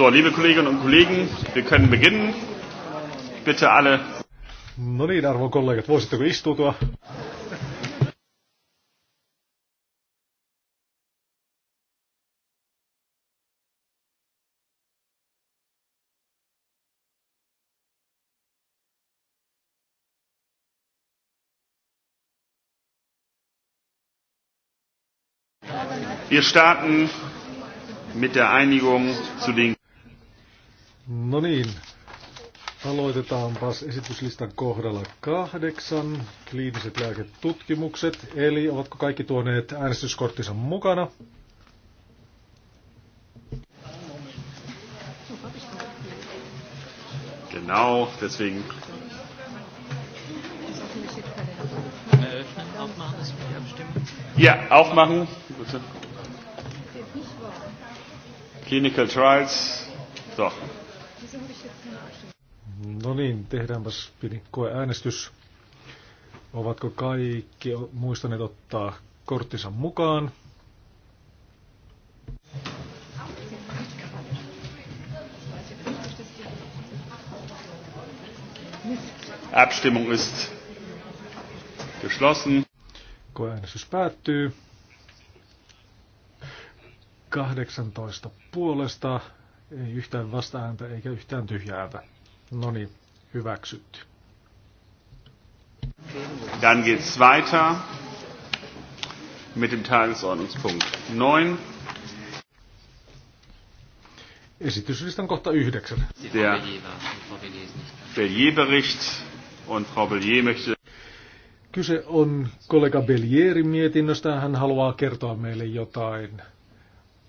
So, liebe Kolleginnen und Kollegen, wir können beginnen. Bitte alle. No niin, arvon kollegat, voisitteko istutua? Wir starten mit der Einigung zu den No niin, aloitetaanpas esityslistan kohdalla kahdeksan, kliiniset lääketutkimukset, eli ovatko kaikki tuoneet äänestyskorttinsa mukana? Genau, deswegen Ja, aufmachen. Bitte. Clinical Trials. So. No niin, tehdäänpäs pieni koeäänestys. Ovatko kaikki muistaneet ottaa korttinsa mukaan? Abstimmung ist geschlossen. Koeäänestys päättyy. 18 puolesta, ei yhtään vastaääntä eikä yhtään tyhjää ääntä. No niin, hyväksytty. Dann geht's weiter mit dem Tagesordnungspunkt 9. Esityslistan kohta 9. Der Bellier-Bericht und Frau Bellier möchte Kyse on kollega Bellierin mietinnöstä. Hän haluaa kertoa meille jotain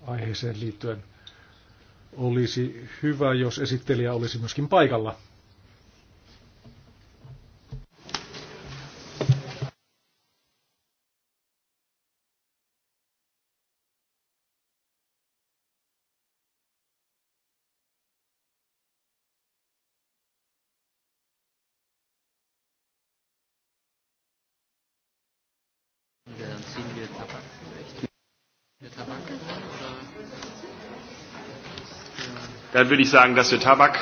aiheeseen liittyen. Olisi hyvä, jos esittelijä olisi myöskin paikalla. dann würde ich sagen, dass wir Tabak.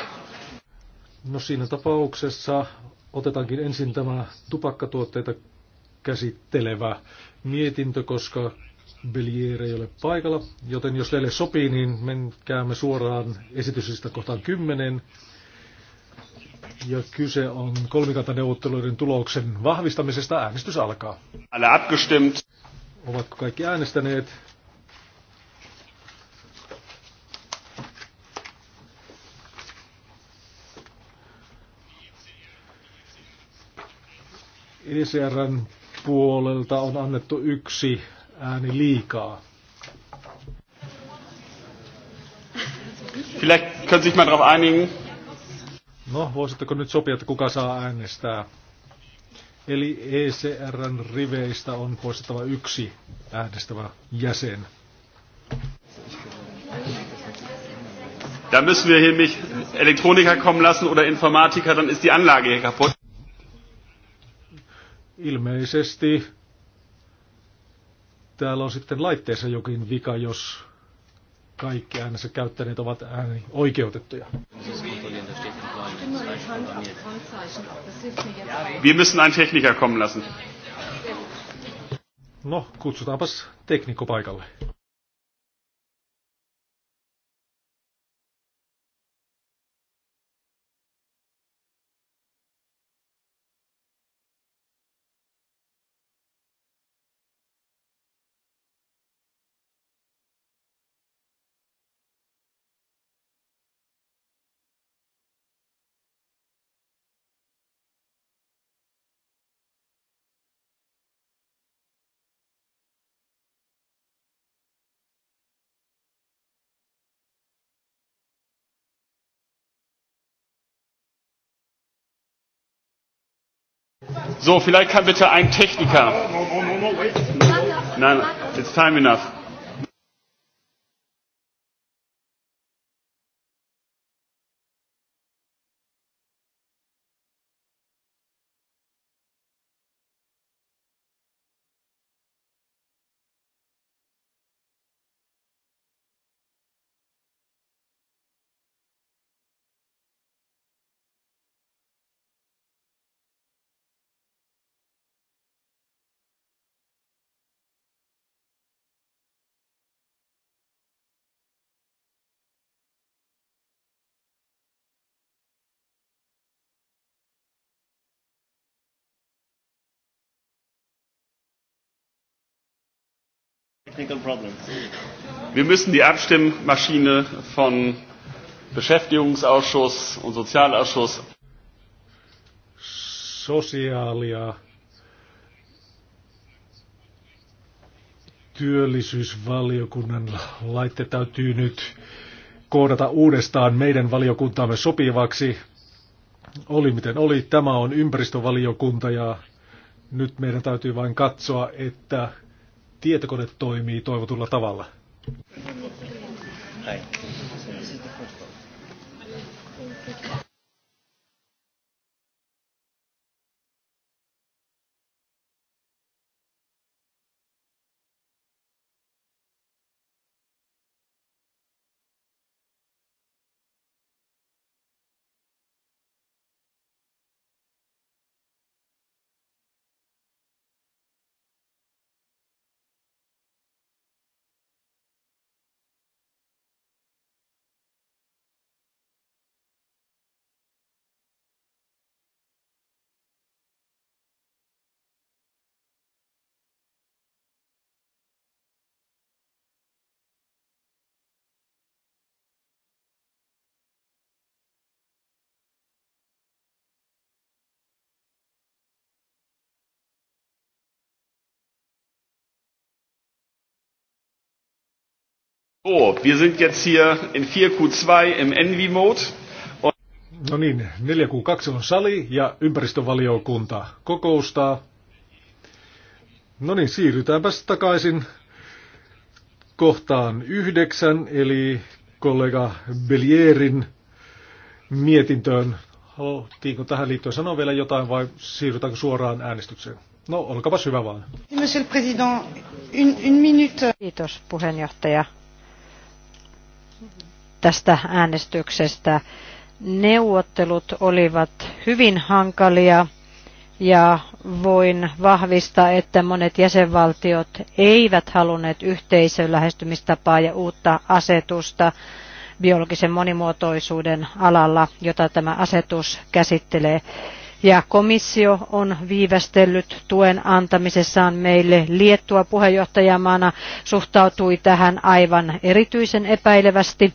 No siinä tapauksessa otetaankin ensin tämä tupakkatuotteita käsittelevä mietintö, koska Belier ei ole paikalla. Joten jos teille sopii, niin menkäämme suoraan esitysistä kohtaan 10. Ja kyse on kolmikantaneuvotteluiden tuloksen vahvistamisesta. Äänestys alkaa. Alle abgestimmt. Ovatko kaikki äänestäneet? ECRn puolelta on annettu yksi ääni liikaa. Vielleicht können sich mal drauf einigen. No, voisitteko nyt sopia, että kuka saa äänestää? Eli ECRn riveistä on poistettava yksi äänestävä jäsen. Da müssen wir hier nicht Elektroniker kommen lassen oder Informatiker, dann ist die Anlage hier kaputt. Ilmeisesti täällä on sitten laitteessa jokin vika, jos kaikki äänensä käyttäneet ovat ääni oikeutettuja. Wir müssen einen Techniker kommen lassen. No, kutsutaanpas teknikko paikalle. So, vielleicht kann bitte ein Techniker. Nein, it's time enough. Wir müssen die Abstimmmaschine von Beschäftigungsausschuss und Sozialausschuss Sosiaali- ja työllisyysvaliokunnan laitte täytyy nyt koodata uudestaan meidän valiokuntaamme sopivaksi. Oli miten oli, tämä on ympäristövaliokunta ja nyt meidän täytyy vain katsoa, että tietokone toimii toivotulla tavalla. Näin. So, wir sind jetzt hier in 4Q2 im Envy-Mode. No niin, 4Q2 on sali ja ympäristövaliokunta kokoustaa. No niin, siirrytäänpäs takaisin kohtaan yhdeksän, eli kollega Belierin mietintöön. Haluttiinko tähän liittyen sanoa vielä jotain vai siirrytäänkö suoraan äänestykseen? No, olkapas hyvä vaan. Monsieur le Président, une, une minute. Kiitos puheenjohtaja tästä äänestyksestä. Neuvottelut olivat hyvin hankalia ja voin vahvistaa, että monet jäsenvaltiot eivät halunneet yhteisön lähestymistapaa ja uutta asetusta biologisen monimuotoisuuden alalla, jota tämä asetus käsittelee. Ja komissio on viivästellyt tuen antamisessaan meille. Liettua puheenjohtajamaana suhtautui tähän aivan erityisen epäilevästi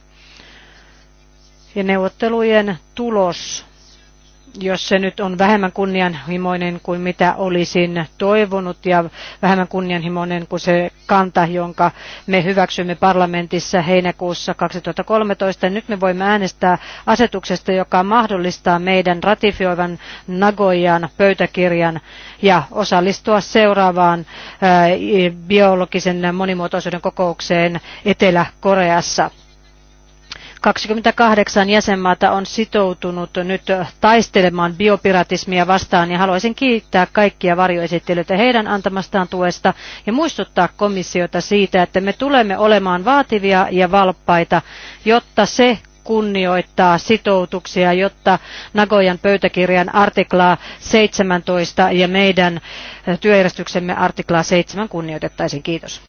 ja neuvottelujen tulos, jos se nyt on vähemmän kunnianhimoinen kuin mitä olisin toivonut ja vähemmän kunnianhimoinen kuin se kanta, jonka me hyväksymme parlamentissa heinäkuussa 2013. Nyt me voimme äänestää asetuksesta, joka mahdollistaa meidän ratifioivan Nagojan pöytäkirjan ja osallistua seuraavaan äh, biologisen monimuotoisuuden kokoukseen Etelä-Koreassa 28 jäsenmaata on sitoutunut nyt taistelemaan biopiratismia vastaan ja haluaisin kiittää kaikkia varjoesittelyitä heidän antamastaan tuesta ja muistuttaa komissiota siitä, että me tulemme olemaan vaativia ja valppaita, jotta se kunnioittaa sitoutuksia, jotta Nagojan pöytäkirjan artiklaa 17 ja meidän eh, työjärjestyksemme artiklaa 7 kunnioitettaisiin. Kiitos.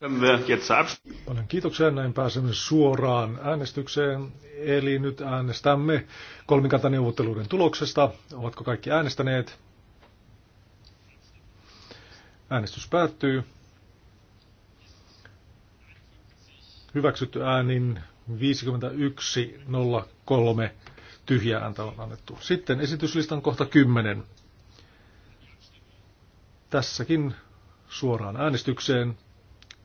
Paljon kiitoksia. Näin pääsemme suoraan äänestykseen. Eli nyt äänestämme kolmikantaneuvotteluiden tuloksesta. Ovatko kaikki äänestäneet? Äänestys päättyy. Hyväksytty äänin 5103 tyhjää ääntä on annettu. Sitten esityslistan kohta 10. Tässäkin suoraan äänestykseen.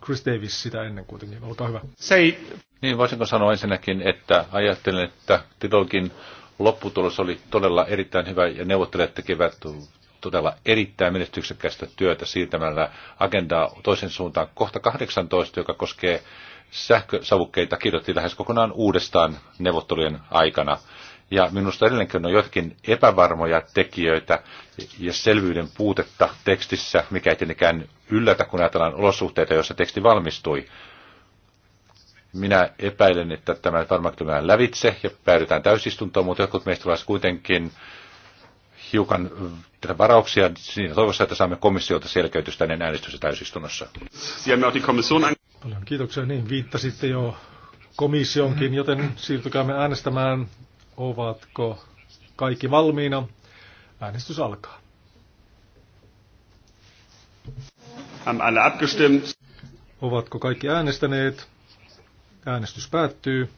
Chris Davis sitä ennen kuitenkin. Olkaa hyvä. Sei. Niin, voisinko sanoa ensinnäkin, että ajattelen, että Titolkin lopputulos oli todella erittäin hyvä ja neuvottelijat tekevät todella erittäin menestyksekkästä työtä siirtämällä agendaa toisen suuntaan kohta 18, joka koskee sähkösavukkeita kirjoitti lähes kokonaan uudestaan neuvottelujen aikana. Ja minusta edelleenkin on joitakin epävarmoja tekijöitä ja selvyyden puutetta tekstissä, mikä ei tietenkään yllätä, kun ajatellaan olosuhteita, joissa teksti valmistui. Minä epäilen, että tämä varmaan tulee lävitse ja päädytään täysistuntoon, mutta jotkut meistä olisivat kuitenkin hiukan varauksia siinä toivossa, että saamme komissiolta selkeytystä ennen äänestystä täysistunnossa. Paljon kiitoksia. Niin, viittasitte jo komissionkin, joten siirtykäämme äänestämään, ovatko kaikki valmiina. Äänestys alkaa. alle abgestimmt? Ovatko kaikki äänestäneet? Äänestys päättyy.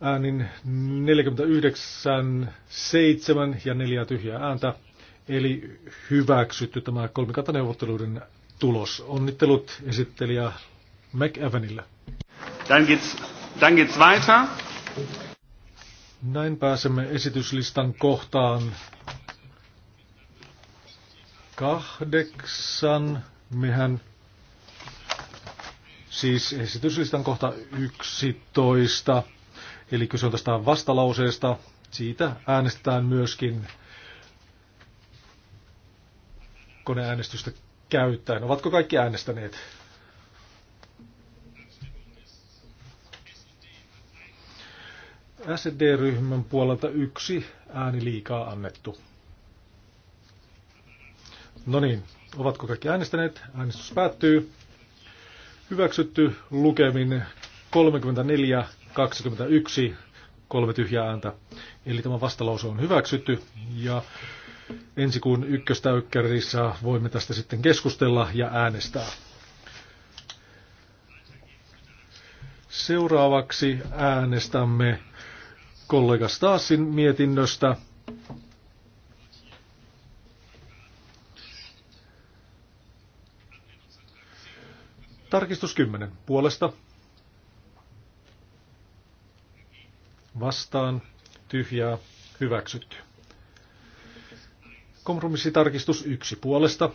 Äänin 49, 7 ja 4 tyhjää ääntä. Eli hyväksytty tämä kolmikantaneuvotteluiden tulos. Onnittelut esittelijä McEvanille. Dann geht's, dann geht's weiter. Näin pääsemme esityslistan kohtaan kahdeksan. Mehän siis esityslistan kohta 11. Eli kyse on tästä vastalauseesta. Siitä äänestetään myöskin koneäänestystä käyttäen. Ovatko kaikki äänestäneet? SD-ryhmän puolelta yksi ääni liikaa annettu. No niin, ovatko kaikki äänestäneet? Äänestys päättyy. Hyväksytty lukemin 34, 21, kolme tyhjää ääntä. Eli tämä vastalause on hyväksytty ja ensi kuun ykköstäykkärissä voimme tästä sitten keskustella ja äänestää. Seuraavaksi äänestämme kollega Stasin mietinnöstä. Tarkistus 10. Puolesta. Vastaan. Tyhjää. Hyväksytty. Kompromissitarkistus yksi puolesta.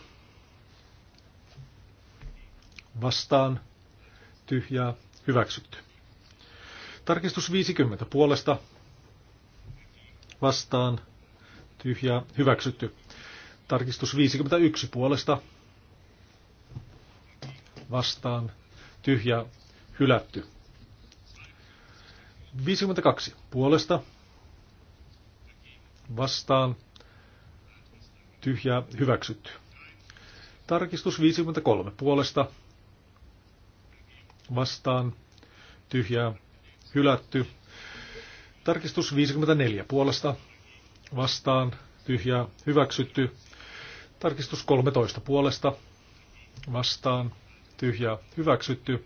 Vastaan. Tyhjää. Hyväksytty. Tarkistus 50 puolesta. Vastaan. Tyhjää. Hyväksytty. Tarkistus 51 puolesta. Vastaan. Tyhjää. Hylätty. 52 puolesta. Vastaan tyhjää hyväksytty. Tarkistus 53 puolesta vastaan tyhjää hylätty. Tarkistus 54 puolesta vastaan tyhjää hyväksytty. Tarkistus 13 puolesta vastaan tyhjää hyväksytty.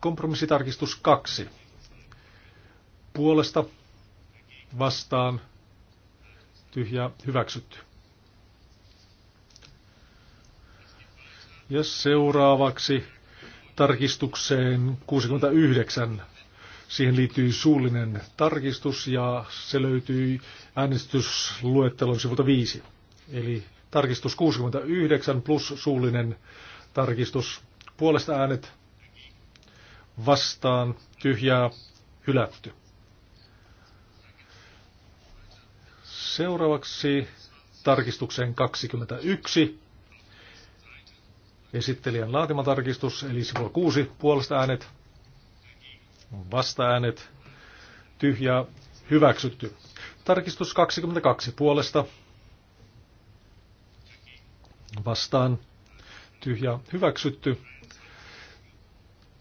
Kompromissitarkistus 2 puolesta vastaan tyhjää hyväksytty. Ja seuraavaksi tarkistukseen 69. Siihen liittyy suullinen tarkistus ja se löytyy äänestysluettelon sivulta 5. Eli tarkistus 69 plus suullinen tarkistus. Puolesta äänet vastaan tyhjää hylätty. Seuraavaksi tarkistukseen 21 Esittelijän laatimatarkistus, tarkistus, eli sivu 6, puolesta äänet, vasta äänet, tyhjää, hyväksytty. Tarkistus 22, puolesta, vastaan, tyhjää, hyväksytty.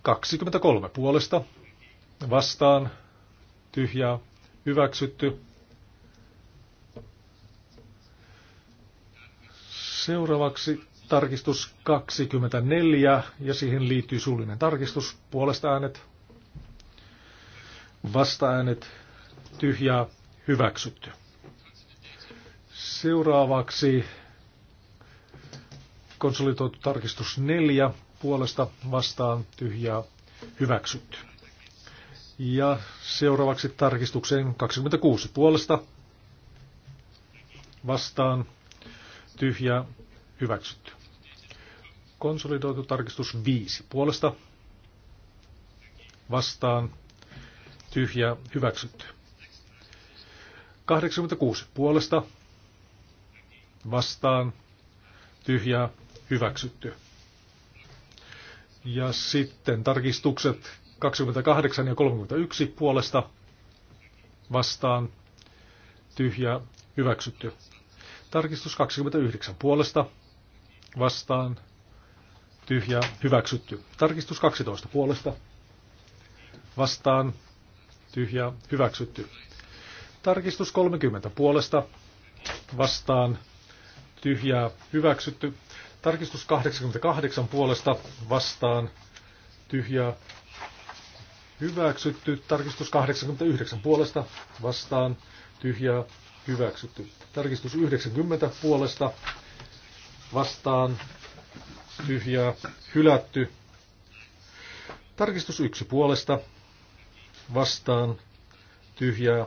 23, puolesta, vastaan, tyhjää, hyväksytty. Seuraavaksi tarkistus 24 ja siihen liittyy suullinen tarkistus. Puolesta äänet, vasta äänet, tyhjää, hyväksytty. Seuraavaksi konsolidoitu tarkistus 4 puolesta vastaan tyhjää hyväksytty. Ja seuraavaksi tarkistukseen 26 puolesta vastaan tyhjää hyväksytty. Konsolidoitu tarkistus 5. Puolesta vastaan tyhjä hyväksytty. 86. Puolesta vastaan tyhjä hyväksytty. Ja sitten tarkistukset 28 ja 31 puolesta vastaan tyhjä hyväksytty. Tarkistus 29 puolesta vastaan tyhjä hyväksytty. Tarkistus 12 puolesta, vastaan, tyhjä hyväksytty. Tarkistus 30 puolesta, vastaan, tyhjä hyväksytty. Tarkistus 88 puolesta, vastaan, tyhjä hyväksytty. Tarkistus 89 puolesta, vastaan, tyhjä hyväksytty. Tarkistus 90 puolesta, vastaan, tyhjää, hylätty. Tarkistus yksi puolesta, vastaan, tyhjää,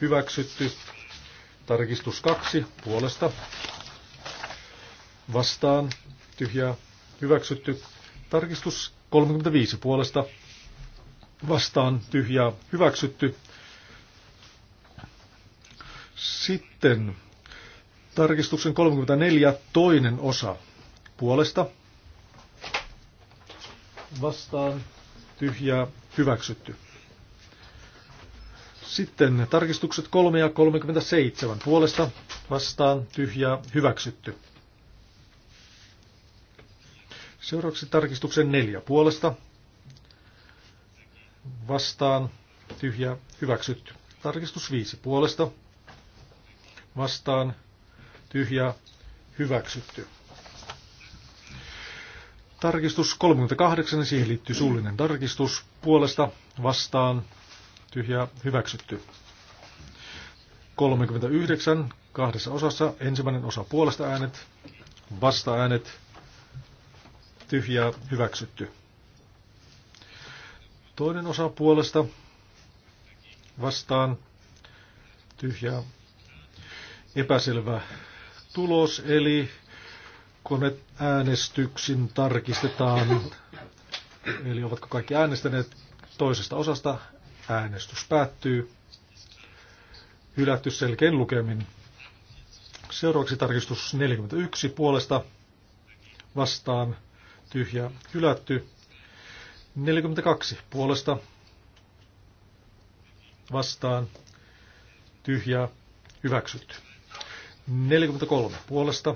hyväksytty. Tarkistus kaksi puolesta, vastaan, tyhjää, hyväksytty. Tarkistus 35 puolesta, vastaan, tyhjää, hyväksytty. Sitten tarkistuksen 34 toinen osa puolesta vastaan tyhjää hyväksytty. Sitten tarkistukset 3 ja 37 puolesta vastaan tyhjää hyväksytty. Seuraavaksi tarkistuksen 4 puolesta vastaan tyhjä hyväksytty. Tarkistus 5 puolesta vastaan tyhjä hyväksytty. Tarkistus 38, siihen liittyy suullinen tarkistus puolesta vastaan tyhjä hyväksytty. 39, kahdessa osassa, ensimmäinen osa puolesta äänet, vasta äänet, tyhjä hyväksytty. Toinen osa puolesta vastaan tyhjä epäselvä tulos, eli äänestyksin tarkistetaan, eli ovatko kaikki äänestäneet toisesta osasta. Äänestys päättyy. Hylätty selkein lukemin. Seuraavaksi tarkistus 41 puolesta vastaan tyhjä hylätty. 42 puolesta vastaan tyhjä hyväksytty. 43 puolesta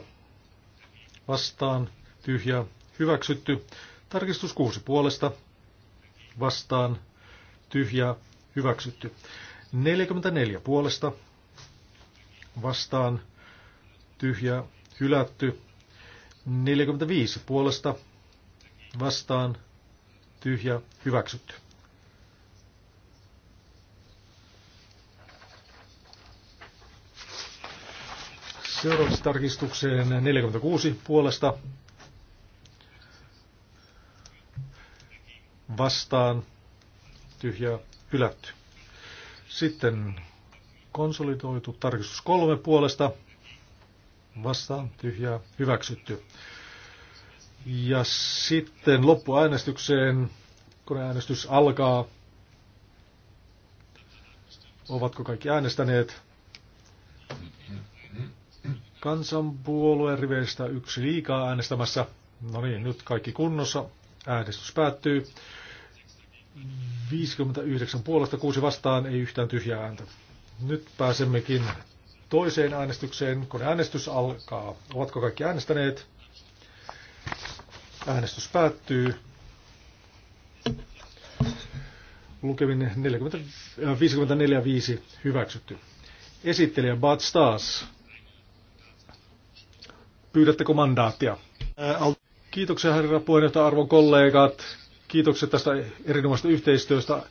vastaan, tyhjä hyväksytty. Tarkistus 6 puolesta, vastaan, tyhjä hyväksytty. 44 puolesta, vastaan, tyhjä hylätty. 45 puolesta, vastaan, tyhjä, hyväksytty. Seuraavaksi tarkistukseen 46 puolesta vastaan tyhjä hylätty. Sitten konsolidoitu tarkistus kolme puolesta vastaan tyhjä hyväksytty. Ja sitten loppuäänestykseen, kun äänestys alkaa, ovatko kaikki äänestäneet? Kansanpuolueen riveistä yksi liikaa äänestämässä. No niin, nyt kaikki kunnossa. Äänestys päättyy. 59 puolesta, 6 vastaan, ei yhtään tyhjää ääntä. Nyt pääsemmekin toiseen äänestykseen, kun äänestys alkaa. Ovatko kaikki äänestäneet? Äänestys päättyy. Lukemin 54-5 hyväksytty. Esittelijä Bad Stas Pyydättekö mandaattia? Kiitoksia herra puheenjohtaja, arvon kollegat. Kiitokset tästä erinomaisesta yhteistyöstä.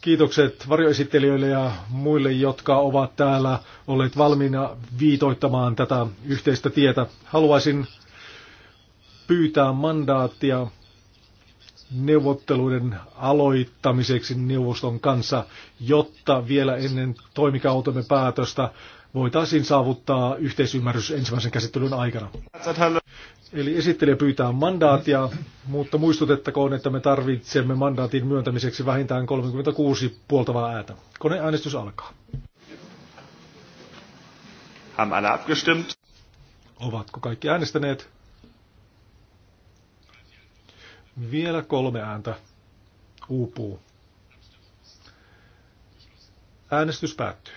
Kiitokset varjoesittelijöille ja muille, jotka ovat täällä olleet valmiina viitoittamaan tätä yhteistä tietä. Haluaisin pyytää mandaattia neuvotteluiden aloittamiseksi neuvoston kanssa, jotta vielä ennen toimikautemme päätöstä voitaisiin saavuttaa yhteisymmärrys ensimmäisen käsittelyn aikana. Eli esittelijä pyytää mandaatia, mutta muistutettakoon, että me tarvitsemme mandaatin myöntämiseksi vähintään 36 puoltavaa ääntä. Koneäänestys alkaa. Ovatko kaikki äänestäneet? Vielä kolme ääntä uupuu. Äänestys päättyy.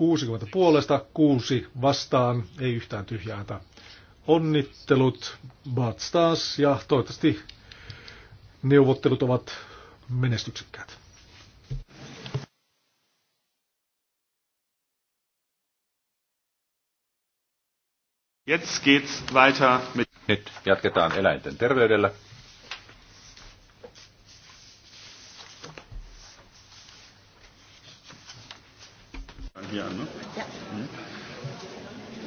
60 puolesta, 6 vastaan, ei yhtään tyhjääntä. Onnittelut Bart Stars, ja toivottavasti neuvottelut ovat menestyksekkäät. Jetzt geht's weiter mit... Nyt jatketaan eläinten terveydellä. hier an, ne? Ja. Mhm.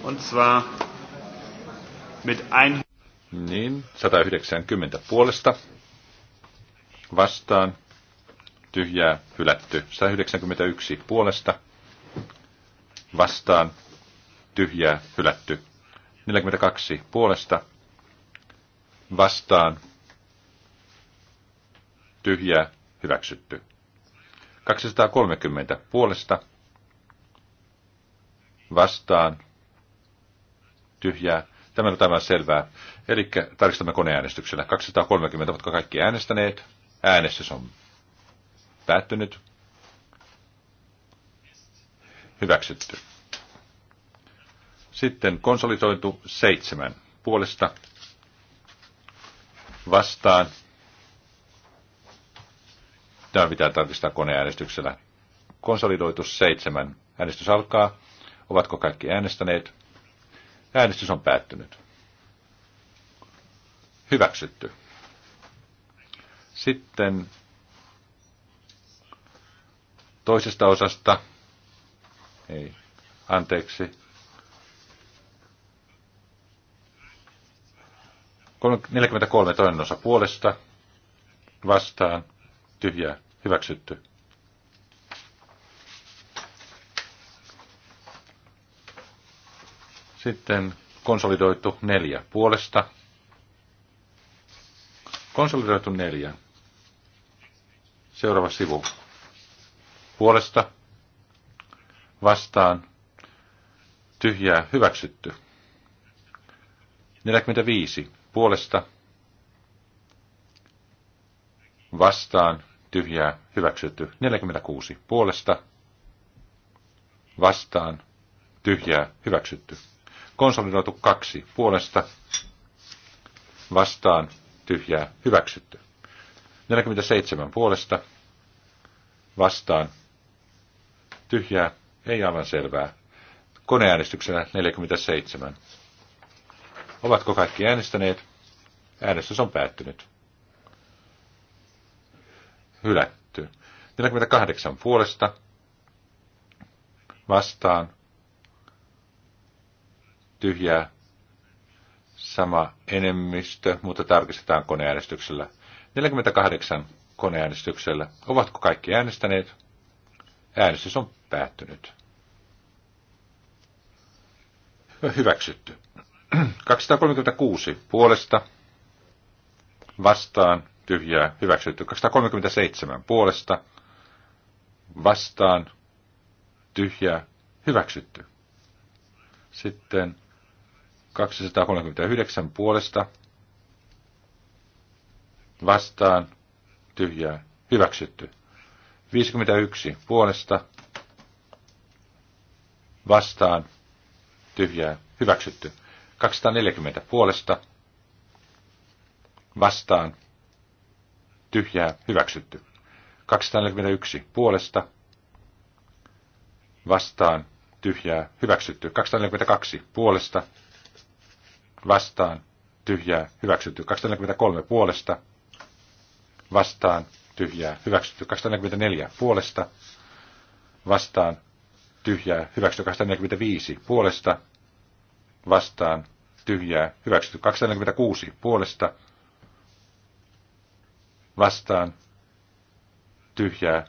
Und zwar mit ein... Niin, 190 puolesta vastaan, tyhjää hylätty. 191 puolesta vastaan, tyhjää hylätty. 42 puolesta vastaan, tyhjää hyväksytty. 230 puolesta vastaan, tyhjää. Tämä on tämä selvää. Eli tarkistamme koneäänestyksellä. 230 ovatko kaikki äänestäneet. Äänestys on päättynyt. Hyväksytty. Sitten konsolidointu seitsemän puolesta vastaan. Tämä pitää tarkistaa koneäänestyksellä. Konsolidoitu seitsemän. Äänestys alkaa. Ovatko kaikki äänestäneet? Äänestys on päättynyt. Hyväksytty. Sitten toisesta osasta, ei, anteeksi, 43 toinen osa puolesta, vastaan, tyhjää, hyväksytty. Sitten konsolidoitu neljä puolesta. Konsolidoitu neljä. Seuraava sivu. Puolesta. Vastaan. Tyhjää hyväksytty. 45. Puolesta. Vastaan. Tyhjää hyväksytty. 46. Puolesta. Vastaan. Tyhjää hyväksytty. Konsolidoitu kaksi puolesta vastaan tyhjää hyväksytty. 47 puolesta vastaan tyhjää ei aivan selvää. Koneäänestyksenä 47. Ovatko kaikki äänestäneet? Äänestys on päättynyt. Hylätty. 48 puolesta vastaan tyhjää, sama enemmistö, mutta tarkistetaan koneäänestyksellä. 48 koneäänestyksellä. Ovatko kaikki äänestäneet? Äänestys on päättynyt. Hyväksytty. 236 puolesta vastaan tyhjää hyväksytty. 237 puolesta vastaan tyhjää hyväksytty. Sitten 239 puolesta vastaan tyhjää hyväksytty. 51 puolesta vastaan tyhjää hyväksytty. 240 puolesta vastaan tyhjää hyväksytty. 241 puolesta vastaan tyhjää hyväksytty. 242 puolesta vastaan tyhjää hyväksytty. 243 puolesta vastaan tyhjää hyväksytty. 244 puolesta vastaan tyhjää hyväksytty. 245 puolesta vastaan tyhjää hyväksytty. 246 puolesta vastaan tyhjää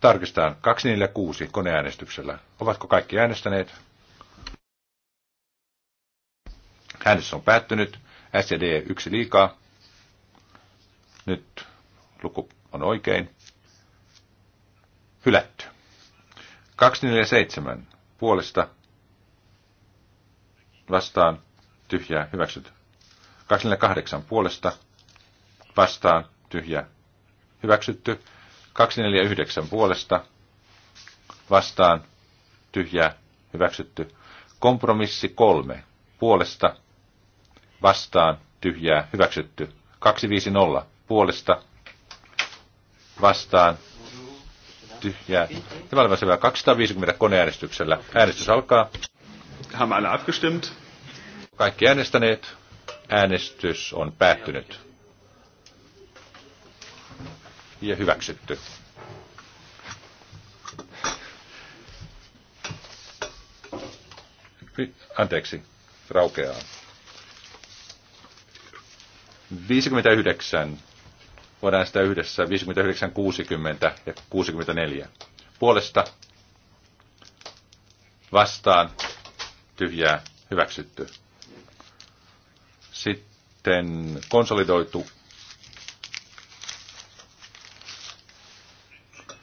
Tarkistetaan 246 koneäänestyksellä. Ovatko kaikki äänestäneet? Äänestys on päättynyt. SCD yksi liikaa. Nyt luku on oikein. Hylätty. 247 puolesta vastaan tyhjää hyväksytty. 248 puolesta vastaan tyhjä hyväksytty. 249 puolesta vastaan tyhjä hyväksytty. Kompromissi 3 puolesta vastaan tyhjää hyväksytty. 250 puolesta vastaan tyhjää. Tämä oli selvä. 250 koneäänestyksellä. Äänestys alkaa. Haben alle abgestimmt. Kaikki äänestäneet. Äänestys on päättynyt. Ja hyväksytty. Anteeksi, raukeaa. 59. Voidaan sitä yhdessä. 59, 60 ja 64. Puolesta vastaan tyhjää hyväksytty. Sitten konsolidoitu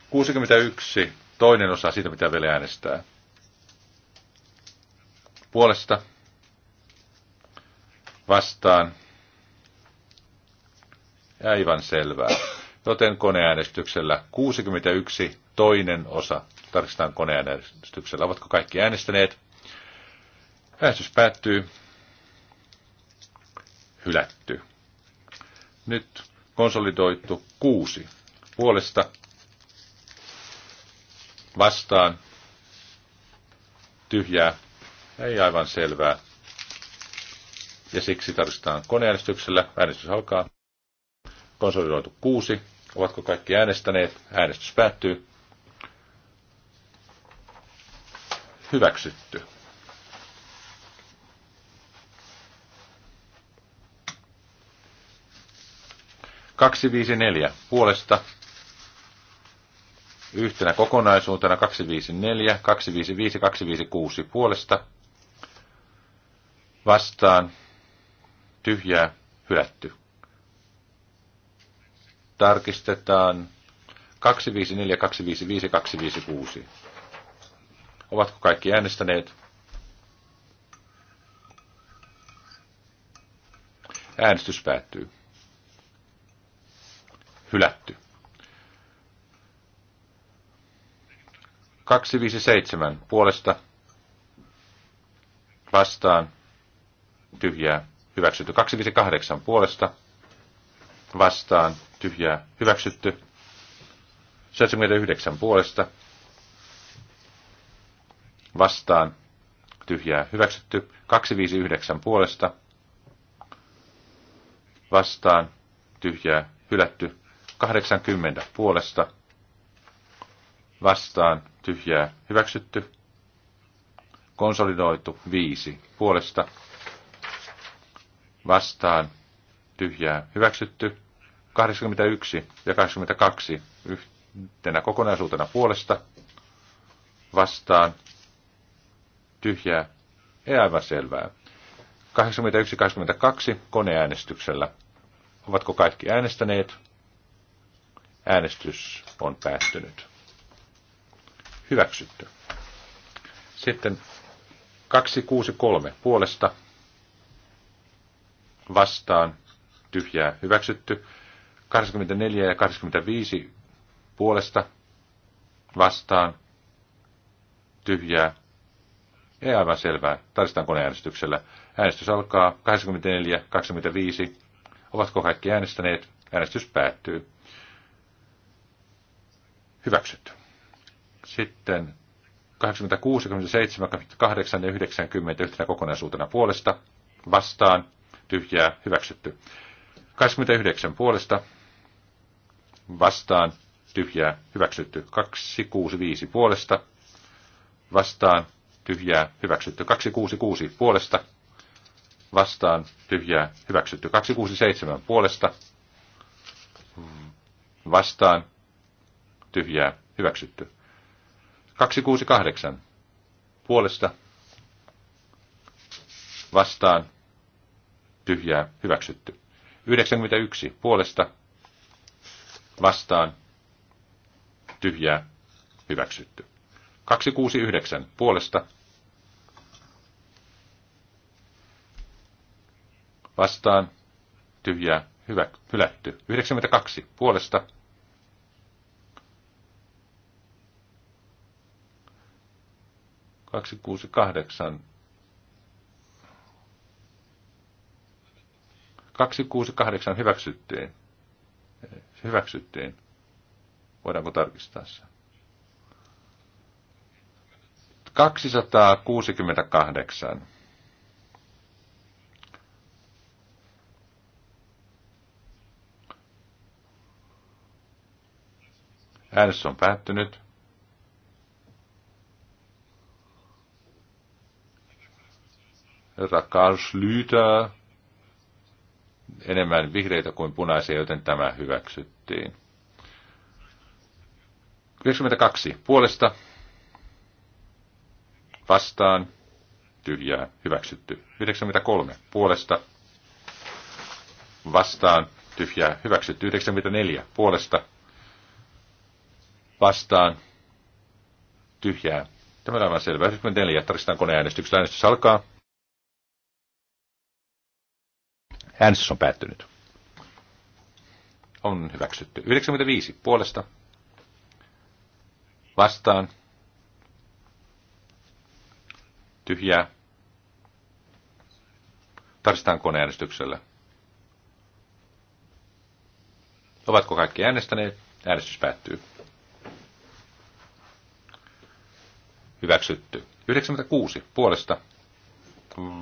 61, toinen osa siitä, mitä vielä äänestää. Puolesta vastaan Aivan selvää. Joten koneäänestyksellä 61 toinen osa. Tarkistetaan koneäänestyksellä. Ovatko kaikki äänestäneet? Äänestys päättyy. Hylätty. Nyt konsolidoitu kuusi puolesta vastaan tyhjää, ei aivan selvää. Ja siksi tarvitaan koneäänestyksellä. Äänestys alkaa. Konsolidoitu kuusi. Ovatko kaikki äänestäneet? Äänestys päättyy. Hyväksytty. Kaksi viisi neljä puolesta yhtenä kokonaisuutena 254, 255, 256 puolesta vastaan tyhjää hylätty tarkistetaan 254, 255, 256. Ovatko kaikki äänestäneet? Äänestys päättyy. Hylätty. 257 puolesta vastaan tyhjää hyväksytty. 258 puolesta vastaan tyhjää hyväksytty. 79 puolesta vastaan tyhjää hyväksytty. 259 puolesta vastaan tyhjää hylätty. 80 puolesta vastaan tyhjää hyväksytty. Konsolidoitu 5 puolesta vastaan tyhjää hyväksytty. 81 ja 82 yhtenä kokonaisuutena puolesta vastaan tyhjää, ei aivan selvää. 81-82 koneäänestyksellä. Ovatko kaikki äänestäneet? Äänestys on päättynyt. Hyväksytty. Sitten 263 puolesta vastaan tyhjää hyväksytty. 84 ja 85 puolesta vastaan tyhjää. Ei aivan selvää. Tarvitaan koneäänestyksellä. Äänestys alkaa 84, 25. Ovatko kaikki äänestäneet? Äänestys päättyy. Hyväksytty. Sitten 86, 87, 88 ja 90 yhtenä kokonaisuutena puolesta. Vastaan. Tyhjää. Hyväksytty. 29 puolesta vastaan, tyhjää, hyväksytty 265 puolesta, vastaan, tyhjää, hyväksytty 266 puolesta, vastaan, tyhjää, hyväksytty 267 puolesta, vastaan, tyhjää, hyväksytty 268 puolesta, vastaan, tyhjää, hyväksytty 91 puolesta, vastaan tyhjää hyväksytty. 269 puolesta vastaan tyhjää hyvä, hylätty. 92 puolesta kaksi kuusi kahdeksan kaksi kuusi kahdeksan hyväksyttiin. Se hyväksyttiin. Voidaanko tarkistaa se? 268. Äänestys on päättynyt. Rakal Schlüter enemmän vihreitä kuin punaisia, joten tämä hyväksyttiin. 92 puolesta vastaan tyhjää hyväksytty. 93 puolesta vastaan tyhjää hyväksytty. 94 puolesta vastaan tyhjää. Tämä on aivan selvä. 94 tarkistetaan koneäänestyksellä. Äänestys alkaa. Äänestys on päättynyt. On hyväksytty. 95 puolesta. Vastaan. Tyhjää. Tarvitaan koneäänestyksellä. Ovatko kaikki äänestäneet? Äänestys päättyy. Hyväksytty. 96 puolesta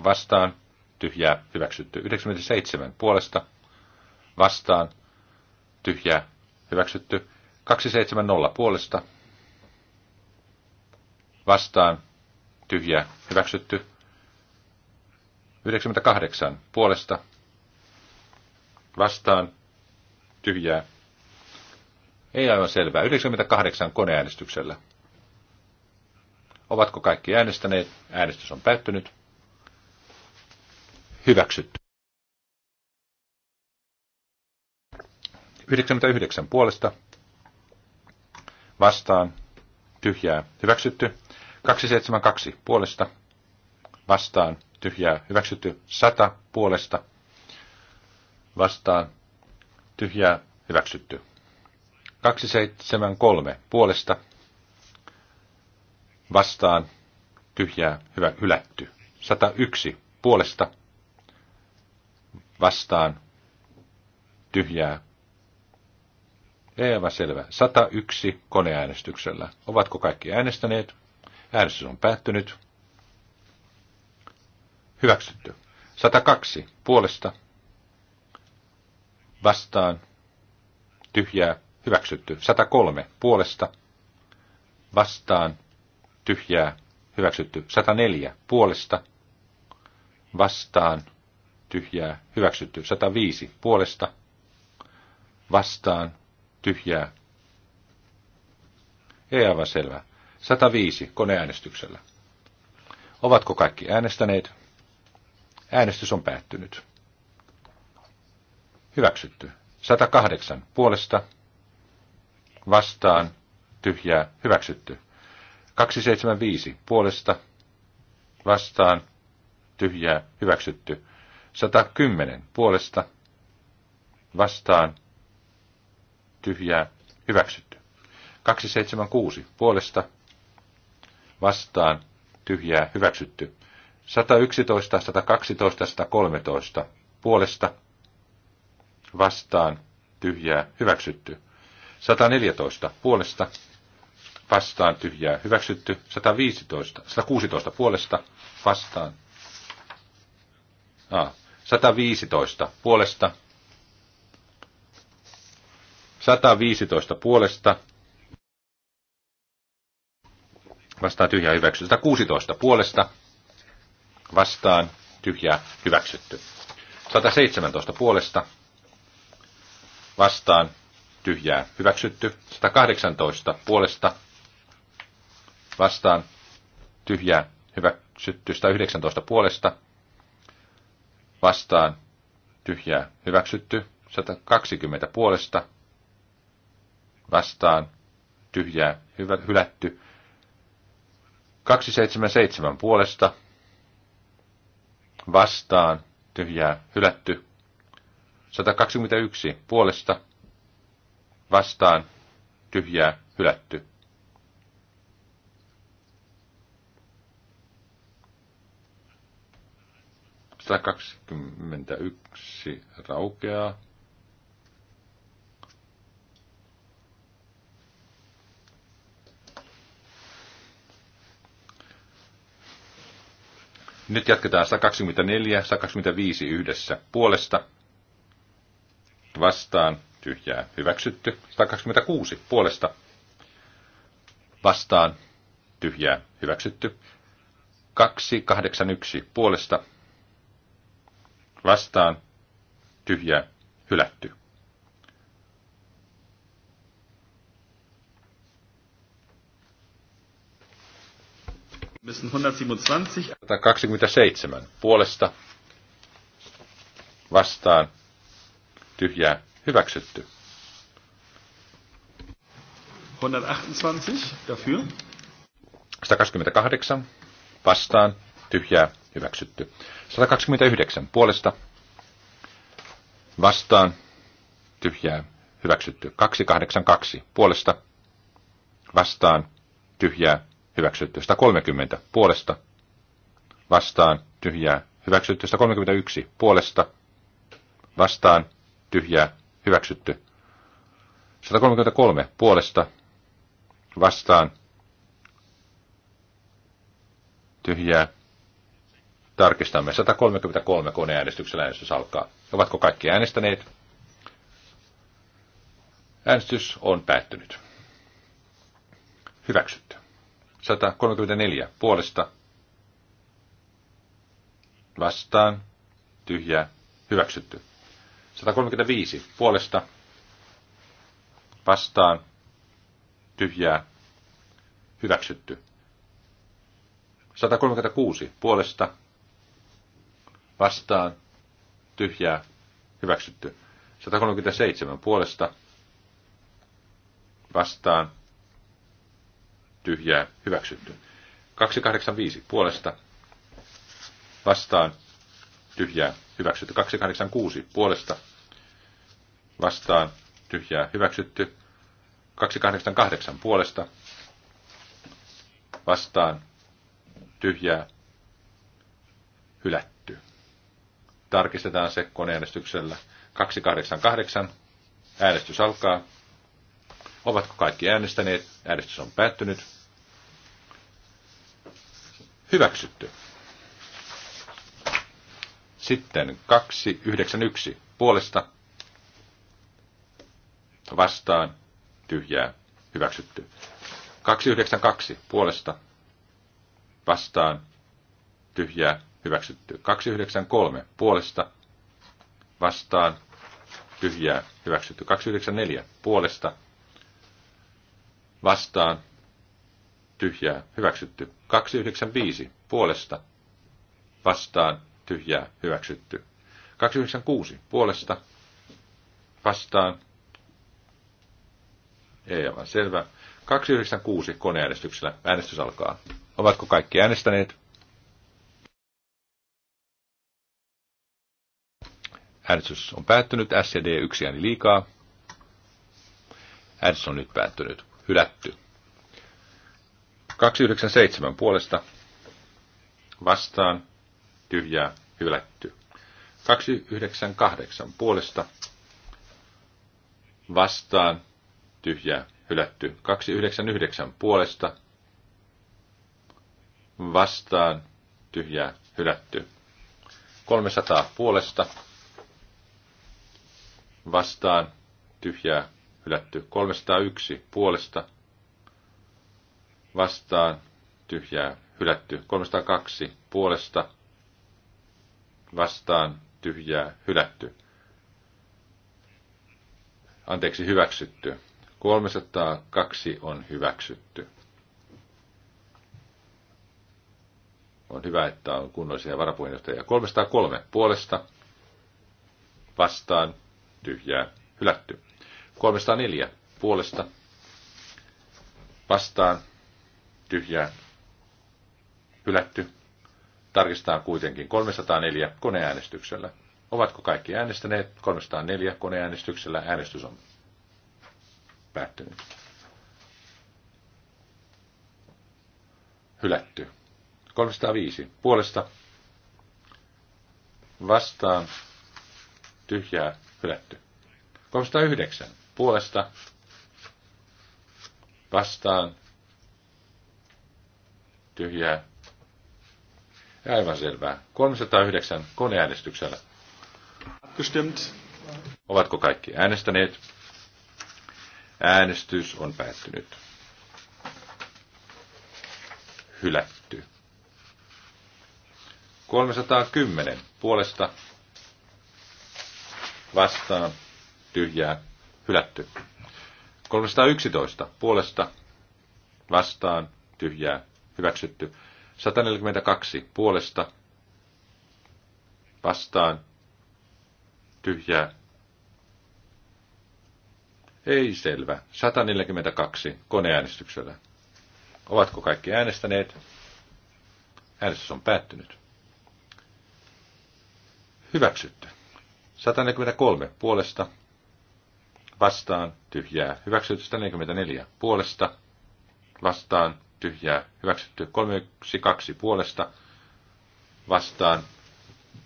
vastaan tyhjää hyväksytty. 97 puolesta vastaan tyhjää hyväksytty. 270 puolesta vastaan tyhjää hyväksytty. 98 puolesta vastaan tyhjää. Ei aivan selvää. 98 koneäänestyksellä. Ovatko kaikki äänestäneet? Äänestys on päättynyt. Hyväksytty. 99 puolesta. Vastaan. Tyhjää. Hyväksytty. 272 puolesta. Vastaan. Tyhjää. Hyväksytty. 100 puolesta. Vastaan. Tyhjää. Hyväksytty. 273 puolesta. Vastaan. Tyhjää. Hyvä. Hylätty. 101 puolesta vastaan tyhjää. Ei selvä. 101 koneäänestyksellä. Ovatko kaikki äänestäneet? Äänestys on päättynyt. Hyväksytty. 102 puolesta vastaan tyhjää hyväksytty. 103 puolesta vastaan tyhjää hyväksytty. 104 puolesta vastaan tyhjää, hyväksytty. 105 puolesta, vastaan, tyhjää. Ei aivan selvää, 105 koneäänestyksellä. Ovatko kaikki äänestäneet? Äänestys on päättynyt. Hyväksytty. 108 puolesta, vastaan, tyhjää, hyväksytty. 275 puolesta, vastaan, tyhjää, hyväksytty. 110 puolesta vastaan tyhjää hyväksytty. 276 puolesta vastaan tyhjää hyväksytty. 111, 112, 113 puolesta vastaan tyhjää hyväksytty. 114 puolesta vastaan tyhjää hyväksytty. 115, 116 puolesta vastaan. Ah, 115 puolesta. 115 puolesta. Vastaan tyhjää hyväksytty. 116 puolesta. Vastaan tyhjää hyväksytty. 117 puolesta. Vastaan tyhjää hyväksytty. 118 puolesta. Vastaan tyhjää hyväksytty. 119 puolesta vastaan tyhjää hyväksytty. 120 puolesta vastaan tyhjää hyvä, hylätty. 277 puolesta vastaan tyhjää hylätty. 121 puolesta vastaan tyhjää hylätty. 121 raukeaa. Nyt jatketaan 124, 125 yhdessä puolesta. Vastaan tyhjää hyväksytty. 126 puolesta. Vastaan tyhjää hyväksytty. 281 puolesta vastaan tyhjä hylätty. Müssen 127. 27 puolesta vastaan tyhjää hyväksytty. 128 dafür. 128 vastaan tyhjää hyväksytty. 129 puolesta vastaan tyhjää hyväksytty. 282 puolesta vastaan tyhjää hyväksytty. 130 puolesta vastaan tyhjää hyväksytty. 131 puolesta vastaan tyhjää hyväksytty. 133 puolesta vastaan tyhjää Tarkistamme 133 koneäänestyksellä äänestys alkaa. Ovatko kaikki äänestäneet? Äänestys on päättynyt. Hyväksytty. 134 puolesta. Vastaan. Tyhjää. Hyväksytty. 135 puolesta. Vastaan. Tyhjää. Hyväksytty. 136 puolesta vastaan, tyhjää, hyväksytty. 137 puolesta, vastaan, tyhjää, hyväksytty. 285 puolesta, vastaan, tyhjää, hyväksytty. 286 puolesta, vastaan, tyhjää, hyväksytty. 288 puolesta, vastaan, tyhjää, hylätty. Tarkistetaan se koneäänestyksellä. 288. Äänestys alkaa. Ovatko kaikki äänestäneet? Äänestys on päättynyt. Hyväksytty. Sitten 291 puolesta vastaan tyhjää hyväksytty. 292 puolesta vastaan tyhjää hyväksytty. 293 puolesta vastaan tyhjää hyväksytty. 294 puolesta vastaan tyhjää hyväksytty. 295 puolesta vastaan tyhjää hyväksytty. 296 puolesta vastaan ei aivan selvä. 296 koneäänestyksellä. Äänestys alkaa. Ovatko kaikki äänestäneet? Äänestys on päättynyt. SCD yksi ääni liikaa. Äänestys on nyt päättynyt. Hylätty. 297 puolesta. Vastaan. Tyhjää. Hylätty. 298 puolesta. Vastaan. Tyhjää. Hylätty. 299 puolesta. Vastaan. Tyhjää. Hylätty. 300 puolesta vastaan, tyhjää, hylätty. 301 puolesta, vastaan, tyhjää, hylätty. 302 puolesta, vastaan, tyhjää, hylätty. Anteeksi, hyväksytty. 302 on hyväksytty. On hyvä, että on kunnollisia varapuheenjohtajia. 303 puolesta vastaan tyhjää hylätty. 304 puolesta vastaan tyhjää hylätty. Tarkistetaan kuitenkin 304 koneäänestyksellä. Ovatko kaikki äänestäneet? 304 koneäänestyksellä äänestys on päättynyt. Hylätty. 305 puolesta vastaan tyhjää hylätty. 309 puolesta vastaan tyhjää ja aivan selvää. 309 koneäänestyksellä. Bestimmt. Ovatko kaikki äänestäneet? Äänestys on päättynyt. Hylätty. 310 puolesta vastaan, tyhjää, hylätty. 311 puolesta, vastaan, tyhjää, hyväksytty. 142 puolesta, vastaan, tyhjää. Ei selvä. 142 koneäänestyksellä. Ovatko kaikki äänestäneet? Äänestys on päättynyt. Hyväksytty. 143 puolesta vastaan tyhjää hyväksytty 144 puolesta vastaan tyhjää hyväksytty 312 puolesta vastaan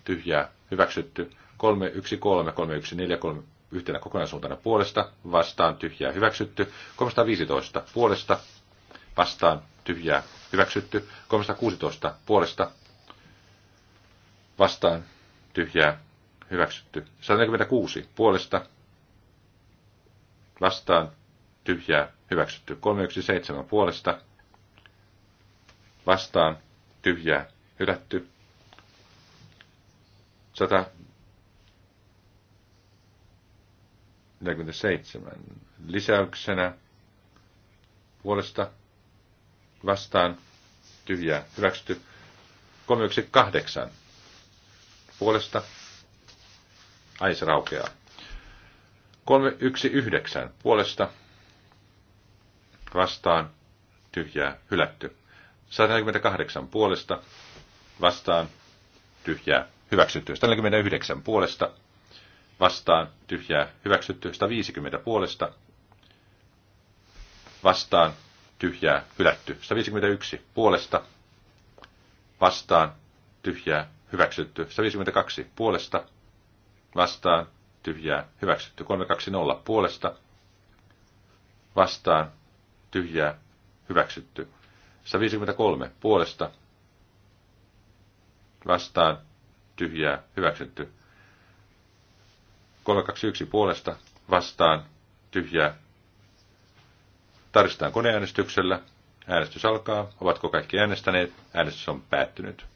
tyhjää hyväksytty 313 314 yhtenä kokonaisuutena puolesta vastaan tyhjää hyväksytty 315 puolesta vastaan tyhjää hyväksytty 316 puolesta vastaan tyhjää hyväksytty. 146 puolesta vastaan tyhjää hyväksytty. 317 puolesta vastaan tyhjää hylätty. 147 lisäyksenä puolesta vastaan tyhjää hyväksytty. 318 puolesta Ai se raukeaa. 319 puolesta vastaan tyhjää hylätty. 148 puolesta vastaan tyhjää hyväksytty. 149 puolesta vastaan tyhjää hyväksytty. 150 puolesta vastaan tyhjää hylätty. 151 puolesta vastaan tyhjää hyväksytty. 152 puolesta vastaan, tyhjää, hyväksytty. 320 puolesta, vastaan, tyhjää, hyväksytty. 153 puolesta, vastaan, tyhjää, hyväksytty. 321 puolesta, vastaan, tyhjää. Tarkistetaan koneäänestyksellä. Äänestys alkaa. Ovatko kaikki äänestäneet? Äänestys on päättynyt.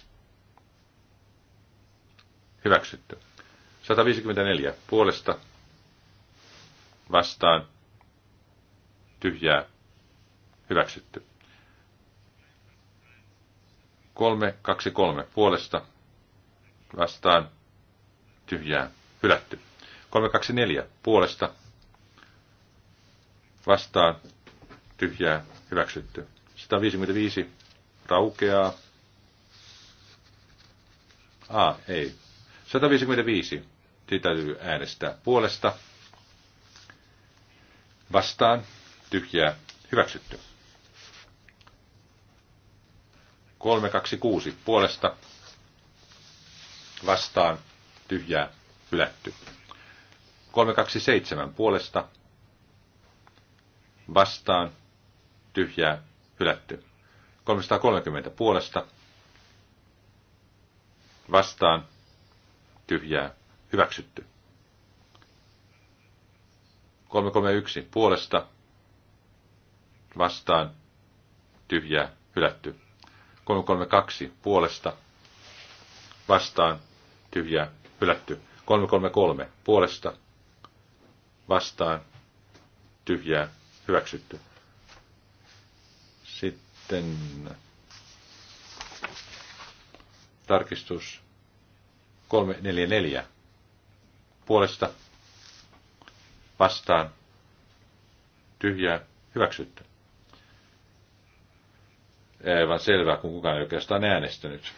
Hyväksytty. 154 puolesta vastaan tyhjää hyväksytty. 323 puolesta vastaan tyhjää hylätty. 324 puolesta vastaan tyhjää hyväksytty. 155 raukeaa. A, ei. 155 Teitä täytyy äänestää puolesta. Vastaan. Tyhjää. Hyväksytty. 326 puolesta. Vastaan. Tyhjää. Hylätty. 327 puolesta. Vastaan. Tyhjää. Hylätty. 330 puolesta. Vastaan. Tyhjää Hyväksytty. 331 puolesta vastaan tyhjää hylätty. 332 puolesta vastaan tyhjää hylätty. 333 puolesta vastaan tyhjää hyväksytty. Sitten tarkistus 344 puolesta vastaan tyhjää hyväksytty. Aivan selvää, kun kukaan ei oikeastaan äänestänyt.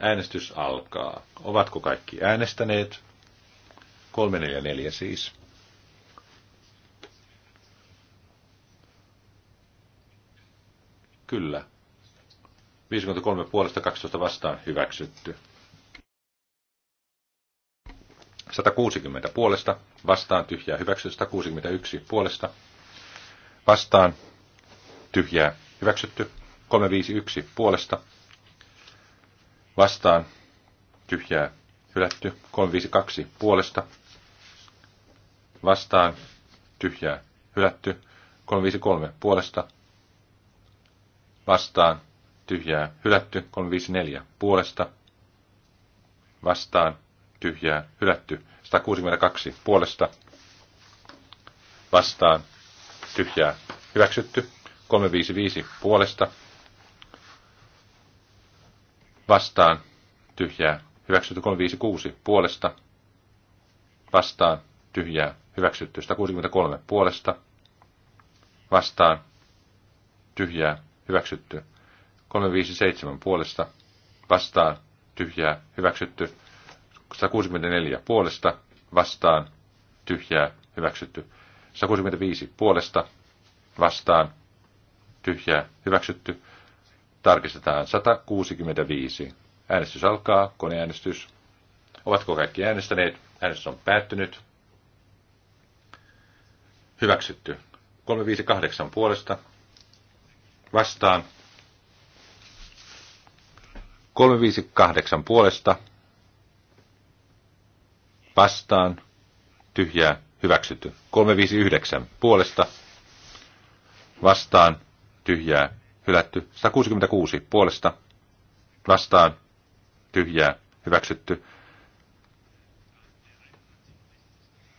Äänestys alkaa. Ovatko kaikki äänestäneet? 344 siis. Kyllä. 53 puolesta 12 vastaan hyväksytty. 160 puolesta, vastaan tyhjää hyväksytty 161 puolesta, vastaan tyhjää hyväksytty 351 puolesta, vastaan tyhjää hylätty 352 puolesta, vastaan tyhjää hylätty 353 puolesta, vastaan tyhjää hylätty 354 puolesta, vastaan tyhjää, hylätty. 162 puolesta vastaan, tyhjää, hyväksytty. 355 puolesta vastaan, tyhjää, hyväksytty. 356 puolesta vastaan, tyhjää, hyväksytty. 163 puolesta vastaan, tyhjää, hyväksytty. 357 puolesta vastaan, tyhjää, hyväksytty. 164 puolesta vastaan tyhjää hyväksytty. 165 puolesta vastaan tyhjää hyväksytty. Tarkistetaan 165. Äänestys alkaa, koneäänestys. Ovatko kaikki äänestäneet? Äänestys on päättynyt. Hyväksytty. 358 puolesta. Vastaan. 358 puolesta vastaan, tyhjää, hyväksytty. 359 puolesta, vastaan, tyhjää, hylätty. 166 puolesta, vastaan, tyhjää, hyväksytty.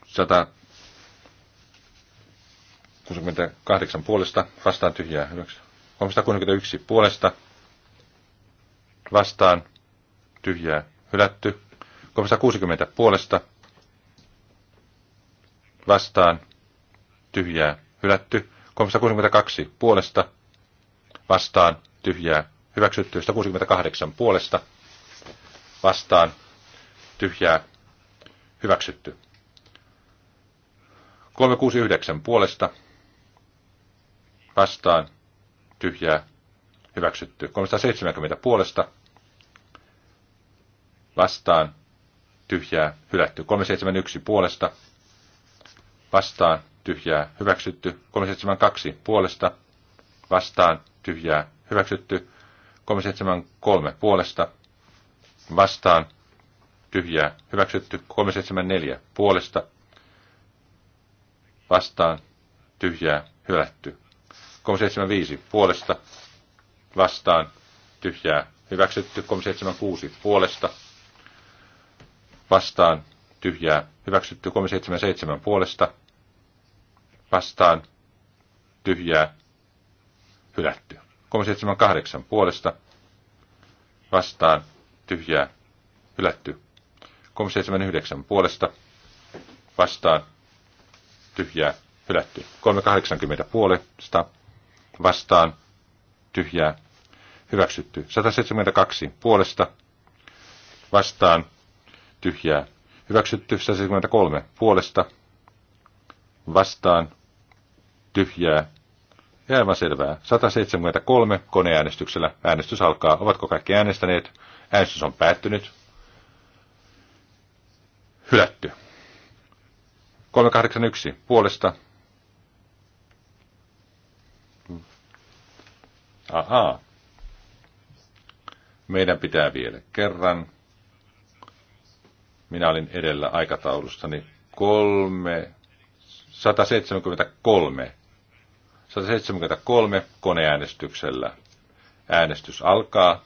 168 puolesta, vastaan tyhjää, hyväksytty. 361 puolesta, vastaan, tyhjää, hylätty. 360 puolesta vastaan tyhjää hylätty. 362 puolesta vastaan tyhjää hyväksytty. 168 puolesta vastaan tyhjää hyväksytty. 369 puolesta vastaan tyhjää hyväksytty. 370 puolesta vastaan tyhjää, hylätty. 371 puolesta, vastaan, tyhjää, hyväksytty. 372 puolesta, vastaan, tyhjää, hyväksytty. 373 puolesta, vastaan, tyhjää, hyväksytty. 374 puolesta, vastaan, tyhjää, hylätty. 375 puolesta, vastaan, tyhjää, hyväksytty. 376 puolesta, vastaan tyhjää hyväksytty. 377 puolesta vastaan tyhjää hylätty. 378 puolesta vastaan tyhjää hylätty. 379 puolesta vastaan tyhjää hylätty. 380 puolesta vastaan tyhjää hyväksytty. 172 puolesta vastaan tyhjää. Hyväksytty 173 puolesta vastaan tyhjää. Ja aivan selvää. 173 koneäänestyksellä. Äänestys alkaa. Ovatko kaikki äänestäneet? Äänestys on päättynyt. Hylätty. 381 puolesta. Ahaa. Meidän pitää vielä kerran. Minä olin edellä aikataulustani kolme, 173, 173 koneäänestyksellä. Äänestys alkaa.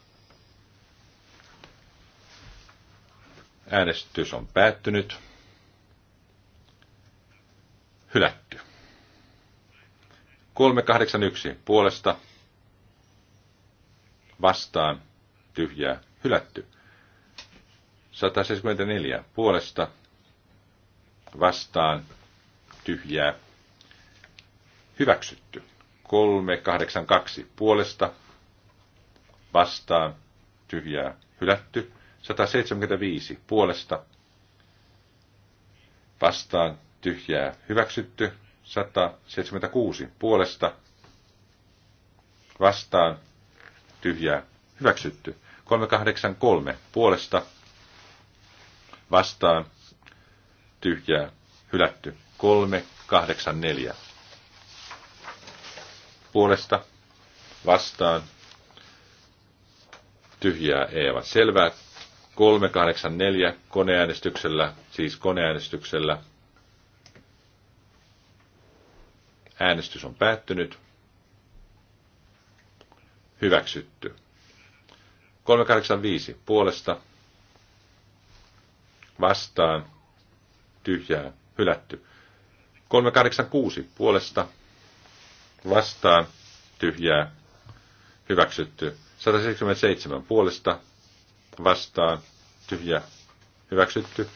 Äänestys on päättynyt. Hylätty. 381 puolesta vastaan tyhjää hylätty. 174 puolesta vastaan tyhjää hyväksytty. 382 puolesta vastaan tyhjää hylätty. 175 puolesta vastaan tyhjää hyväksytty. 176 puolesta vastaan tyhjää hyväksytty. 383 puolesta vastaan tyhjää hylätty. 3, 8, 4. Puolesta vastaan tyhjää ei aivan selvää. neljä koneäänestyksellä, siis koneäänestyksellä. Äänestys on päättynyt. Hyväksytty. 385 puolesta vastaan, tyhjää, hylätty. 386 puolesta, vastaan, tyhjää, hyväksytty. 177 puolesta, vastaan, tyhjää, hyväksytty.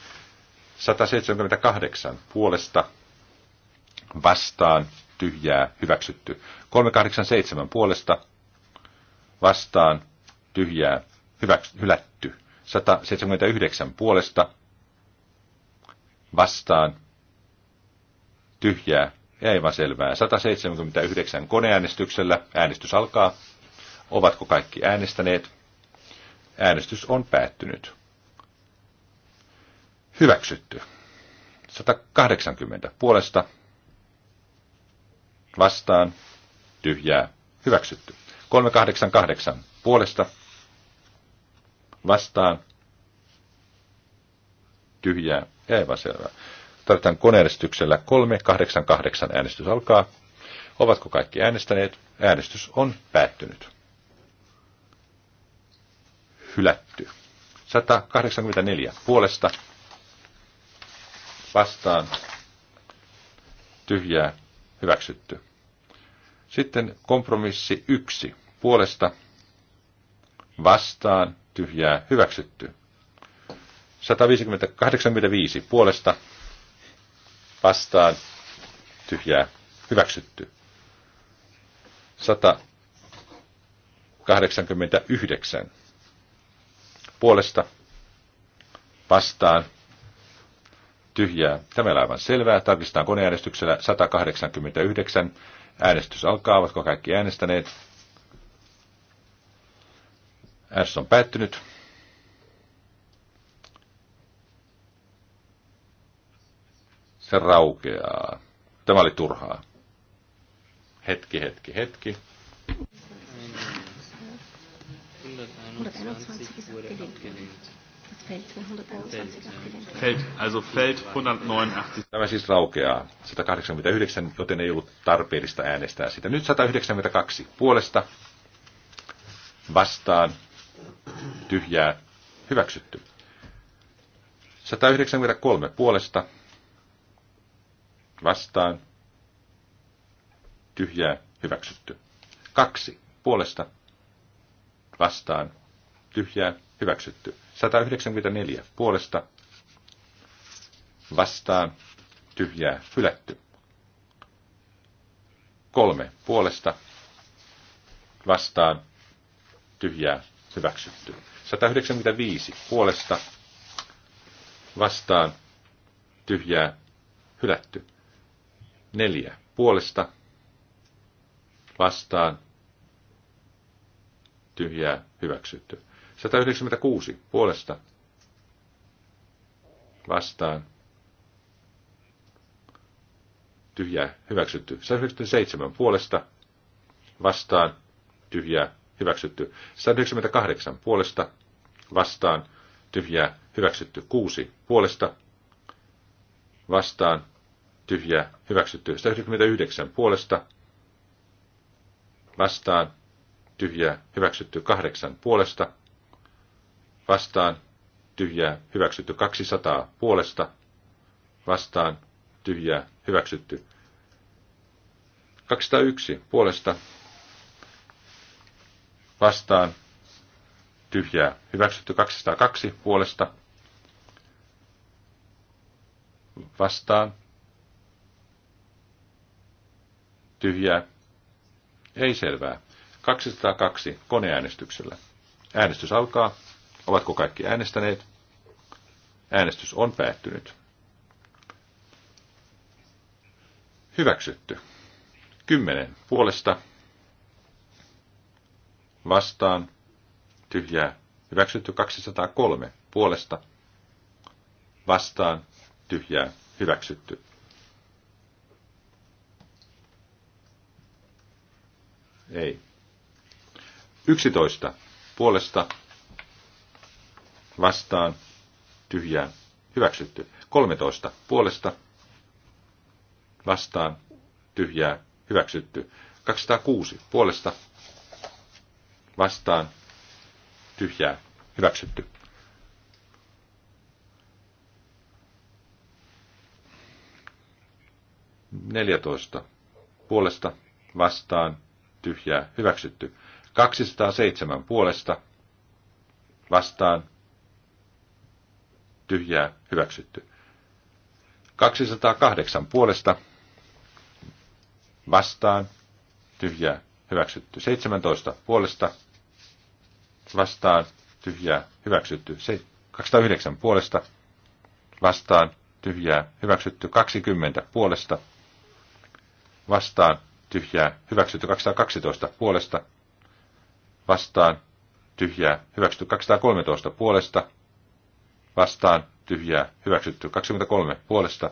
178 puolesta, vastaan, tyhjää, hyväksytty. 387 puolesta, vastaan, tyhjää, hyväks, hylätty. 179 puolesta, vastaan tyhjää ja selvää. 179 koneäänestyksellä äänestys alkaa. Ovatko kaikki äänestäneet? Äänestys on päättynyt. Hyväksytty. 180 puolesta vastaan tyhjää hyväksytty. 388 puolesta vastaan tyhjää ja epäselvää. Tarvitaan koneäänestyksellä 388 äänestys alkaa. Ovatko kaikki äänestäneet? Äänestys on päättynyt. Hylätty. 184 puolesta vastaan tyhjää hyväksytty. Sitten kompromissi 1 puolesta vastaan tyhjää hyväksytty. 185 puolesta vastaan tyhjää hyväksytty. 189 puolesta vastaan tyhjää. Tämä on aivan selvää. Tarkistetaan koneäänestyksellä 189. Äänestys alkaa. Ovatko kaikki äänestäneet? Äänestys on päättynyt. se raukeaa. Tämä oli turhaa. Hetki, hetki, hetki. Feld, also Feld 189. Tämä siis raukeaa 189, joten ei ollut tarpeellista äänestää sitä. Nyt 192 puolesta vastaan tyhjää hyväksytty. 193 puolesta vastaan, tyhjää, hyväksytty. Kaksi, puolesta, vastaan, tyhjää, hyväksytty. 194, puolesta, vastaan, tyhjää, hylätty. Kolme, puolesta, vastaan, tyhjää, hyväksytty. 195, puolesta, vastaan, tyhjää, hylätty. Neljä. Puolesta. Vastaan. Tyhjää. Hyväksytty. 196. Puolesta. Vastaan. Tyhjää. Hyväksytty. 197. Puolesta. Vastaan. Tyhjää. Hyväksytty. 198. Puolesta. Vastaan. Tyhjää. Hyväksytty. 6. Puolesta. Vastaan tyhjää hyväksytty. 199 puolesta vastaan tyhjää hyväksytty 8 puolesta vastaan tyhjää hyväksytty 200 puolesta vastaan tyhjää hyväksytty 201 puolesta vastaan tyhjää hyväksytty 202 puolesta vastaan Tyhjää. Ei selvää. 202 koneäänestyksellä. Äänestys alkaa. Ovatko kaikki äänestäneet? Äänestys on päättynyt. Hyväksytty. Kymmenen puolesta. Vastaan. Tyhjää. Hyväksytty 203 puolesta. Vastaan. Tyhjää. Hyväksytty. Ei. 11. Puolesta vastaan tyhjää hyväksytty. 13. Puolesta vastaan tyhjää hyväksytty. 206. Puolesta vastaan tyhjää hyväksytty. Neljätoista. Puolesta vastaan tyhjää hyväksytty. 207 puolesta vastaan tyhjää hyväksytty. 208 puolesta vastaan tyhjää hyväksytty. 17 puolesta vastaan tyhjää hyväksytty. 209 puolesta vastaan tyhjää hyväksytty. 20 puolesta vastaan tyhjää, hyväksytty 212 puolesta, vastaan, tyhjää, hyväksytty 213 puolesta, vastaan, tyhjää, hyväksytty 23 puolesta,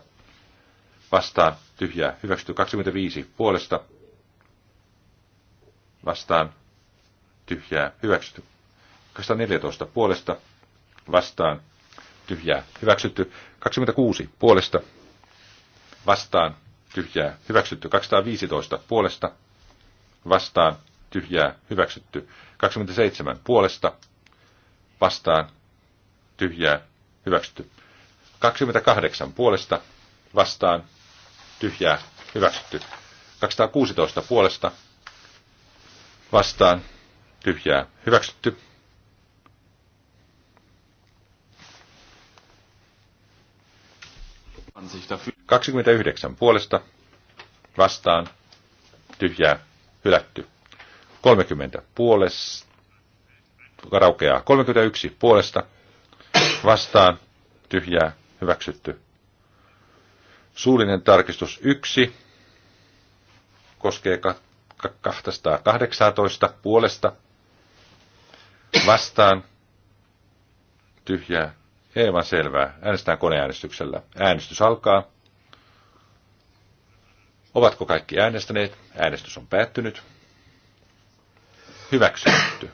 vastaan, tyhjää, hyväksytty 25 puolesta, vastaan, tyhjää, hyväksytty 214 puolesta, vastaan, tyhjää, hyväksytty 26 puolesta, vastaan, tyhjää hyväksytty. 215 puolesta vastaan tyhjää hyväksytty. 27 puolesta vastaan tyhjää hyväksytty. 28 puolesta vastaan tyhjää hyväksytty. 216 puolesta vastaan tyhjää hyväksytty. 29 puolesta vastaan tyhjää hylätty. 30 puolesta raukeaa. 31 puolesta vastaan tyhjää hyväksytty. Suullinen tarkistus 1 koskee 218 puolesta vastaan tyhjää Hieman selvää. Äänestetään koneäänestyksellä. Äänestys alkaa. Ovatko kaikki äänestäneet? Äänestys on päättynyt. Hyväksytty.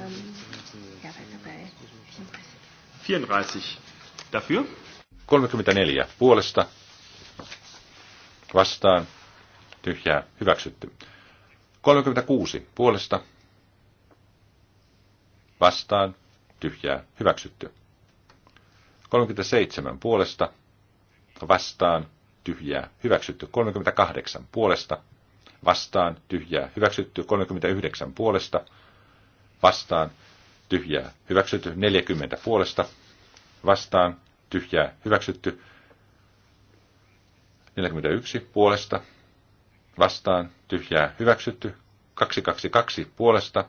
Ähm, Vierunddreißig. Dafür? 34 puolesta vastaan tyhjää hyväksytty. 36 puolesta vastaan tyhjää hyväksytty. 37 puolesta vastaan tyhjää hyväksytty. 38 puolesta vastaan tyhjää hyväksytty. 39 puolesta vastaan tyhjää hyväksytty. 40 puolesta vastaan tyhjää hyväksytty. 41 puolesta vastaan tyhjää hyväksytty. 222 puolesta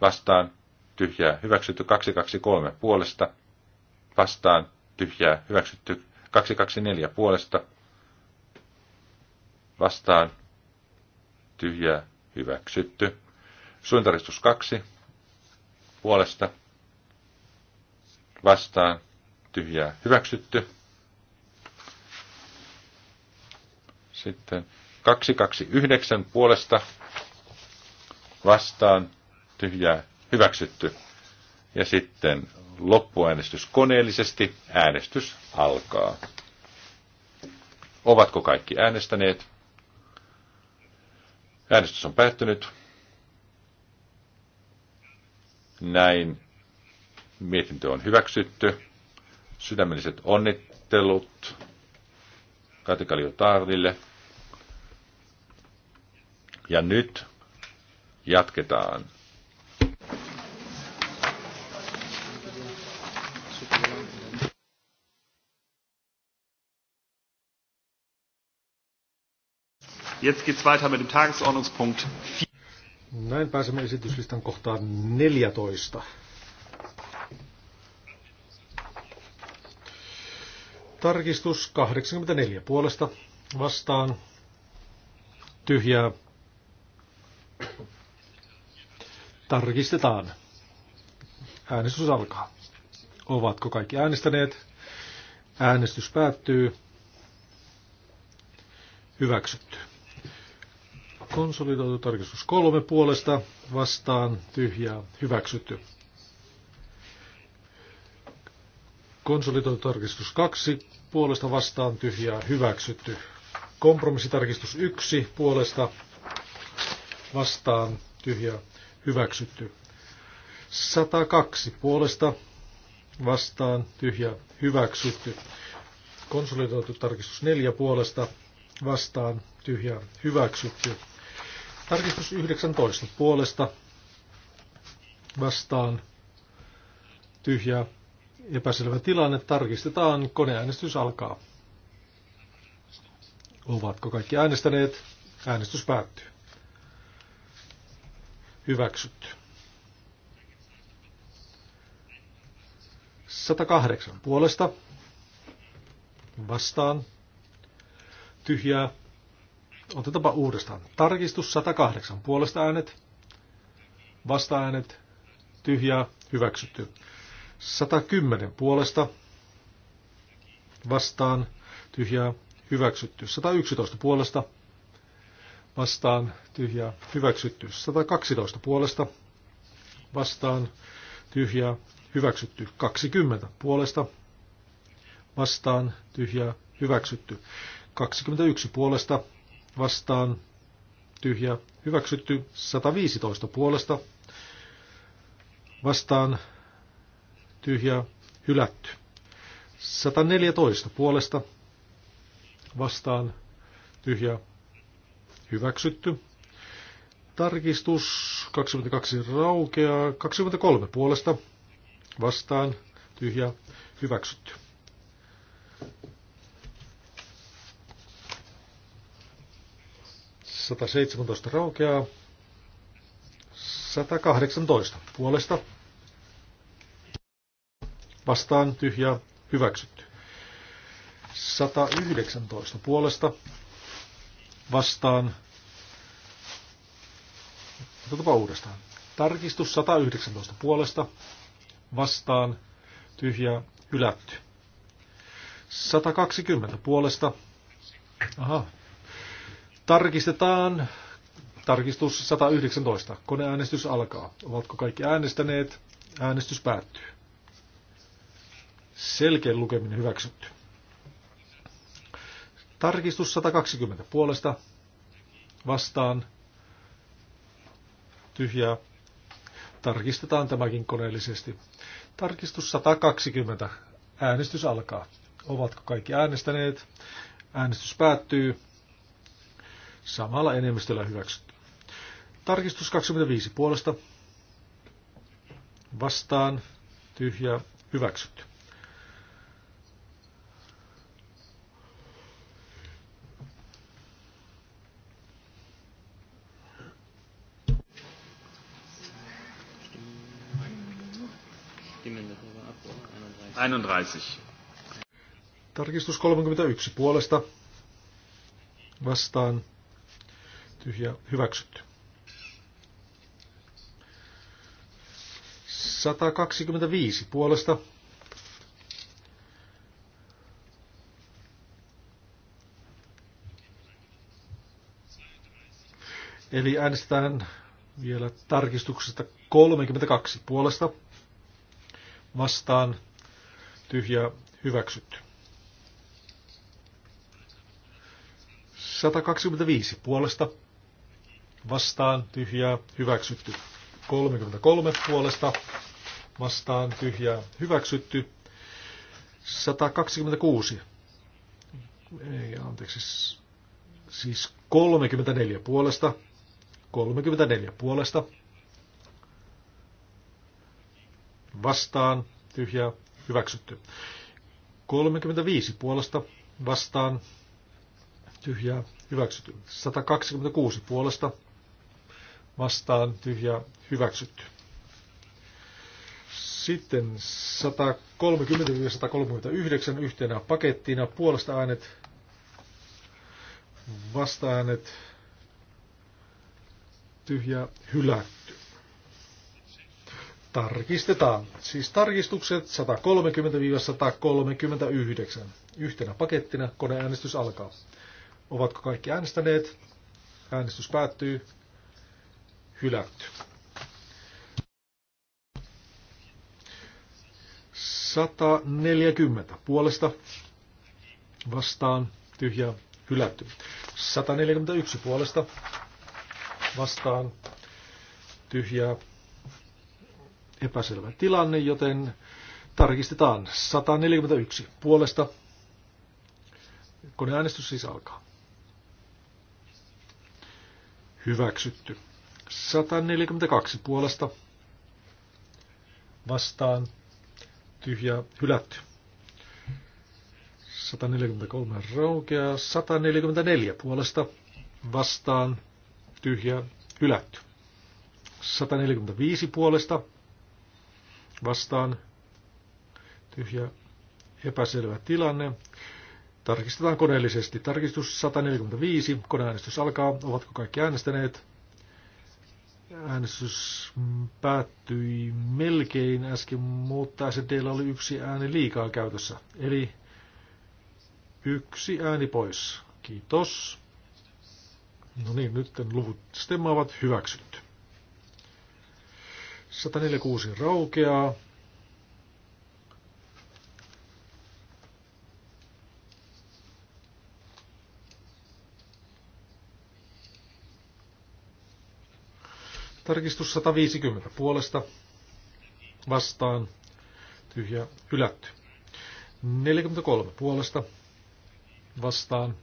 vastaan tyhjää hyväksytty. 223 puolesta vastaan tyhjää hyväksytty. 224 puolesta vastaan tyhjää hyväksytty. Suuntaristus 2 puolesta vastaan tyhjää hyväksytty. Sitten 229 puolesta vastaan tyhjää hyväksytty. Ja sitten loppuäänestys koneellisesti. Äänestys alkaa. Ovatko kaikki äänestäneet? Äänestys on päättynyt. Näin mietintö on hyväksytty. Sydämelliset onnittelut Katikali Ja nyt jatketaan. Jetzt geht's weiter mit dem Tagesordnungspunkt. Näin pääsemme esityslistan kohtaan 14. Tarkistus 84 puolesta vastaan. Tyhjää. Tarkistetaan. Äänestys alkaa. Ovatko kaikki äänestäneet? Äänestys päättyy. Hyväksytty. Konsolidoitu tarkistus kolme puolesta vastaan tyhjää hyväksytty. Konsolidoitu tarkistus 2, puolesta vastaan tyhjää, hyväksytty. Kompromissitarkistus 1, puolesta vastaan tyhjää, hyväksytty. 102, puolesta vastaan tyhjää, hyväksytty. Konsolidoitu tarkistus 4, puolesta vastaan tyhjää, hyväksytty. Tarkistus 19, puolesta vastaan tyhjää, Epäselvä tilanne. Tarkistetaan. Koneäänestys alkaa. Ovatko kaikki äänestäneet? Äänestys päättyy. Hyväksytty. 108 puolesta. Vastaan. Tyhjää. Otetaanpa uudestaan. Tarkistus 108 puolesta äänet. Vasta äänet. Tyhjää. Hyväksytty. 110 puolesta vastaan tyhjää hyväksytty. 111 puolesta vastaan tyhjää hyväksytty. 112 puolesta vastaan tyhjää hyväksytty. 20 puolesta vastaan tyhjää hyväksytty. 21 puolesta vastaan tyhjää hyväksytty. 115 puolesta vastaan tyhjää hylätty. 114 puolesta vastaan tyhjää hyväksytty. Tarkistus 22 raukeaa, 23 puolesta vastaan tyhjää hyväksytty. Sataseitsemäntoista raukeaa. kahdeksantoista puolesta vastaan tyhjää hyväksytty. 119 puolesta vastaan. Otetaanpa uudestaan. Tarkistus 119 puolesta vastaan tyhjää hylätty. 120 puolesta. Aha. Tarkistetaan. Tarkistus 119. Koneäänestys alkaa. Ovatko kaikki äänestäneet? Äänestys päättyy selkeä lukeminen hyväksytty. Tarkistus 120 puolesta vastaan tyhjää. Tarkistetaan tämäkin koneellisesti. Tarkistus 120. Äänestys alkaa. Ovatko kaikki äänestäneet? Äänestys päättyy. Samalla enemmistöllä hyväksytty. Tarkistus 25 puolesta. Vastaan. tyhjä Hyväksytty. 31. Tarkistus 31 puolesta vastaan tyhjä hyväksytty. 125 puolesta Eli äänestetään vielä tarkistuksesta 32 puolesta vastaan tyhjää hyväksytty. 125 puolesta vastaan tyhjää hyväksytty. 33 puolesta vastaan tyhjää hyväksytty. 126. Ei, anteeksi. Siis 34 puolesta. 34 puolesta. Vastaan tyhjää hyväksytty. 35 puolesta vastaan tyhjää hyväksytty. 126 puolesta vastaan tyhjää hyväksytty. Sitten 130-139 yhtenä pakettina puolesta äänet, vasta äänet, tyhjä hylätty. Tarkistetaan. Siis tarkistukset 130-139. Yhtenä pakettina koneäänestys alkaa. Ovatko kaikki äänestäneet? Äänestys päättyy. Hylätty. 140 puolesta vastaan tyhjä hylätty. 141 puolesta vastaan tyhjää epäselvä tilanne, joten tarkistetaan 141 puolesta. Koneäänestys siis alkaa. Hyväksytty. 142 puolesta vastaan tyhjä hylätty. 143 raukeaa. 144 puolesta vastaan tyhjä hylätty. 145 puolesta vastaan tyhjä epäselvä tilanne. Tarkistetaan koneellisesti. Tarkistus 145. Koneäänestys alkaa. Ovatko kaikki äänestäneet? Äänestys päättyi melkein äsken, mutta SDllä oli yksi ääni liikaa käytössä. Eli yksi ääni pois. Kiitos. No niin, nyt luvut stemmaavat hyväksytty. 146 raukeaa. Tarkistus 150 puolesta vastaan tyhjä hylätty. 43 puolesta vastaan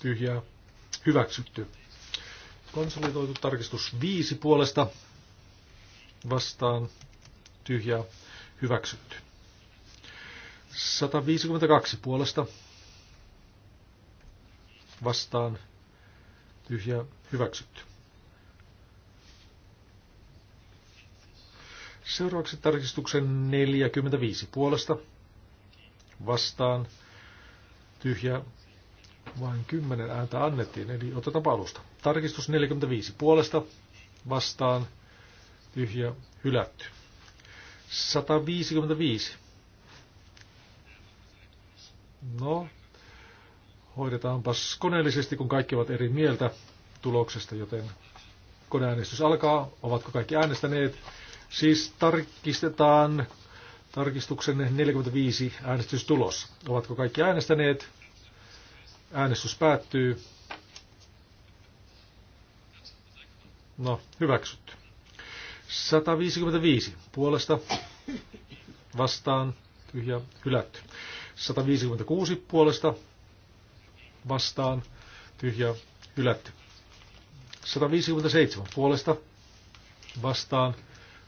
Tyhjä hyväksytty. Konsolidoitu tarkistus 5 puolesta vastaan tyhjää hyväksytty. 152 puolesta vastaan tyhjää hyväksytty. Seuraavaksi tarkistuksen 45 puolesta vastaan tyhjä vain 10 ääntä annettiin, eli otetaan alusta. Tarkistus 45 puolesta vastaan tyhjä hylätty. 155. No, hoidetaanpas koneellisesti, kun kaikki ovat eri mieltä tuloksesta, joten koneäänestys alkaa. Ovatko kaikki äänestäneet? Siis tarkistetaan tarkistuksen 45 äänestystulos. Ovatko kaikki äänestäneet? Äänestys päättyy. No, hyväksytty. 155 puolesta vastaan tyhjä hylätty. 156 puolesta vastaan tyhjä hylätty. 157 puolesta vastaan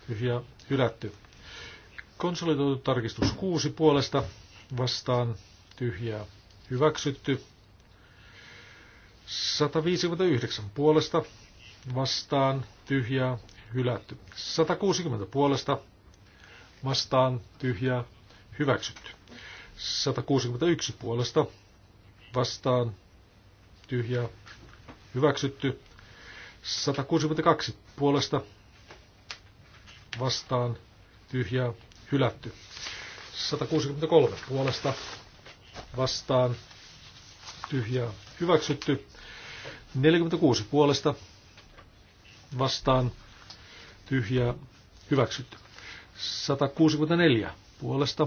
tyhjä hylätty. Konsolidoitu tarkistus 6 puolesta vastaan tyhjä hyväksytty. 159 puolesta vastaan tyhjää hylätty. 160 puolesta vastaan tyhjää hyväksytty. 161 puolesta vastaan tyhjää hyväksytty. 162 puolesta vastaan tyhjää hylätty. 163 puolesta vastaan tyhjää hyväksytty. 46 puolesta vastaan tyhjää hyväksytty. 164 puolesta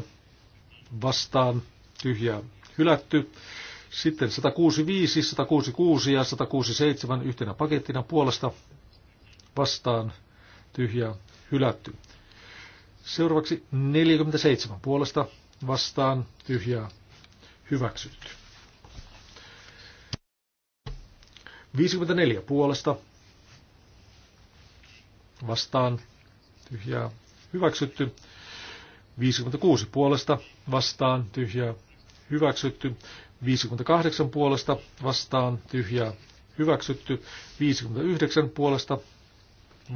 vastaan tyhjää hylätty. Sitten 165, 166 ja 167 yhtenä pakettina puolesta vastaan tyhjää hylätty. Seuraavaksi 47 puolesta vastaan tyhjää hyväksytty. 54 puolesta vastaan tyhjää hyväksytty. 56 puolesta vastaan tyhjää hyväksytty. 58 puolesta vastaan tyhjää hyväksytty. 59 puolesta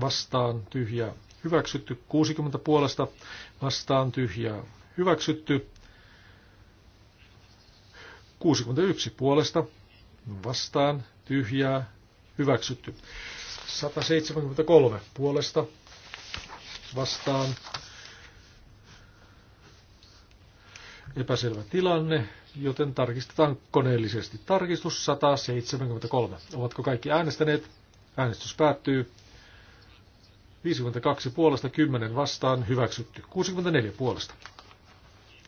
vastaan tyhjää hyväksytty. 60 puolesta vastaan tyhjää hyväksytty. 61 puolesta vastaan tyhjää hyväksytty. 173 puolesta vastaan. Epäselvä tilanne, joten tarkistetaan koneellisesti. Tarkistus 173. Ovatko kaikki äänestäneet? Äänestys päättyy. 52 puolesta, 10 vastaan, hyväksytty. 64 puolesta.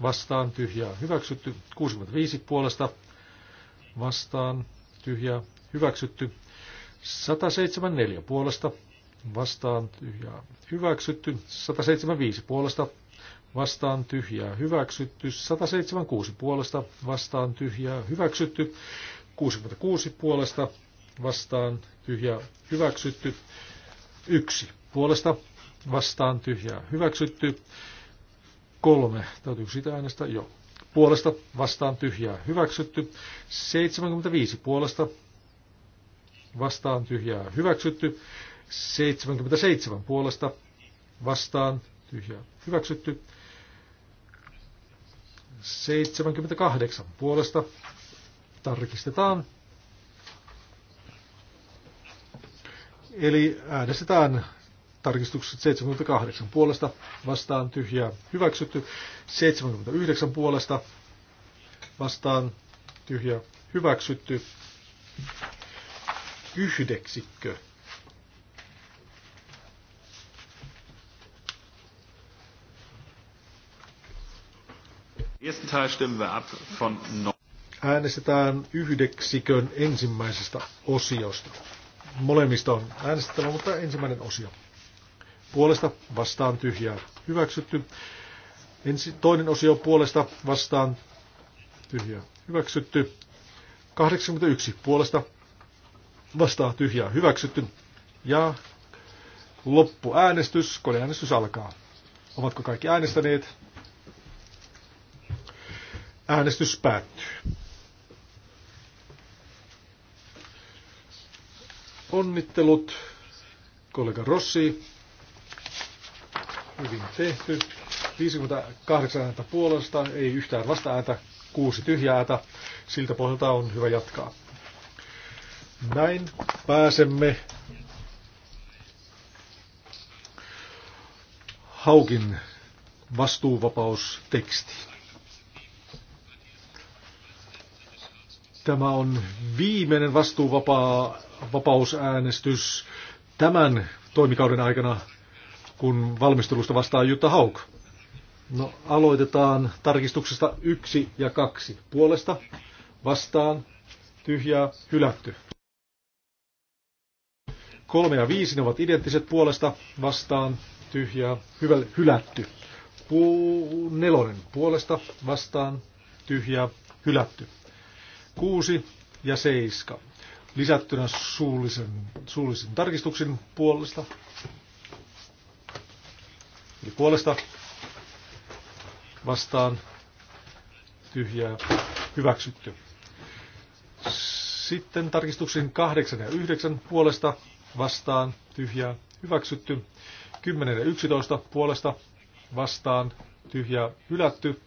Vastaan, tyhjää, hyväksytty. 65 puolesta, vastaan, tyhjää, hyväksytty. 174 puolesta vastaan tyhjää hyväksytty, 175 puolesta vastaan tyhjää hyväksytty, 176 puolesta vastaan tyhjää hyväksytty, 66 puolesta vastaan tyhjää hyväksytty, 1 puolesta vastaan tyhjää hyväksytty, 3, täytyy sitä äänestää, joo, puolesta vastaan tyhjää hyväksytty, 75 puolesta vastaan tyhjää hyväksytty. 77 puolesta vastaan tyhjää hyväksytty. 78 puolesta tarkistetaan. Eli äänestetään tarkistukset 78 puolesta vastaan tyhjää hyväksytty. 79 puolesta vastaan tyhjää hyväksytty yhdeksikkö. Äänestetään yhdeksikön ensimmäisestä osiosta. Molemmista on äänestettävä, mutta ensimmäinen osio. Puolesta vastaan tyhjää. Hyväksytty. Ensi, toinen osio puolesta vastaan tyhjää. Hyväksytty. 81 puolesta vastaa tyhjää hyväksytty. Ja loppuäänestys, koneäänestys alkaa. Ovatko kaikki äänestäneet? Äänestys päättyy. Onnittelut kollega Rossi. Hyvin tehty. 58 ääntä puolesta, ei yhtään vasta ääntä, kuusi tyhjää ääntä. Siltä pohjalta on hyvä jatkaa. Näin pääsemme Haukin vastuuvapausteksti. Tämä on viimeinen vastuuvapausäänestys tämän toimikauden aikana, kun valmistelusta vastaa Jutta Hauk. No, aloitetaan tarkistuksesta yksi ja kaksi Puolesta, vastaan, tyhjää, hylätty kolme ja viisi ne ovat identtiset puolesta vastaan tyhjää hyvä, hylätty. Puu, nelonen puolesta vastaan tyhjää hylätty. kuusi ja seiska lisättynä suullisen, suullisen tarkistuksen puolesta. Eli puolesta vastaan tyhjää hyväksytty. Sitten tarkistuksen 8 ja 9 puolesta vastaan tyhjää hyväksytty. 10 ja 11 puolesta vastaan tyhjää hylätty.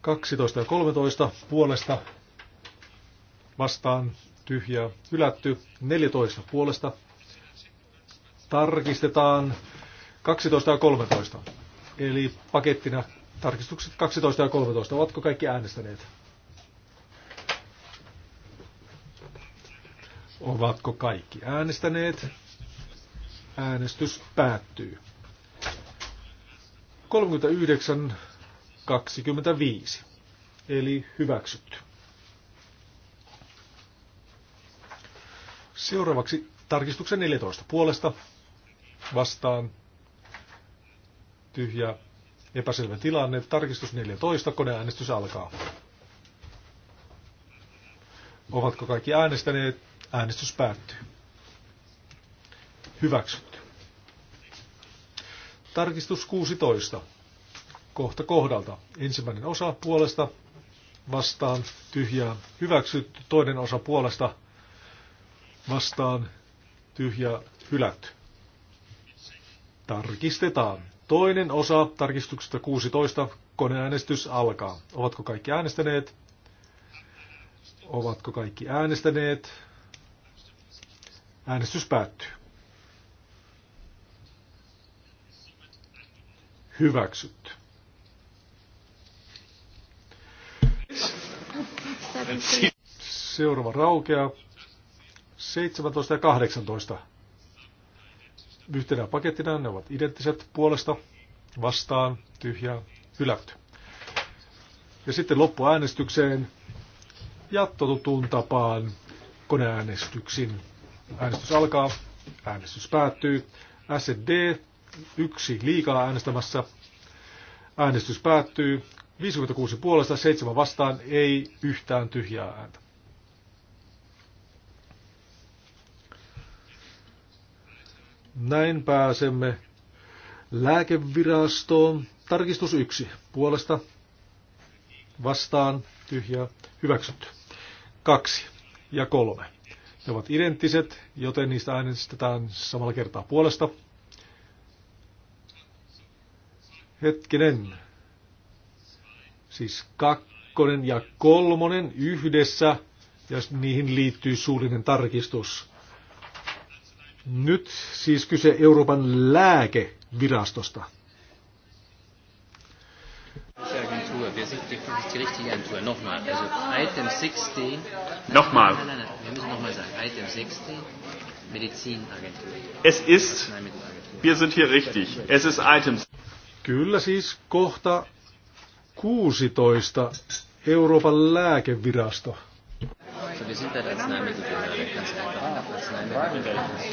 12 ja 13 puolesta vastaan tyhjää hylätty. 14 puolesta tarkistetaan 12 ja 13. Eli pakettina tarkistukset 12 ja 13. Ovatko kaikki äänestäneet? Ovatko kaikki äänestäneet? Äänestys päättyy. 39.25, eli hyväksytty. Seuraavaksi tarkistuksen 14 puolesta vastaan tyhjä epäselvä tilanne. Tarkistus 14, koneäänestys alkaa. Ovatko kaikki äänestäneet? Äänestys päättyy. Hyväksytty. Tarkistus 16. Kohta kohdalta. Ensimmäinen osa puolesta vastaan tyhjää hyväksytty. Toinen osa puolesta vastaan tyhjää hylätty. Tarkistetaan. Toinen osa tarkistuksesta 16. Koneäänestys alkaa. Ovatko kaikki äänestäneet? Ovatko kaikki äänestäneet? Äänestys päättyy. Hyväksytty. Seuraava raukea. 17 ja 18. Yhtenä pakettina ne ovat identtiset puolesta, vastaan, tyhjä hylätty. Ja sitten loppuäänestykseen ja totutun tapaan koneäänestyksin. Äänestys alkaa. Äänestys päättyy. SD yksi liikaa äänestämässä. Äänestys päättyy. 56 puolesta, 7 vastaan, ei yhtään tyhjää ääntä. Näin pääsemme lääkevirastoon. Tarkistus 1. Puolesta vastaan tyhjää hyväksytty. 2 ja 3 ne ovat identtiset, joten niistä äänestetään samalla kertaa puolesta. Hetkinen. Siis kakkonen ja kolmonen yhdessä, ja niihin liittyy suullinen tarkistus. Nyt siis kyse Euroopan lääkevirastosta. ersichtlich die richtige Antwort. Nochmal. Also Item 16. Nochmal. Nein, nein, nein, wir müssen nochmal sagen. Item 16. Medizinagentur. Es ist, wir sind hier richtig. Es ist Item. Kyllä siis kohta 16 Euroopan lääkevirasto.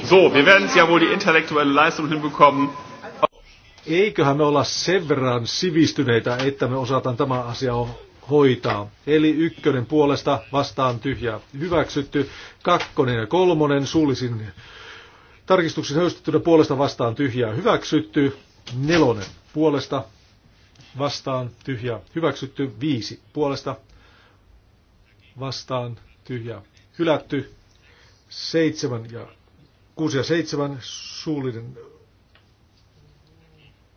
So, wir werden es ja wohl die intellektuelle Leistung hinbekommen, eiköhän me olla sen verran sivistyneitä, että me osataan tämä asia hoitaa. Eli ykkönen puolesta vastaan tyhjä hyväksytty, kakkonen ja kolmonen suullisin tarkistuksen höystettynä puolesta vastaan tyhjää hyväksytty, nelonen puolesta vastaan tyhjää hyväksytty, viisi puolesta vastaan tyhjää hylätty, seitsemän ja kuusi ja seitsemän suullinen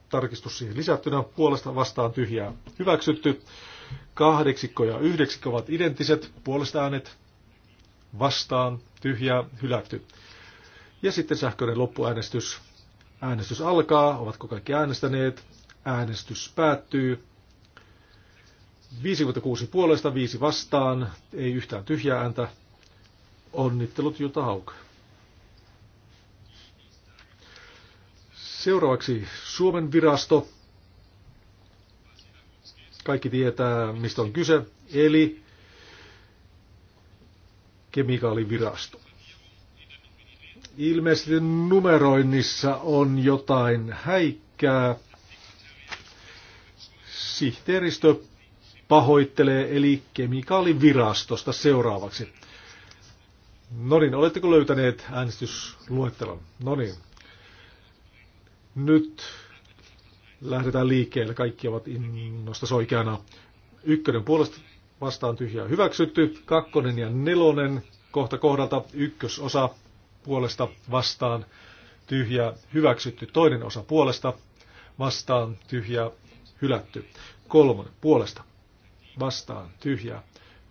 tarkistus siihen lisättynä, puolesta vastaan tyhjää hyväksytty. Kahdeksikko ja yhdeksikko ovat identtiset, puolesta äänet vastaan tyhjää hylätty. Ja sitten sähköinen loppuäänestys. Äänestys alkaa, ovatko kaikki äänestäneet, äänestys päättyy. 56 puolesta, 5 vastaan, ei yhtään tyhjää ääntä. Onnittelut Juta Hauka. Seuraavaksi Suomen virasto. Kaikki tietää, mistä on kyse, eli kemikaalivirasto. Ilmeisesti numeroinnissa on jotain häikkää. Sihteeristö pahoittelee, eli kemikaalivirastosta seuraavaksi. No niin, oletteko löytäneet äänestysluettelon? No niin, nyt lähdetään liikkeelle. Kaikki ovat innosta soikeana. Ykkönen puolesta vastaan tyhjää hyväksytty. Kakkonen ja nelonen kohta kohdalta ykkösosa puolesta vastaan tyhjää hyväksytty. Toinen osa puolesta vastaan tyhjää hylätty. Kolmonen puolesta vastaan tyhjää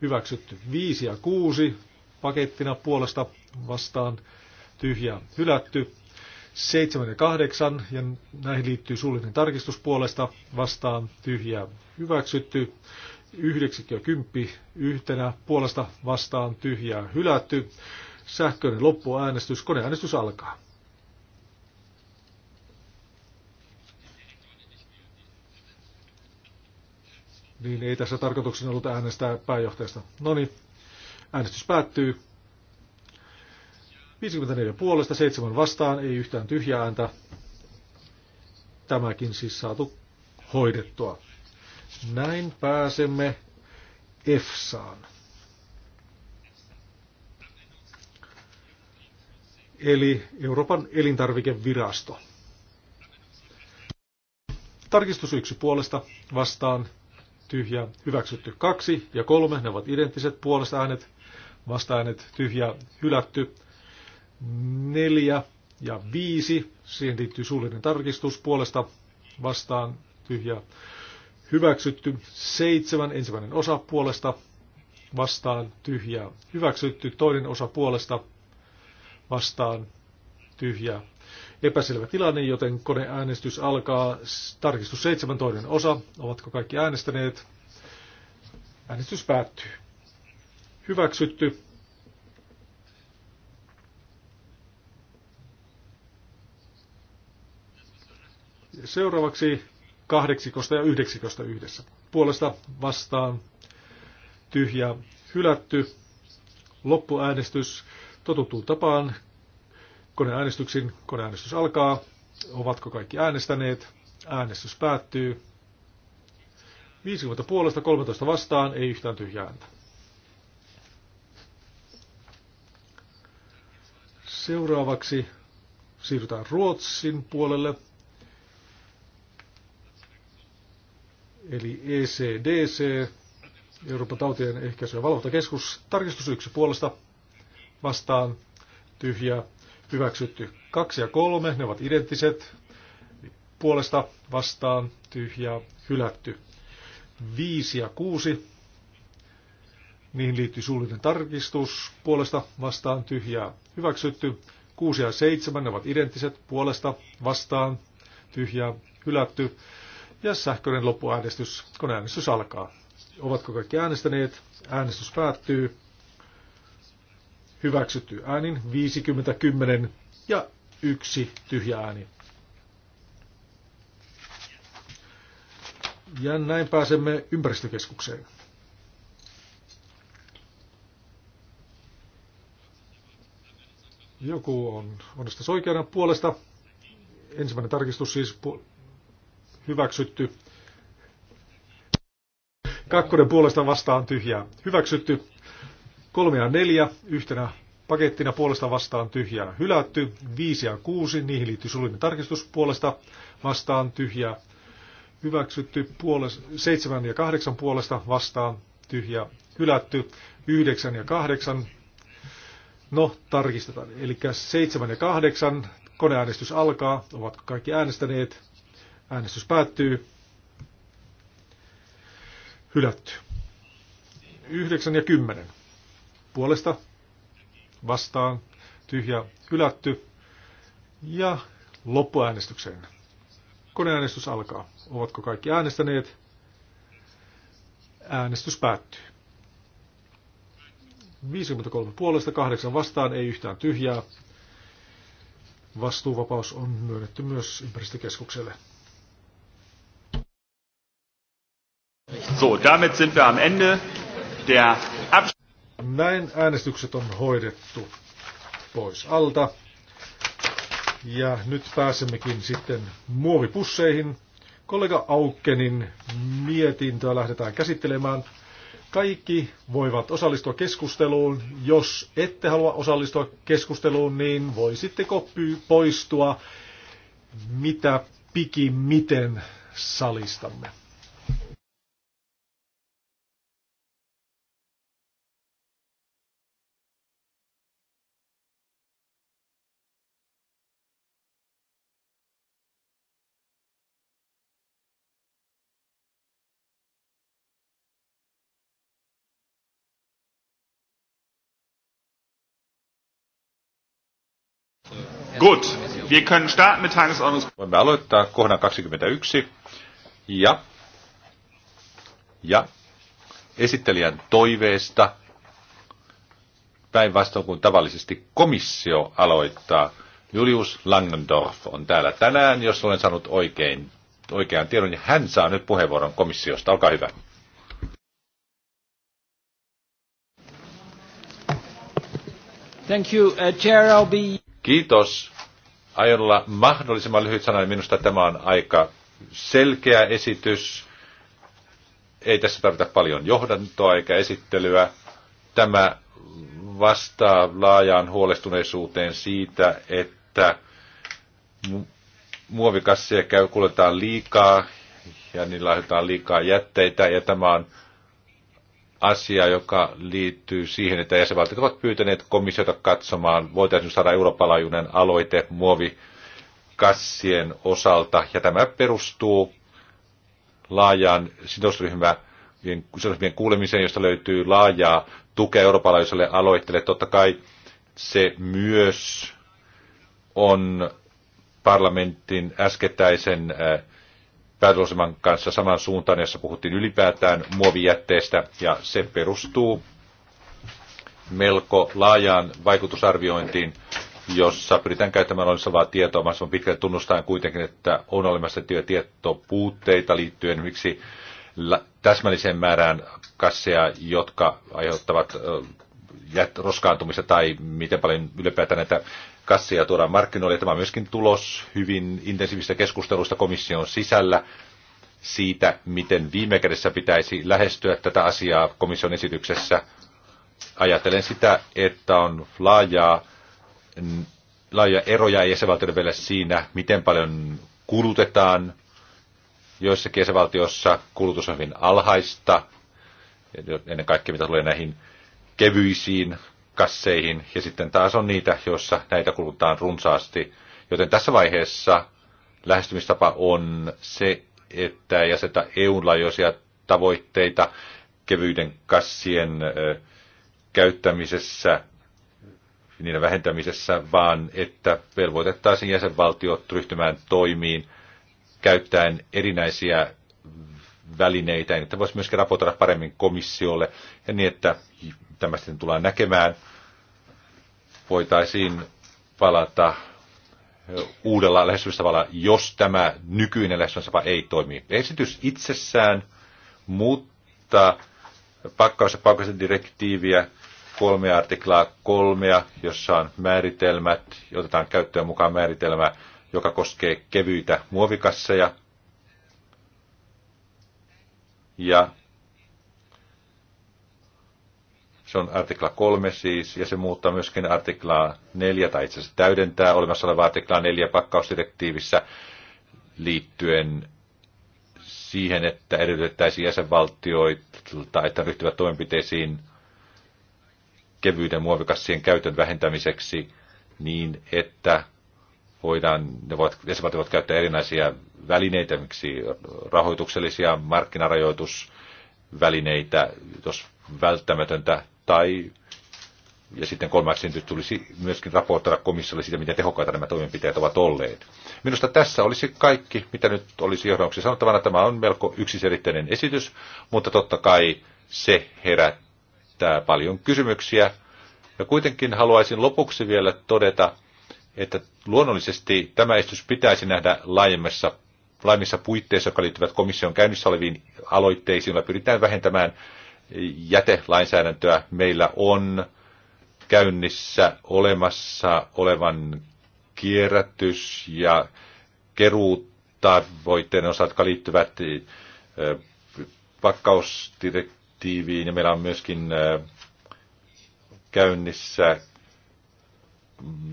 hyväksytty. Viisi ja kuusi pakettina puolesta vastaan tyhjää hylätty. 7 ja 8, ja näihin liittyy suullinen tarkistus puolesta, vastaan tyhjä hyväksytty, 9 ja 10 yhtenä, puolesta vastaan tyhjää hylätty, sähköinen loppuäänestys, koneäänestys alkaa. Niin ei tässä tarkoituksena ollut äänestää pääjohtajasta. No niin, äänestys päättyy. 54 puolesta, 7 vastaan, ei yhtään tyhjää ääntä. Tämäkin siis saatu hoidettua. Näin pääsemme EFSAan. Eli Euroopan elintarvikevirasto. Tarkistus yksi puolesta vastaan tyhjä, hyväksytty kaksi ja kolme, ne ovat identtiset puolesta äänet, vasta äänet tyhjä, hylätty 4 ja 5. Siihen liittyy suullinen tarkistus puolesta vastaan tyhjä hyväksytty. 7 ensimmäinen osa puolesta vastaan tyhjä. hyväksytty. Toinen osa puolesta vastaan tyhjä. Epäselvä tilanne, joten koneäänestys alkaa. Tarkistus 7 toinen osa. Ovatko kaikki äänestäneet? Äänestys päättyy. Hyväksytty Seuraavaksi kahdeksikosta ja yhdeksikosta yhdessä. Puolesta vastaan tyhjä hylätty. Loppuäänestys totuttuun tapaan. Koneäänestyksin koneäänestys alkaa. Ovatko kaikki äänestäneet? Äänestys päättyy. 50 puolesta, 13 vastaan, ei yhtään tyhjää ääntä. Seuraavaksi siirrytään Ruotsin puolelle. eli ECDC, Euroopan tautien ehkäisy- ja valvontakeskus, tarkistus 1 puolesta vastaan, tyhjä hyväksytty. kaksi ja kolme ne ovat identtiset, puolesta vastaan, tyhjä hylätty. viisi ja kuusi niihin liittyy suullinen tarkistus, puolesta vastaan, tyhjä hyväksytty. kuusi ja seitsemän ne ovat identtiset, puolesta vastaan, tyhjä hylätty. Ja sähköinen loppuäänestys, kun äänestys alkaa. Ovatko kaikki äänestäneet? Äänestys päättyy. Hyväksytty äänin 50-10 ja yksi tyhjä ääni. Ja näin pääsemme ympäristökeskukseen. Joku on onnistus oikeana puolesta. Ensimmäinen tarkistus siis pu- hyväksytty. Kakkonen puolesta vastaan tyhjää, hyväksytty. Kolme ja neljä yhtenä pakettina puolesta vastaan tyhjää, hylätty. Viisi ja kuusi, niihin liittyy suullinen tarkistus puolesta vastaan tyhjää, hyväksytty. Puolesta, seitsemän ja kahdeksan puolesta vastaan tyhjää, hylätty. Yhdeksän ja kahdeksan, no tarkistetaan. Eli seitsemän ja kahdeksan, koneäänestys alkaa, ovatko kaikki äänestäneet. Äänestys päättyy. Hylätty. 9 ja 10. Puolesta vastaan tyhjä hylätty. Ja loppuäänestykseen. Koneäänestys alkaa. Ovatko kaikki äänestäneet? Äänestys päättyy. 53 puolesta, 8 vastaan, ei yhtään tyhjää. Vastuuvapaus on myönnetty myös ympäristökeskukselle. So, damit sind wir am Ende der Abs Näin äänestykset on hoidettu pois alta. Ja nyt pääsemmekin sitten muovipusseihin. Kollega Aukkenin mietintöä lähdetään käsittelemään. Kaikki voivat osallistua keskusteluun. Jos ette halua osallistua keskusteluun, niin voisitteko poistua mitä pikimiten salistamme. Good. wir können starten mit Tagesordnungspunkt. Voimme aloittaa kohdan 21. Ja, ja esittelijän toiveesta päinvastoin kuin tavallisesti komissio aloittaa. Julius Langendorf on täällä tänään, jos olen saanut oikein, oikean tiedon, ja niin hän saa nyt puheenvuoron komissiosta. Olkaa hyvä. Thank you, uh, Chair. I'll be... Kiitos. Aion olla mahdollisimman lyhyt sana, minusta tämä on aika selkeä esitys. Ei tässä tarvita paljon johdantoa eikä esittelyä. Tämä vastaa laajaan huolestuneisuuteen siitä, että muovikasseja käy kuljetaan liikaa ja niillä aiheutetaan liikaa jätteitä ja tämä on asia, joka liittyy siihen, että jäsenvaltiot ovat pyytäneet komissiota katsomaan, voitaisiin saada Euroopan laajuinen aloite muovikassien osalta. Ja tämä perustuu laajaan sidosryhmä sidosryhmien kuulemiseen, josta löytyy laajaa tukea Euroopan laajuiselle aloitteelle. Totta kai se myös on parlamentin äskettäisen äh, päätöslauselman kanssa saman suuntaan, jossa puhuttiin ylipäätään muovijätteestä, ja se perustuu melko laajaan vaikutusarviointiin, jossa pyritään käyttämään olemassa tietoa mahdollisimman pitkälti tunnustaen kuitenkin, että on olemassa tietopuutteita liittyen miksi täsmälliseen määrään kasseja, jotka aiheuttavat roskaantumista tai miten paljon ylipäätään näitä kassia tuodaan markkinoille. Tämä on myöskin tulos hyvin intensiivistä keskustelusta komission sisällä siitä, miten viime kädessä pitäisi lähestyä tätä asiaa komission esityksessä. Ajattelen sitä, että on laajaa, laajaa eroja jäsenvaltioiden välillä siinä, miten paljon kulutetaan. Joissakin jäsenvaltioissa kulutus on hyvin alhaista, ennen kaikkea mitä tulee näihin kevyisiin kasseihin, ja sitten taas on niitä, joissa näitä kulutaan runsaasti. Joten tässä vaiheessa lähestymistapa on se, että ei aseta EUn laajuisia tavoitteita kevyiden kassien käyttämisessä, niiden vähentämisessä, vaan että velvoitettaisiin jäsenvaltiot ryhtymään toimiin käyttäen erinäisiä välineitä, niin että voisi myöskin raportoida paremmin komissiolle ja niin, että tämä sitten tullaan näkemään, voitaisiin palata uudella lähestymistavalla, jos tämä nykyinen lähestymistapa ei toimi. Esitys itsessään mutta pakkaus- ja pakkasdirektiiviä kolme artiklaa kolmea, jossa on määritelmät, otetaan käyttöön mukaan määritelmä, joka koskee kevyitä muovikasseja. Ja se on artikla 3 siis, ja se muuttaa myöskin artiklaa 4, tai itse asiassa täydentää olemassa olevaa artiklaa 4 pakkausdirektiivissä liittyen siihen, että edellytettäisiin jäsenvaltioilta, että ryhtyvät toimenpiteisiin kevyyden muovikassien käytön vähentämiseksi niin, että voidaan, ne voivat, jäsenvaltiot voivat käyttää erinäisiä välineitä, miksi rahoituksellisia markkinarajoitusvälineitä, jos välttämätöntä tai ja sitten kolmas nyt tulisi myöskin raportoida komissiolle siitä, miten tehokkaita nämä toimenpiteet ovat olleet. Minusta tässä olisi kaikki, mitä nyt olisi johdoksi sanottavana. Tämä on melko yksiselitteinen esitys, mutta totta kai se herättää paljon kysymyksiä. Ja kuitenkin haluaisin lopuksi vielä todeta, että luonnollisesti tämä esitys pitäisi nähdä laajemmassa laajemmissa puitteissa, jotka liittyvät komission käynnissä oleviin aloitteisiin, joilla pyritään vähentämään jätelainsäädäntöä. Meillä on käynnissä olemassa olevan kierrätys- ja keruutavoitteen osat, jotka liittyvät pakkausdirektiiviin, ja meillä on myöskin käynnissä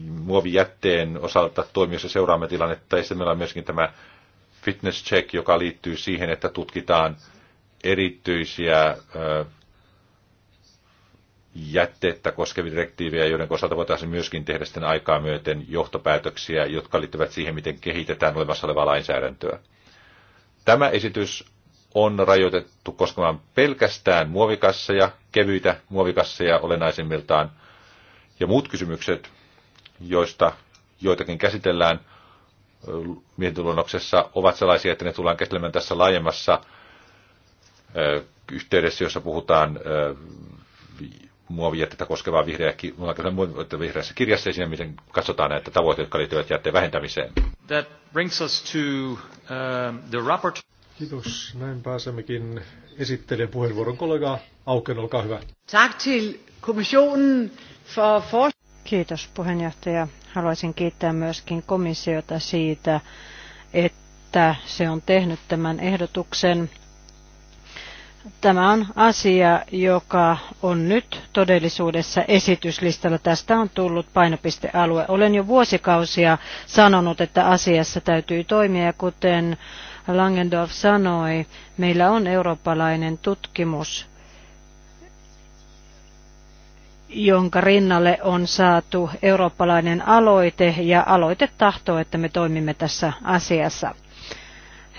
muovijätteen osalta toimijoissa seuraamme tilannetta, ja meillä on myöskin tämä fitness check, joka liittyy siihen, että tutkitaan erityisiä jätteettä koskevia direktiivejä, joiden osalta voitaisiin myöskin tehdä sitten aikaa myöten johtopäätöksiä, jotka liittyvät siihen, miten kehitetään olemassa olevaa lainsäädäntöä. Tämä esitys on rajoitettu koskemaan pelkästään muovikasseja, kevyitä muovikasseja olennaisimmiltaan, ja muut kysymykset, joista joitakin käsitellään mietintöluonnoksessa, ovat sellaisia, että ne tullaan käsittelemään tässä laajemmassa yhteydessä, jossa puhutaan muovijätettä koskevaa vihreä, vihreässä kirjassa ja siinä, miten katsotaan näitä tavoitteita, jotka liittyvät jätteen vähentämiseen. That brings us to, uh, the rapport. Kiitos. Näin pääsemmekin esittelijän puheenvuoron kollega Auken, olkaa hyvä. Tack till kommissionen för for... Kiitos puheenjohtaja. Haluaisin kiittää myöskin komissiota siitä, että se on tehnyt tämän ehdotuksen Tämä on asia, joka on nyt todellisuudessa esityslistalla. Tästä on tullut painopistealue. Olen jo vuosikausia sanonut, että asiassa täytyy toimia ja kuten Langendorf sanoi, meillä on eurooppalainen tutkimus, jonka rinnalle on saatu eurooppalainen aloite ja aloite tahtoo, että me toimimme tässä asiassa.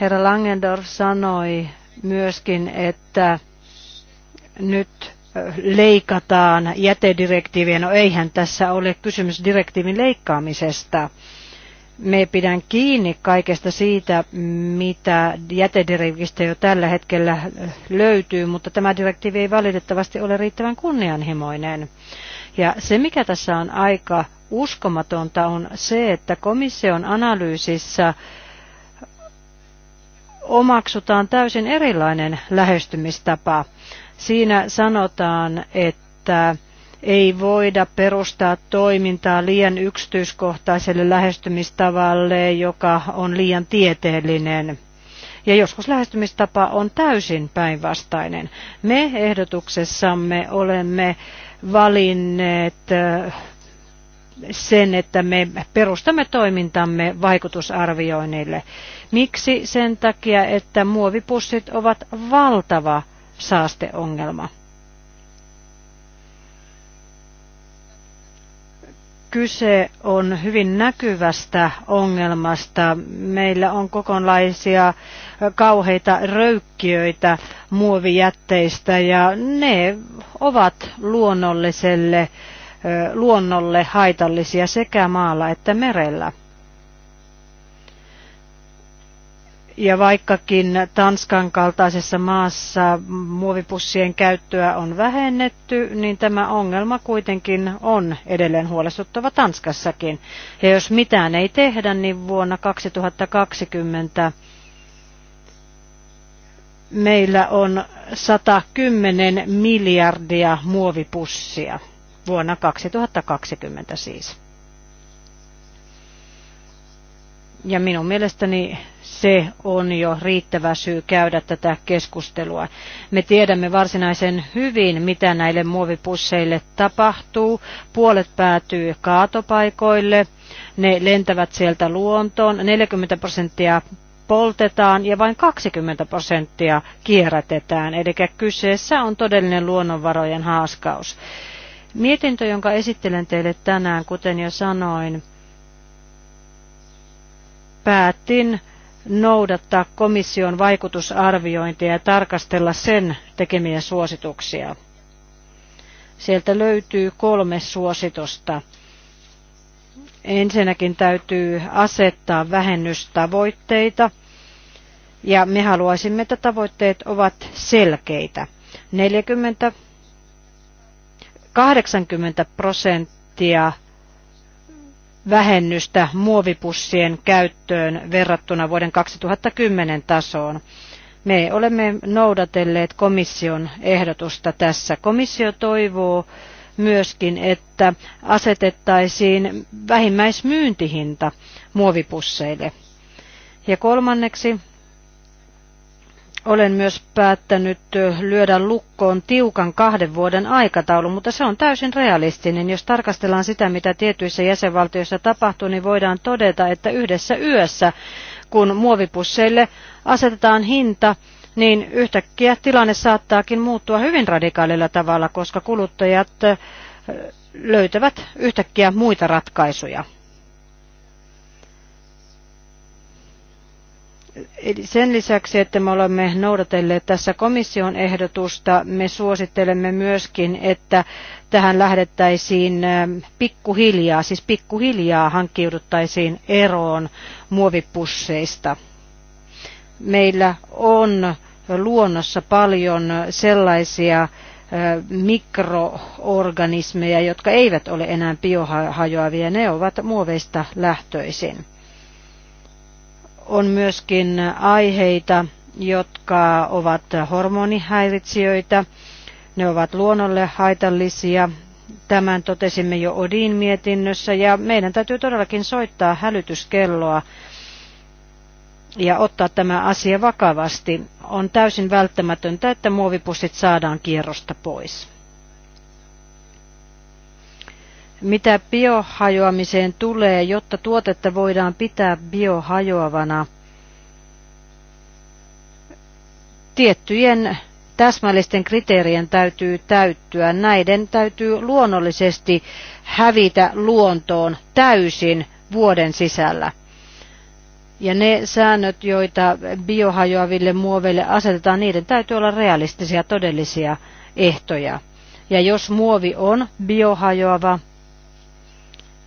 Herra Langendorf sanoi myöskin, että nyt leikataan jätedirektiiviä. No eihän tässä ole kysymys direktiivin leikkaamisesta. Me pidän kiinni kaikesta siitä, mitä jätedirektiivistä jo tällä hetkellä löytyy, mutta tämä direktiivi ei valitettavasti ole riittävän kunnianhimoinen. Ja se, mikä tässä on aika uskomatonta, on se, että komission analyysissä omaksutaan täysin erilainen lähestymistapa. Siinä sanotaan, että ei voida perustaa toimintaa liian yksityiskohtaiselle lähestymistavalle, joka on liian tieteellinen. Ja joskus lähestymistapa on täysin päinvastainen. Me ehdotuksessamme olemme valinneet sen, että me perustamme toimintamme vaikutusarvioinnille. Miksi? Sen takia, että muovipussit ovat valtava saasteongelma. kyse on hyvin näkyvästä ongelmasta. Meillä on kokonlaisia kauheita röykkiöitä muovijätteistä ja ne ovat luonnolliselle luonnolle haitallisia sekä maalla että merellä. Ja vaikkakin Tanskan kaltaisessa maassa muovipussien käyttöä on vähennetty, niin tämä ongelma kuitenkin on edelleen huolestuttava Tanskassakin. Ja jos mitään ei tehdä, niin vuonna 2020 meillä on 110 miljardia muovipussia vuonna 2020 siis. Ja minun mielestäni se on jo riittävä syy käydä tätä keskustelua. Me tiedämme varsinaisen hyvin, mitä näille muovipusseille tapahtuu. Puolet päätyy kaatopaikoille, ne lentävät sieltä luontoon, 40 prosenttia poltetaan ja vain 20 prosenttia kierrätetään, eli kyseessä on todellinen luonnonvarojen haaskaus. Mietintö, jonka esittelen teille tänään, kuten jo sanoin, päätin noudattaa komission vaikutusarviointia ja tarkastella sen tekemiä suosituksia. Sieltä löytyy kolme suositusta. Ensinnäkin täytyy asettaa vähennystavoitteita, ja me haluaisimme, että tavoitteet ovat selkeitä. 40 80 prosenttia vähennystä muovipussien käyttöön verrattuna vuoden 2010 tasoon. Me olemme noudatelleet komission ehdotusta tässä. Komissio toivoo myöskin, että asetettaisiin vähimmäismyyntihinta muovipusseille. Ja kolmanneksi olen myös päättänyt lyödä lukkoon tiukan kahden vuoden aikataulu, mutta se on täysin realistinen. Jos tarkastellaan sitä, mitä tietyissä jäsenvaltioissa tapahtuu, niin voidaan todeta, että yhdessä yössä, kun muovipusseille asetetaan hinta, niin yhtäkkiä tilanne saattaakin muuttua hyvin radikaalilla tavalla, koska kuluttajat löytävät yhtäkkiä muita ratkaisuja. sen lisäksi, että me olemme noudatelleet tässä komission ehdotusta, me suosittelemme myöskin, että tähän lähdettäisiin pikkuhiljaa, siis pikkuhiljaa hankkiuduttaisiin eroon muovipusseista. Meillä on luonnossa paljon sellaisia mikroorganismeja, jotka eivät ole enää biohajoavia, ne ovat muoveista lähtöisin on myöskin aiheita, jotka ovat hormonihäiritsijöitä. Ne ovat luonnolle haitallisia. Tämän totesimme jo Odin mietinnössä ja meidän täytyy todellakin soittaa hälytyskelloa ja ottaa tämä asia vakavasti. On täysin välttämätöntä, että muovipussit saadaan kierrosta pois. Mitä biohajoamiseen tulee, jotta tuotetta voidaan pitää biohajoavana, tiettyjen täsmällisten kriteerien täytyy täyttyä. Näiden täytyy luonnollisesti hävitä luontoon täysin vuoden sisällä. Ja ne säännöt, joita biohajoaville muoveille asetetaan, niiden täytyy olla realistisia, todellisia ehtoja. Ja jos muovi on biohajoava,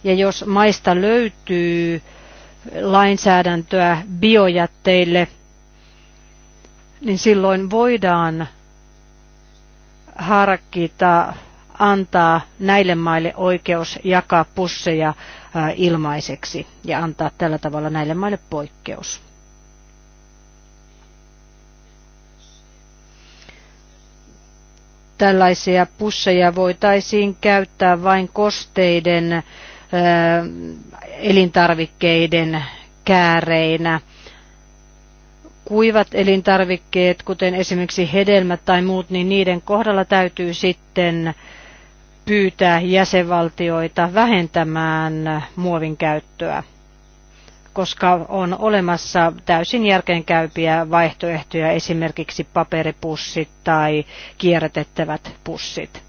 ja jos maista löytyy lainsäädäntöä biojätteille, niin silloin voidaan harkita antaa näille maille oikeus jakaa pusseja ilmaiseksi ja antaa tällä tavalla näille maille poikkeus. Tällaisia pusseja voitaisiin käyttää vain kosteiden elintarvikkeiden kääreinä. Kuivat elintarvikkeet, kuten esimerkiksi hedelmät tai muut, niin niiden kohdalla täytyy sitten pyytää jäsenvaltioita vähentämään muovin käyttöä, koska on olemassa täysin järkeenkäypiä vaihtoehtoja, esimerkiksi paperipussit tai kierrätettävät pussit.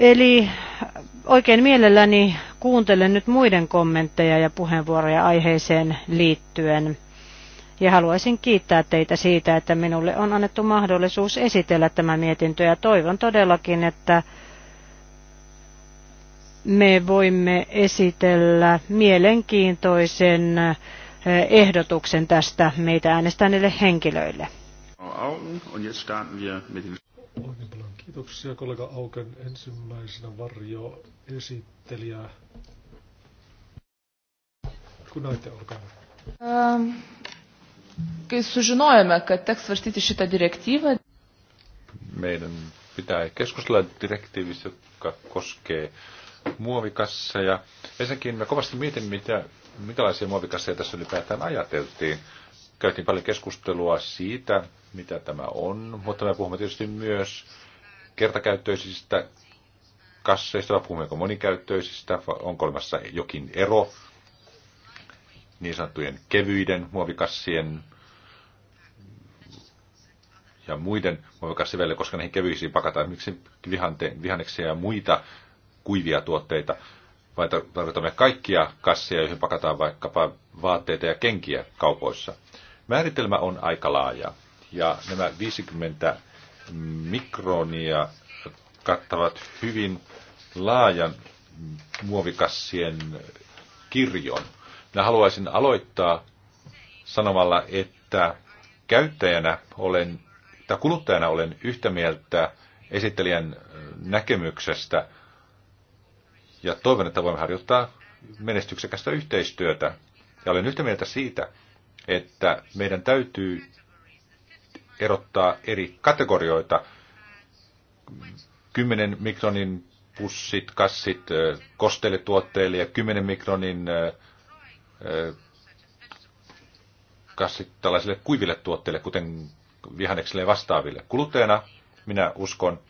Eli Oikein mielelläni kuuntelen nyt muiden kommentteja ja puheenvuoroja aiheeseen liittyen. Ja haluaisin kiittää teitä siitä, että minulle on annettu mahdollisuus esitellä tämä mietintö ja toivon todellakin, että me voimme esitellä mielenkiintoisen eh, ehdotuksen tästä meitä äänestäneille henkilöille. Kiitoksia kollega Auken ensimmäisenä varjo esittelijä. Kun näitä olkaa. Ähm, kai kad teks šitą Meidän pitää keskustella direktiivistä, joka koskee muovikasseja. Ensinnäkin me kovasti mietin, mitä, minkälaisia muovikasseja tässä ylipäätään ajateltiin. Käytiin paljon keskustelua siitä, mitä tämä on, mutta me puhumme tietysti myös kertakäyttöisistä kasseista vai puhummeko monikäyttöisistä, onko olemassa jokin ero niin sanottujen kevyiden muovikassien ja muiden muovikassien välillä, koska näihin kevyisiin pakataan miksi vihante, vihanneksia ja muita kuivia tuotteita, vai tarvitaan kaikkia kasseja, joihin pakataan vaikkapa vaatteita ja kenkiä kaupoissa. Määritelmä on aika laaja, ja nämä 50 mikronia kattavat hyvin laajan muovikassien kirjon. Minä haluaisin aloittaa sanomalla, että käyttäjänä olen, tai kuluttajana olen yhtä mieltä esittelijän näkemyksestä ja toivon, että voimme harjoittaa menestyksekästä yhteistyötä. Ja olen yhtä mieltä siitä, että meidän täytyy erottaa eri kategorioita. 10 mikronin pussit, kassit kosteille tuotteille ja 10 mikronin kassit tällaisille kuiville tuotteille, kuten vihanneksille vastaaville. Kuluttajana minä uskon,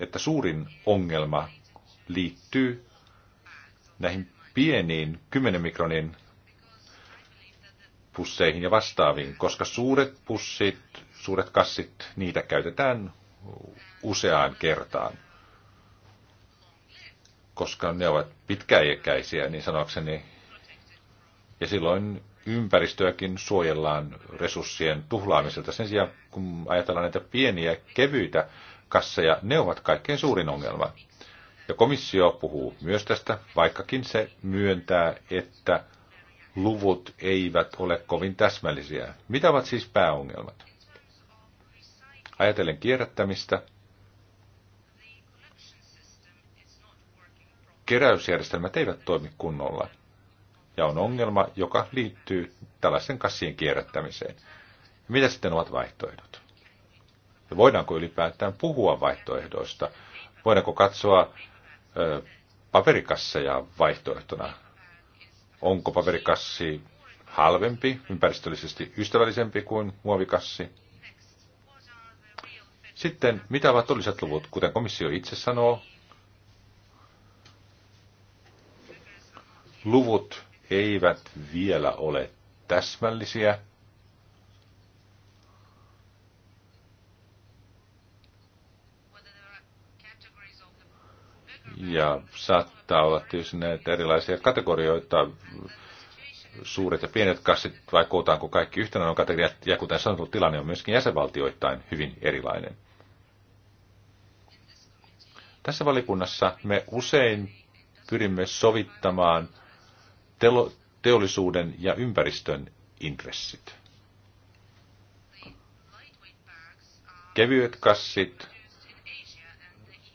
että suurin ongelma liittyy näihin pieniin 10 mikronin pusseihin ja vastaaviin, koska suuret pussit, suuret kassit, niitä käytetään useaan kertaan. Koska ne ovat pitkäikäisiä, niin sanokseni, ja silloin ympäristöäkin suojellaan resurssien tuhlaamiselta. Sen sijaan, kun ajatellaan näitä pieniä, kevyitä kasseja, ne ovat kaikkein suurin ongelma. Ja komissio puhuu myös tästä, vaikkakin se myöntää, että luvut eivät ole kovin täsmällisiä. Mitä ovat siis pääongelmat? Ajatellen kierrättämistä, keräysjärjestelmät eivät toimi kunnolla. Ja on ongelma, joka liittyy tällaisten kassien kierrättämiseen. Mitä sitten ovat vaihtoehdot? Ja voidaanko ylipäätään puhua vaihtoehdoista? Voidaanko katsoa ö, paperikasseja vaihtoehtona? onko paperikassi halvempi, ympäristöllisesti ystävällisempi kuin muovikassi. Sitten, mitä ovat todelliset luvut, kuten komissio itse sanoo, luvut eivät vielä ole täsmällisiä, Ja saattaa olla tietysti näitä erilaisia kategorioita, suuret ja pienet kassit, vai kootaanko kaikki yhtenä on kategoriat, ja kuten sanottu, tilanne on myöskin jäsenvaltioittain hyvin erilainen. Tässä valikunnassa me usein pyrimme sovittamaan teollisuuden ja ympäristön intressit. Kevyet kassit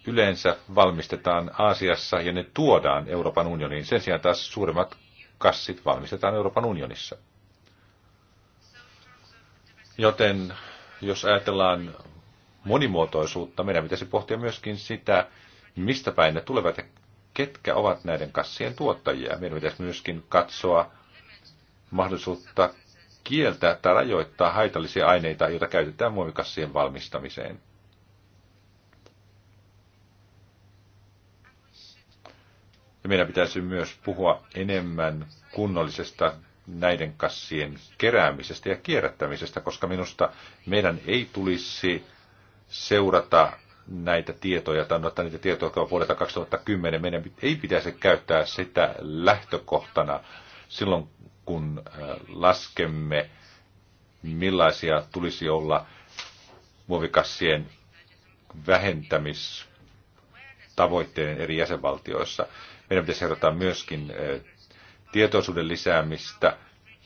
yleensä valmistetaan Aasiassa ja ne tuodaan Euroopan unioniin. Sen sijaan taas suuremmat kassit valmistetaan Euroopan unionissa. Joten jos ajatellaan monimuotoisuutta, meidän pitäisi pohtia myöskin sitä, mistä päin ne tulevat ja ketkä ovat näiden kassien tuottajia. Meidän pitäisi myöskin katsoa mahdollisuutta kieltää tai rajoittaa haitallisia aineita, joita käytetään muovikassien valmistamiseen. Ja meidän pitäisi myös puhua enemmän kunnollisesta näiden kassien keräämisestä ja kierrättämisestä, koska minusta meidän ei tulisi seurata näitä tietoja, tai ottaa niitä tietoja, jotka on vuodelta 2010, meidän ei pitäisi käyttää sitä lähtökohtana silloin, kun äh, laskemme, millaisia tulisi olla muovikassien vähentämistavoitteiden eri jäsenvaltioissa. Meidän pitäisi seurata myöskin tietoisuuden lisäämistä.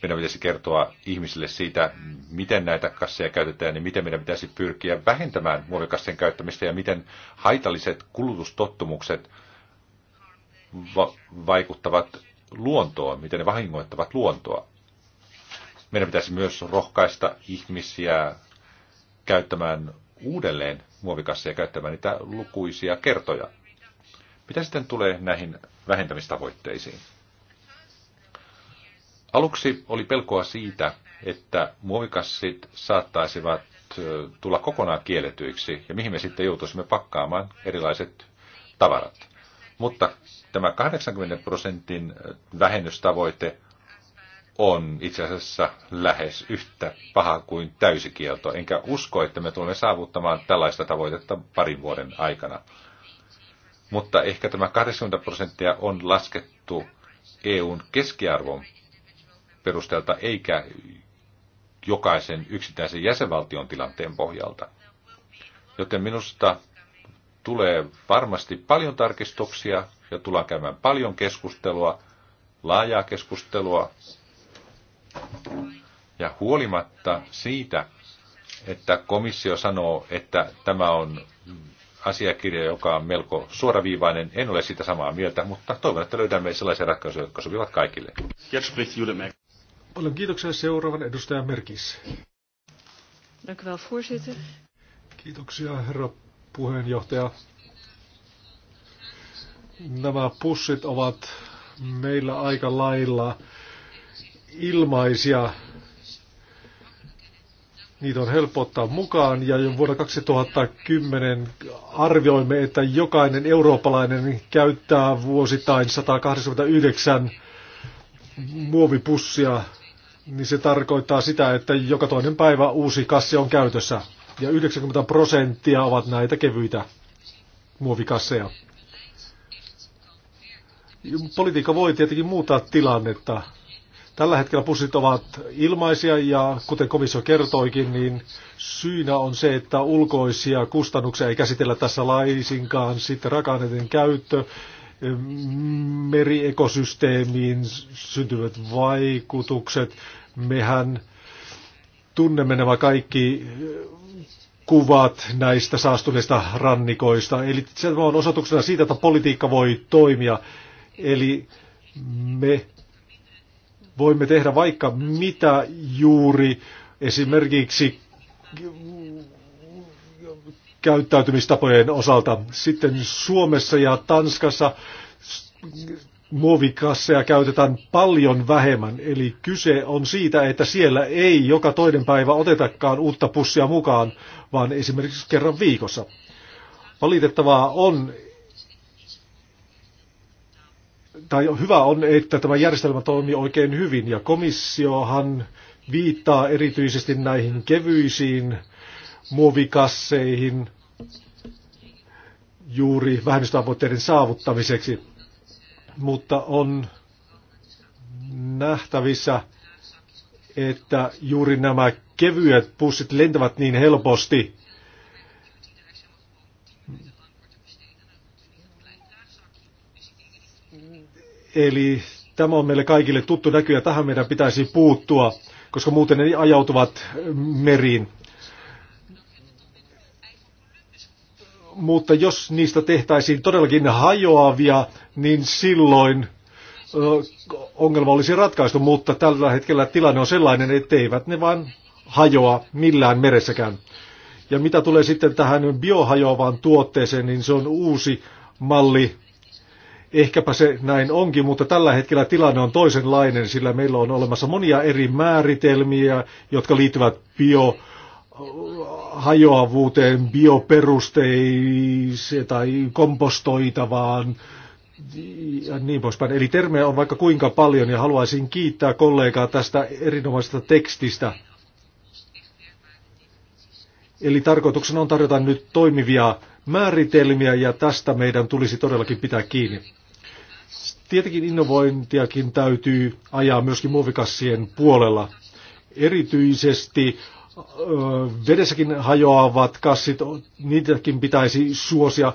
Meidän pitäisi kertoa ihmisille siitä, miten näitä kasseja käytetään ja niin miten meidän pitäisi pyrkiä vähentämään muovikassien käyttämistä ja miten haitalliset kulutustottumukset va- vaikuttavat luontoon, miten ne vahingoittavat luontoa. Meidän pitäisi myös rohkaista ihmisiä käyttämään uudelleen muovikasseja käyttämään niitä lukuisia kertoja. Mitä sitten tulee näihin vähentämistavoitteisiin? Aluksi oli pelkoa siitä, että muovikassit saattaisivat tulla kokonaan kielletyiksi ja mihin me sitten joutuisimme pakkaamaan erilaiset tavarat. Mutta tämä 80 prosentin vähennystavoite on itse asiassa lähes yhtä paha kuin täysikielto, enkä usko, että me tulemme saavuttamaan tällaista tavoitetta parin vuoden aikana mutta ehkä tämä 80 prosenttia on laskettu EUn keskiarvon perusteelta eikä jokaisen yksittäisen jäsenvaltion tilanteen pohjalta. Joten minusta tulee varmasti paljon tarkistuksia ja tullaan käymään paljon keskustelua, laajaa keskustelua. Ja huolimatta siitä, että komissio sanoo, että tämä on asiakirja, joka on melko suoraviivainen. En ole sitä samaa mieltä, mutta toivon, että löydämme sellaisia ratkaisuja, jotka sopivat kaikille. Paljon kiitoksia seuraavan edustaja Merkis. Kiitoksia herra puheenjohtaja. Nämä pussit ovat meillä aika lailla ilmaisia Niitä on helppo ottaa mukaan ja jo vuonna 2010 arvioimme, että jokainen eurooppalainen käyttää vuosittain 189 muovipussia, niin se tarkoittaa sitä, että joka toinen päivä uusi kassi on käytössä. Ja 90 prosenttia ovat näitä kevyitä muovikasseja. Politiikka voi tietenkin muuttaa tilannetta. Tällä hetkellä pussit ovat ilmaisia ja kuten komissio kertoikin, niin syynä on se, että ulkoisia kustannuksia ei käsitellä tässä laisinkaan. Sitten rakanneiden käyttö, meriekosysteemiin syntyvät vaikutukset. Mehän tunnemme nämä kaikki kuvat näistä saastuneista rannikoista. Eli se on osoituksena siitä, että politiikka voi toimia. Eli me voimme tehdä vaikka mitä juuri esimerkiksi käyttäytymistapojen osalta. Sitten Suomessa ja Tanskassa muovikasseja käytetään paljon vähemmän, eli kyse on siitä, että siellä ei joka toinen päivä otetakaan uutta pussia mukaan, vaan esimerkiksi kerran viikossa. Valitettavaa on, tai hyvä on, että tämä järjestelmä toimii oikein hyvin ja komissiohan viittaa erityisesti näihin kevyisiin muovikasseihin juuri vähennystavoitteiden saavuttamiseksi, mutta on nähtävissä, että juuri nämä kevyet pussit lentävät niin helposti, Eli tämä on meille kaikille tuttu näky ja tähän meidän pitäisi puuttua, koska muuten ne ajautuvat meriin. Mutta jos niistä tehtäisiin todellakin hajoavia, niin silloin ongelma olisi ratkaistu, mutta tällä hetkellä tilanne on sellainen, etteivät ne vaan hajoa millään meressäkään. Ja mitä tulee sitten tähän biohajoavaan tuotteeseen, niin se on uusi malli Ehkäpä se näin onkin, mutta tällä hetkellä tilanne on toisenlainen, sillä meillä on olemassa monia eri määritelmiä, jotka liittyvät bio hajoavuuteen, bioperusteiseen tai kompostoitavaan ja niin poispäin. Eli termejä on vaikka kuinka paljon ja haluaisin kiittää kollegaa tästä erinomaisesta tekstistä. Eli tarkoituksena on tarjota nyt toimivia määritelmiä ja tästä meidän tulisi todellakin pitää kiinni. Tietenkin innovointiakin täytyy ajaa myöskin muovikassien puolella. Erityisesti vedessäkin hajoavat kassit, niitäkin pitäisi suosia.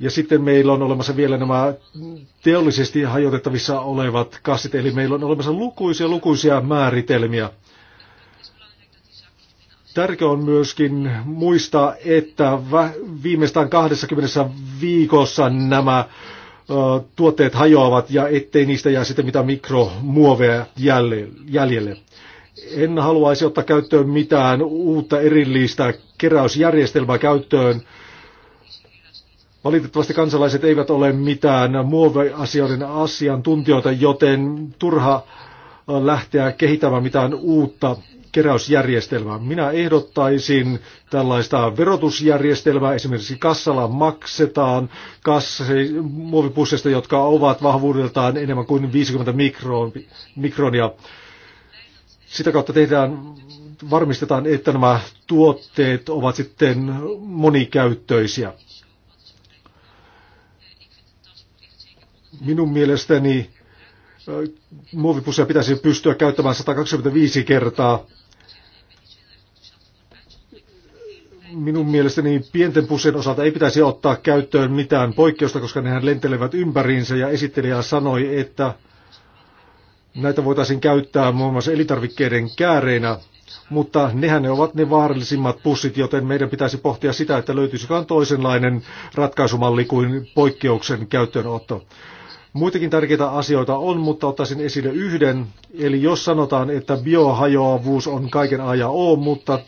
Ja sitten meillä on olemassa vielä nämä teollisesti hajotettavissa olevat kassit, eli meillä on olemassa lukuisia lukuisia määritelmiä. Tärkeää on myöskin muistaa, että viimeistään 20 viikossa nämä tuotteet hajoavat ja ettei niistä jää sitten mitään mikromuoveja jäljelle. En haluaisi ottaa käyttöön mitään uutta erillistä keräysjärjestelmää käyttöön. Valitettavasti kansalaiset eivät ole mitään muoveasioiden asiantuntijoita, joten turha lähteä kehittämään mitään uutta keräysjärjestelmää. Minä ehdottaisin tällaista verotusjärjestelmää, esimerkiksi kassalla maksetaan kasse, jotka ovat vahvuudeltaan enemmän kuin 50 mikron, mikronia. Sitä kautta tehdään, varmistetaan, että nämä tuotteet ovat sitten monikäyttöisiä. Minun mielestäni muovipusseja pitäisi pystyä käyttämään 125 kertaa minun mielestäni pienten pussien osalta ei pitäisi ottaa käyttöön mitään poikkeusta, koska nehän lentelevät ympäriinsä ja esittelijä sanoi, että näitä voitaisiin käyttää muun muassa elintarvikkeiden kääreinä, mutta nehän ne ovat ne vaarallisimmat pussit, joten meidän pitäisi pohtia sitä, että löytyisiköhän toisenlainen ratkaisumalli kuin poikkeuksen käyttöönotto. Muitakin tärkeitä asioita on, mutta ottaisin esille yhden. Eli jos sanotaan, että biohajoavuus on kaiken ajan O, mutta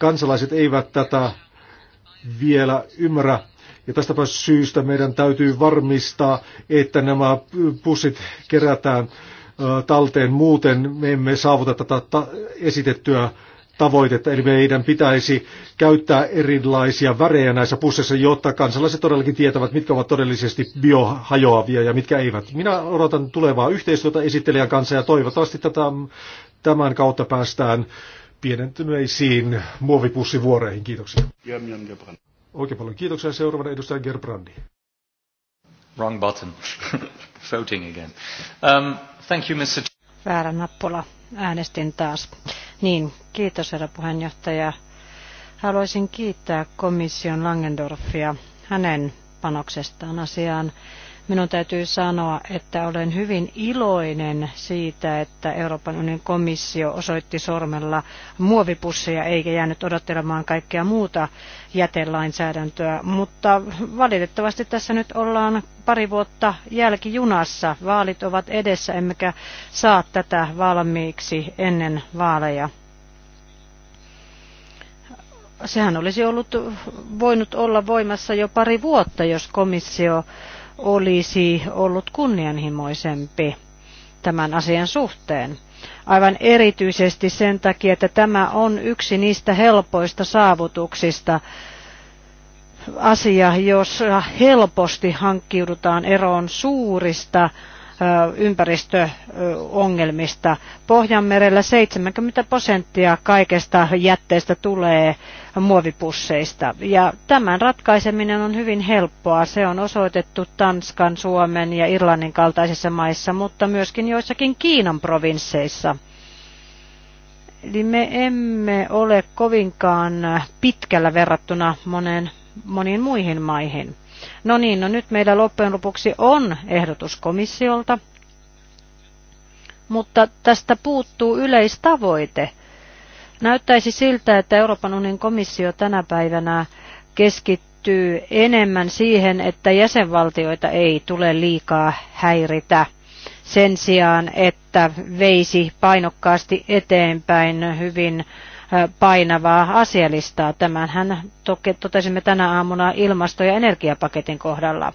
kansalaiset eivät tätä vielä ymmärrä. Ja tästä syystä meidän täytyy varmistaa, että nämä pussit kerätään talteen. Muuten me emme saavuta tätä esitettyä tavoitetta, eli meidän pitäisi käyttää erilaisia värejä näissä pusseissa, jotta kansalaiset todellakin tietävät, mitkä ovat todellisesti biohajoavia ja mitkä eivät. Minä odotan tulevaa yhteistyötä esittelijän kanssa ja toivottavasti tätä, tämän kautta päästään pienentyneisiin muovipussivuoreihin. Kiitoksia. Oikein paljon kiitoksia. Seuraavana edustaja Gerbrandi. Wrong button. Voting again. Um, thank you, Mr. Väärä nappula. Äänestin taas. Niin, kiitos herra puheenjohtaja. Haluaisin kiittää komission Langendorfia hänen panoksestaan asiaan. Minun täytyy sanoa, että olen hyvin iloinen siitä, että Euroopan unionin komissio osoitti sormella muovipusseja eikä jäänyt odottelemaan kaikkea muuta jätelainsäädäntöä. Mutta valitettavasti tässä nyt ollaan pari vuotta jälkijunassa. Vaalit ovat edessä, emmekä saa tätä valmiiksi ennen vaaleja sehän olisi ollut, voinut olla voimassa jo pari vuotta, jos komissio olisi ollut kunnianhimoisempi tämän asian suhteen. Aivan erityisesti sen takia, että tämä on yksi niistä helpoista saavutuksista, asia, jossa helposti hankkiudutaan eroon suurista ympäristöongelmista. Pohjanmerellä 70 prosenttia kaikesta jätteestä tulee muovipusseista. Ja tämän ratkaiseminen on hyvin helppoa. Se on osoitettu Tanskan, Suomen ja Irlannin kaltaisissa maissa, mutta myöskin joissakin Kiinan provinsseissa. Eli me emme ole kovinkaan pitkällä verrattuna monen, moniin muihin maihin. No niin, no nyt meillä loppujen lopuksi on ehdotus komissiolta, mutta tästä puuttuu yleistavoite. Näyttäisi siltä, että Euroopan unionin komissio tänä päivänä keskittyy enemmän siihen, että jäsenvaltioita ei tule liikaa häiritä sen sijaan, että veisi painokkaasti eteenpäin hyvin painavaa asialistaa. Tämänhän totesimme tänä aamuna ilmasto- ja energiapaketin kohdalla.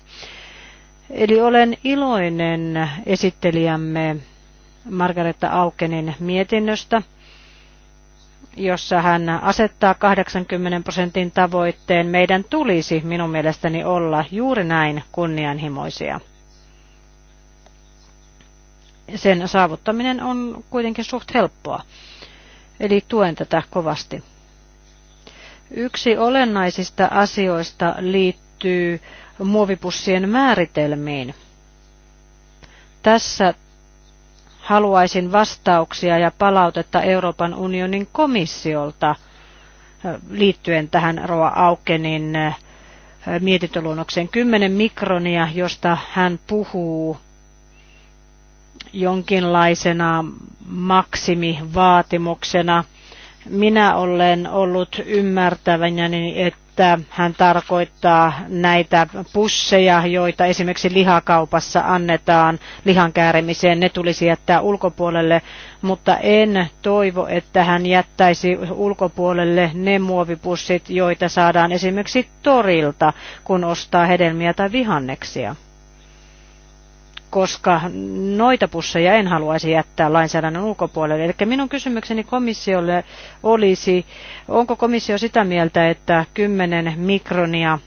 Eli olen iloinen esittelijämme Margaretta Aukenin mietinnöstä, jossa hän asettaa 80 prosentin tavoitteen. Meidän tulisi minun mielestäni olla juuri näin kunnianhimoisia. Sen saavuttaminen on kuitenkin suht helppoa. Eli tuen tätä kovasti. Yksi olennaisista asioista liittyy muovipussien määritelmiin. Tässä haluaisin vastauksia ja palautetta Euroopan unionin komissiolta liittyen tähän Roa Aukenin mietintöluonnoksen 10 mikronia, josta hän puhuu jonkinlaisena maksimivaatimuksena. Minä olen ollut niin, että hän tarkoittaa näitä pusseja, joita esimerkiksi lihakaupassa annetaan lihan käärimiseen. Ne tulisi jättää ulkopuolelle, mutta en toivo, että hän jättäisi ulkopuolelle ne muovipussit, joita saadaan esimerkiksi torilta, kun ostaa hedelmiä tai vihanneksia koska noita pusseja en haluaisi jättää lainsäädännön ulkopuolelle. Eli minun kysymykseni komissiolle olisi, onko komissio sitä mieltä, että 10 mikronia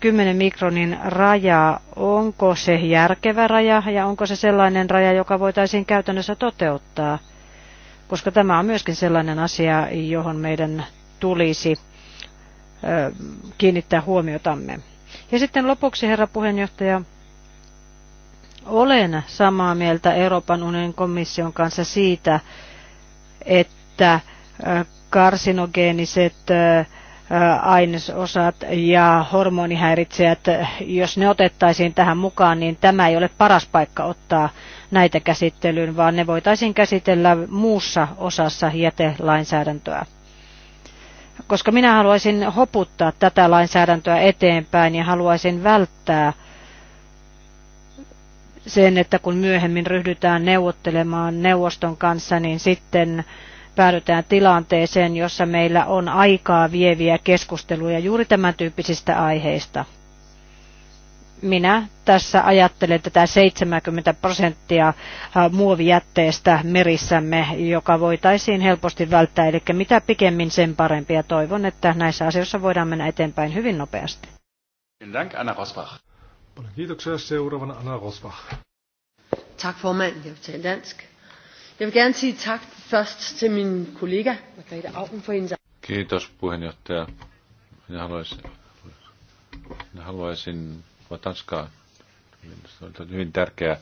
10 mikronin raja, onko se järkevä raja ja onko se sellainen raja, joka voitaisiin käytännössä toteuttaa? Koska tämä on myöskin sellainen asia, johon meidän tulisi kiinnittää huomiotamme. Ja sitten lopuksi, herra puheenjohtaja, olen samaa mieltä Euroopan unionin komission kanssa siitä, että äh, karsinogeeniset äh, äh, ainesosat ja hormonihäiritsejät, jos ne otettaisiin tähän mukaan, niin tämä ei ole paras paikka ottaa näitä käsittelyyn, vaan ne voitaisiin käsitellä muussa osassa jätelainsäädäntöä. Koska minä haluaisin hoputtaa tätä lainsäädäntöä eteenpäin ja haluaisin välttää sen, että kun myöhemmin ryhdytään neuvottelemaan neuvoston kanssa, niin sitten päädytään tilanteeseen, jossa meillä on aikaa vieviä keskusteluja juuri tämän tyyppisistä aiheista. Minä tässä ajattelen tätä 70 prosenttia muovijätteestä merissämme, joka voitaisiin helposti välttää. Eli mitä pikemmin sen parempia. toivon, että näissä asioissa voidaan mennä eteenpäin hyvin nopeasti. Dank, Anna Rosbach. Paljon kiitoksia. Seuraavana Anna Rosva. Tak formand. Jeg vil tale dansk. Jeg vil gerne sige tak først til min kollega Margrethe Augen for hendes... Kiitos puheenjohtaja. Minä haluaisin, minä haluaisin Tanskaa. Se on hyvin tärkeää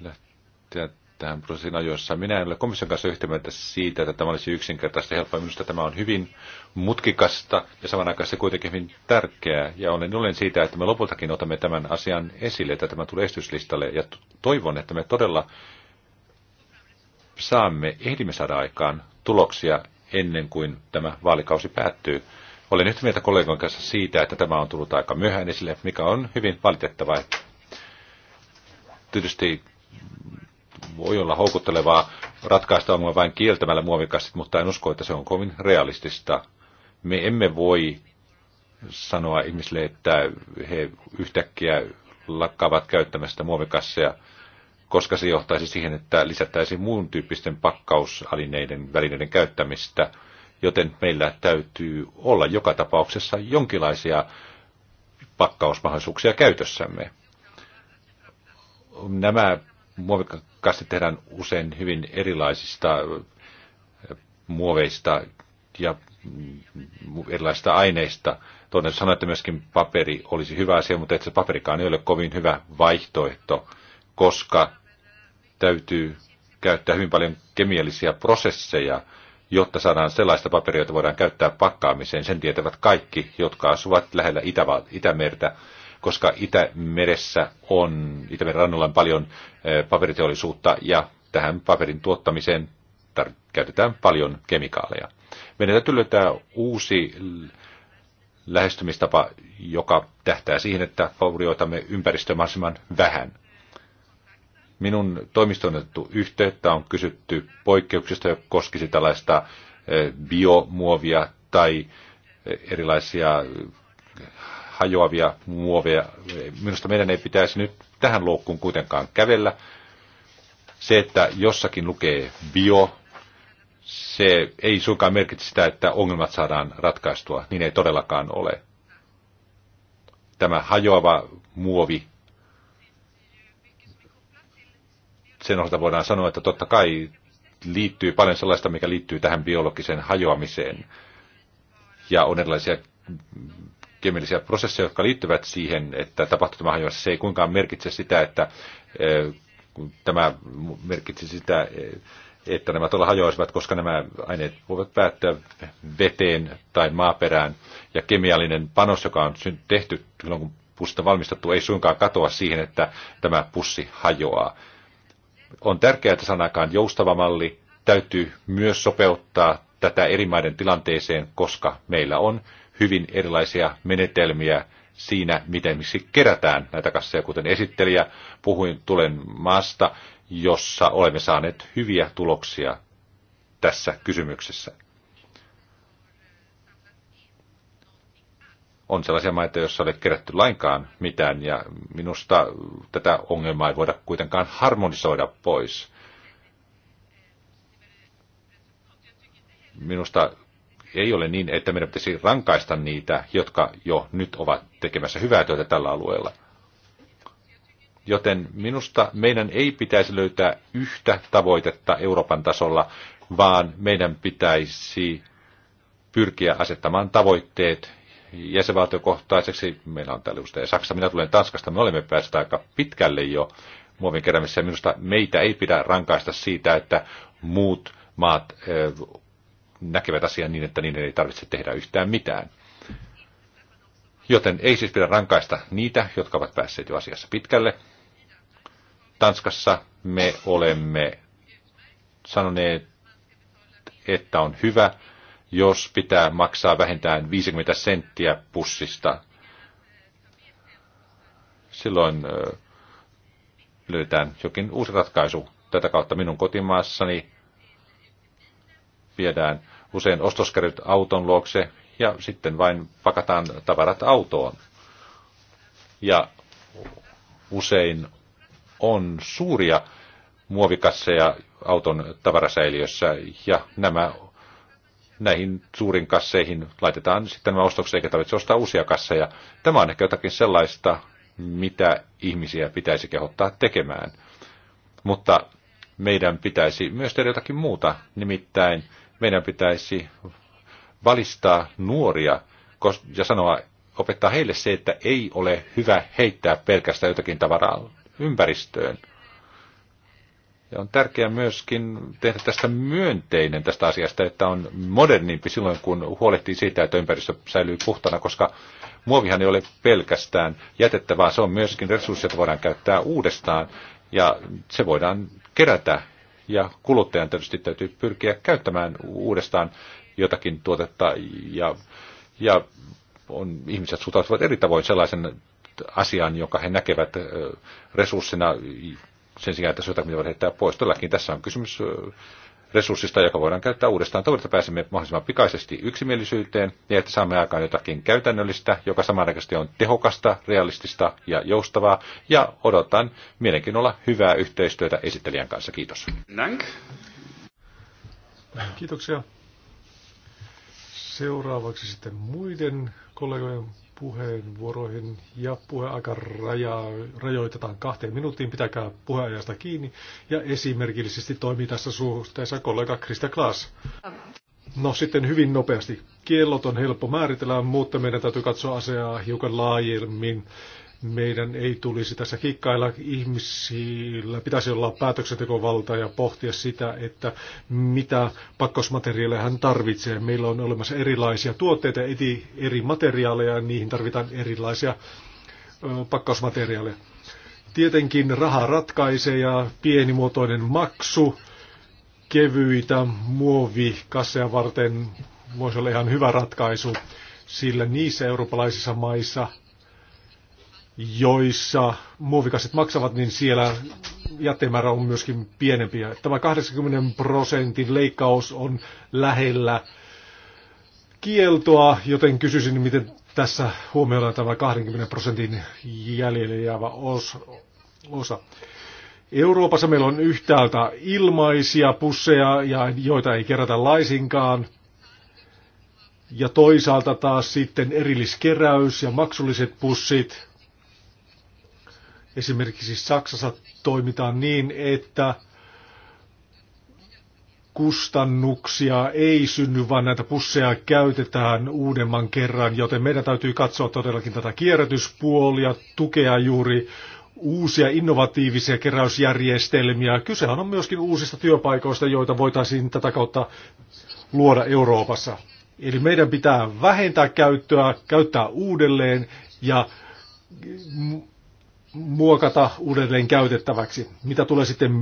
lähteä tähän prosessin ajoissa. Minä en ole komission kanssa yhtä mieltä siitä, että tämä olisi yksinkertaista helppoa. Minusta tämä on hyvin mutkikasta ja samanaikaisesti kuitenkin hyvin tärkeää. Ja olen olen siitä, että me lopultakin otamme tämän asian esille, että tämä tulee estyslistalle. Ja toivon, että me todella saamme, ehdimme saada aikaan tuloksia ennen kuin tämä vaalikausi päättyy. Olen yhtä mieltä kollegojen kanssa siitä, että tämä on tullut aika myöhään esille, mikä on hyvin valitettavaa. Tietysti voi olla houkuttelevaa ratkaista ongelma vain kieltämällä muovikassit, mutta en usko, että se on kovin realistista. Me emme voi sanoa ihmisille, että he yhtäkkiä lakkaavat käyttämästä muovikasseja, koska se johtaisi siihen, että lisättäisiin muun tyyppisten pakkausalineiden välineiden käyttämistä, joten meillä täytyy olla joka tapauksessa jonkinlaisia pakkausmahdollisuuksia käytössämme. Nämä muovikasti tehdään usein hyvin erilaisista eh, muoveista ja mm, mm, erilaisista aineista. Toinen sanoi, että myöskin paperi olisi hyvä asia, mutta että se paperikaan ei ole kovin hyvä vaihtoehto, koska täytyy käyttää hyvin paljon kemiallisia prosesseja, jotta saadaan sellaista paperia, jota voidaan käyttää pakkaamiseen. Sen tietävät kaikki, jotka asuvat lähellä Itä- Itämertä koska Itämeressä on, Itämeren rannalla on paljon paperiteollisuutta ja tähän paperin tuottamiseen käytetään paljon kemikaaleja. Meidän täytyy löytää uusi lähestymistapa, joka tähtää siihen, että favorioitamme ympäristöä mahdollisimman vähän. Minun toimistoon otettu yhteyttä on kysytty poikkeuksista, joka koskisi tällaista biomuovia tai erilaisia hajoavia muoveja. Minusta meidän ei pitäisi nyt tähän loukkuun kuitenkaan kävellä. Se, että jossakin lukee bio, se ei suinkaan merkitse sitä, että ongelmat saadaan ratkaistua. Niin ei todellakaan ole. Tämä hajoava muovi, sen osalta voidaan sanoa, että totta kai liittyy paljon sellaista, mikä liittyy tähän biologiseen hajoamiseen. Ja on erilaisia Kemiallisia prosesseja, jotka liittyvät siihen, että hajoamassa. se ei kuinkaan merkitse sitä, että e, tämä merkitsi sitä, e, että nämä tuolla hajoaisivat, koska nämä aineet voivat päättää veteen tai maaperään. Ja kemiallinen panos, joka on tehty silloin, kun pussista valmistettu, ei suinkaan katoa siihen, että tämä pussi hajoaa. On tärkeää, että sanakaan joustava malli täytyy myös sopeuttaa tätä eri maiden tilanteeseen, koska meillä on hyvin erilaisia menetelmiä siinä, miten miksi kerätään näitä kasseja. Kuten esittelijä puhuin, tulen maasta, jossa olemme saaneet hyviä tuloksia tässä kysymyksessä. On sellaisia maita, joissa ei ole kerätty lainkaan mitään, ja minusta tätä ongelmaa ei voida kuitenkaan harmonisoida pois. Minusta ei ole niin, että meidän pitäisi rankaista niitä, jotka jo nyt ovat tekemässä hyvää työtä tällä alueella. Joten minusta meidän ei pitäisi löytää yhtä tavoitetta Euroopan tasolla, vaan meidän pitäisi pyrkiä asettamaan tavoitteet jäsenvaltiokohtaiseksi. Meillä on täällä edustaja Saksa, minä tulen Tanskasta, me olemme päässeet aika pitkälle jo muovin keräämisessä. Minusta meitä ei pidä rankaista siitä, että muut maat näkevät asian niin, että niiden ei tarvitse tehdä yhtään mitään. Joten ei siis pidä rankaista niitä, jotka ovat päässeet jo asiassa pitkälle. Tanskassa me olemme sanoneet, että on hyvä, jos pitää maksaa vähintään 50 senttiä pussista. Silloin löydetään jokin uusi ratkaisu. Tätä kautta minun kotimaassani viedään usein ostoskäryt auton luokse ja sitten vain pakataan tavarat autoon. Ja usein on suuria muovikasseja auton tavarasäiliössä ja nämä näihin suurin kasseihin laitetaan sitten nämä ostokset, eikä tarvitse ostaa uusia kasseja. Tämä on ehkä jotakin sellaista, mitä ihmisiä pitäisi kehottaa tekemään. Mutta meidän pitäisi myös tehdä jotakin muuta, nimittäin meidän pitäisi valistaa nuoria ja sanoa, opettaa heille se, että ei ole hyvä heittää pelkästään jotakin tavaraa ympäristöön. Ja on tärkeää myöskin tehdä tästä myönteinen tästä asiasta, että on modernimpi silloin, kun huolehtii siitä, että ympäristö säilyy puhtana, koska muovihan ei ole pelkästään jätettä, vaan se on myöskin resurssi, jota voidaan käyttää uudestaan ja se voidaan kerätä ja kuluttajan tietysti täytyy pyrkiä käyttämään uudestaan jotakin tuotetta ja, ja on, ihmiset suhtautuvat eri tavoin sellaisen asian, jonka he näkevät resurssina sen sijaan, että se jotakin voidaan heittää pois. Todellakin tässä on kysymys resurssista, joka voidaan käyttää uudestaan. Toivon, että pääsemme mahdollisimman pikaisesti yksimielisyyteen ja niin että saamme aikaan jotakin käytännöllistä, joka samanaikaisesti on tehokasta, realistista ja joustavaa. Ja odotan mielenkiinnolla hyvää yhteistyötä esittelijän kanssa. Kiitos. Dank. Kiitoksia. Seuraavaksi sitten muiden kollegojen puheenvuoroihin ja puheaika rajoitetaan kahteen minuuttiin. Pitäkää puheajasta kiinni ja esimerkillisesti toimii tässä suhteessa kollega Krista Klaas. No sitten hyvin nopeasti. Kiellot on helppo määritellä, mutta meidän täytyy katsoa asiaa hiukan laajemmin meidän ei tulisi tässä kikkailla. Ihmisillä pitäisi olla päätöksentekovalta ja pohtia sitä, että mitä pakkosmateriaaleja hän tarvitsee. Meillä on olemassa erilaisia tuotteita, eri materiaaleja ja niihin tarvitaan erilaisia pakkausmateriaaleja. Tietenkin raha ratkaisee ja pienimuotoinen maksu kevyitä muovikasseja varten voisi olla ihan hyvä ratkaisu, sillä niissä eurooppalaisissa maissa joissa muovikasit maksavat, niin siellä jätemäärä on myöskin pienempi. Tämä 80 prosentin leikkaus on lähellä kieltoa, joten kysyisin, miten tässä huomioidaan tämä 20 prosentin jäljelle jäävä osa. Euroopassa meillä on yhtäältä ilmaisia pusseja, ja joita ei kerätä laisinkaan, ja toisaalta taas sitten erilliskeräys ja maksulliset pussit, Esimerkiksi Saksassa toimitaan niin, että kustannuksia ei synny, vaan näitä pusseja käytetään uudemman kerran, joten meidän täytyy katsoa todellakin tätä kierrätyspuolia, tukea juuri uusia innovatiivisia keräysjärjestelmiä. Kysehän on myöskin uusista työpaikoista, joita voitaisiin tätä kautta luoda Euroopassa. Eli meidän pitää vähentää käyttöä, käyttää uudelleen ja muokata uudelleen käytettäväksi. Mitä tulee sitten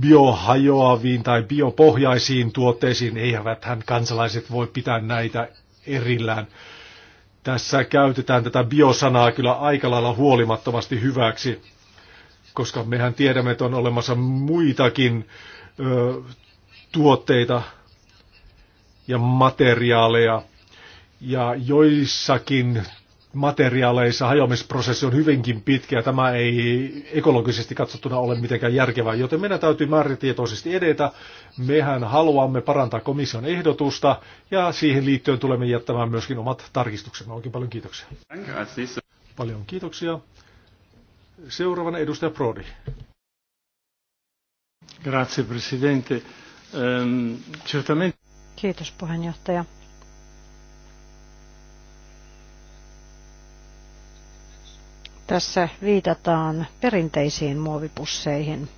biohajoaviin tai biopohjaisiin tuotteisiin, hän kansalaiset voi pitää näitä erillään. Tässä käytetään tätä biosanaa kyllä aika lailla huolimattomasti hyväksi, koska mehän tiedämme, että on olemassa muitakin ö, tuotteita ja materiaaleja. Ja joissakin materiaaleissa hajoamisprosessi on hyvinkin pitkä ja tämä ei ekologisesti katsottuna ole mitenkään järkevää, joten meidän täytyy määritietoisesti edetä. Mehän haluamme parantaa komission ehdotusta ja siihen liittyen tulemme jättämään myöskin omat tarkistuksemme. Oikein paljon kiitoksia. Paljon kiitoksia. Seuraavana edustaja Prodi. Grazie, Presidente. Ehm, Kiitos puheenjohtaja. Tässä viitataan perinteisiin muovipusseihin,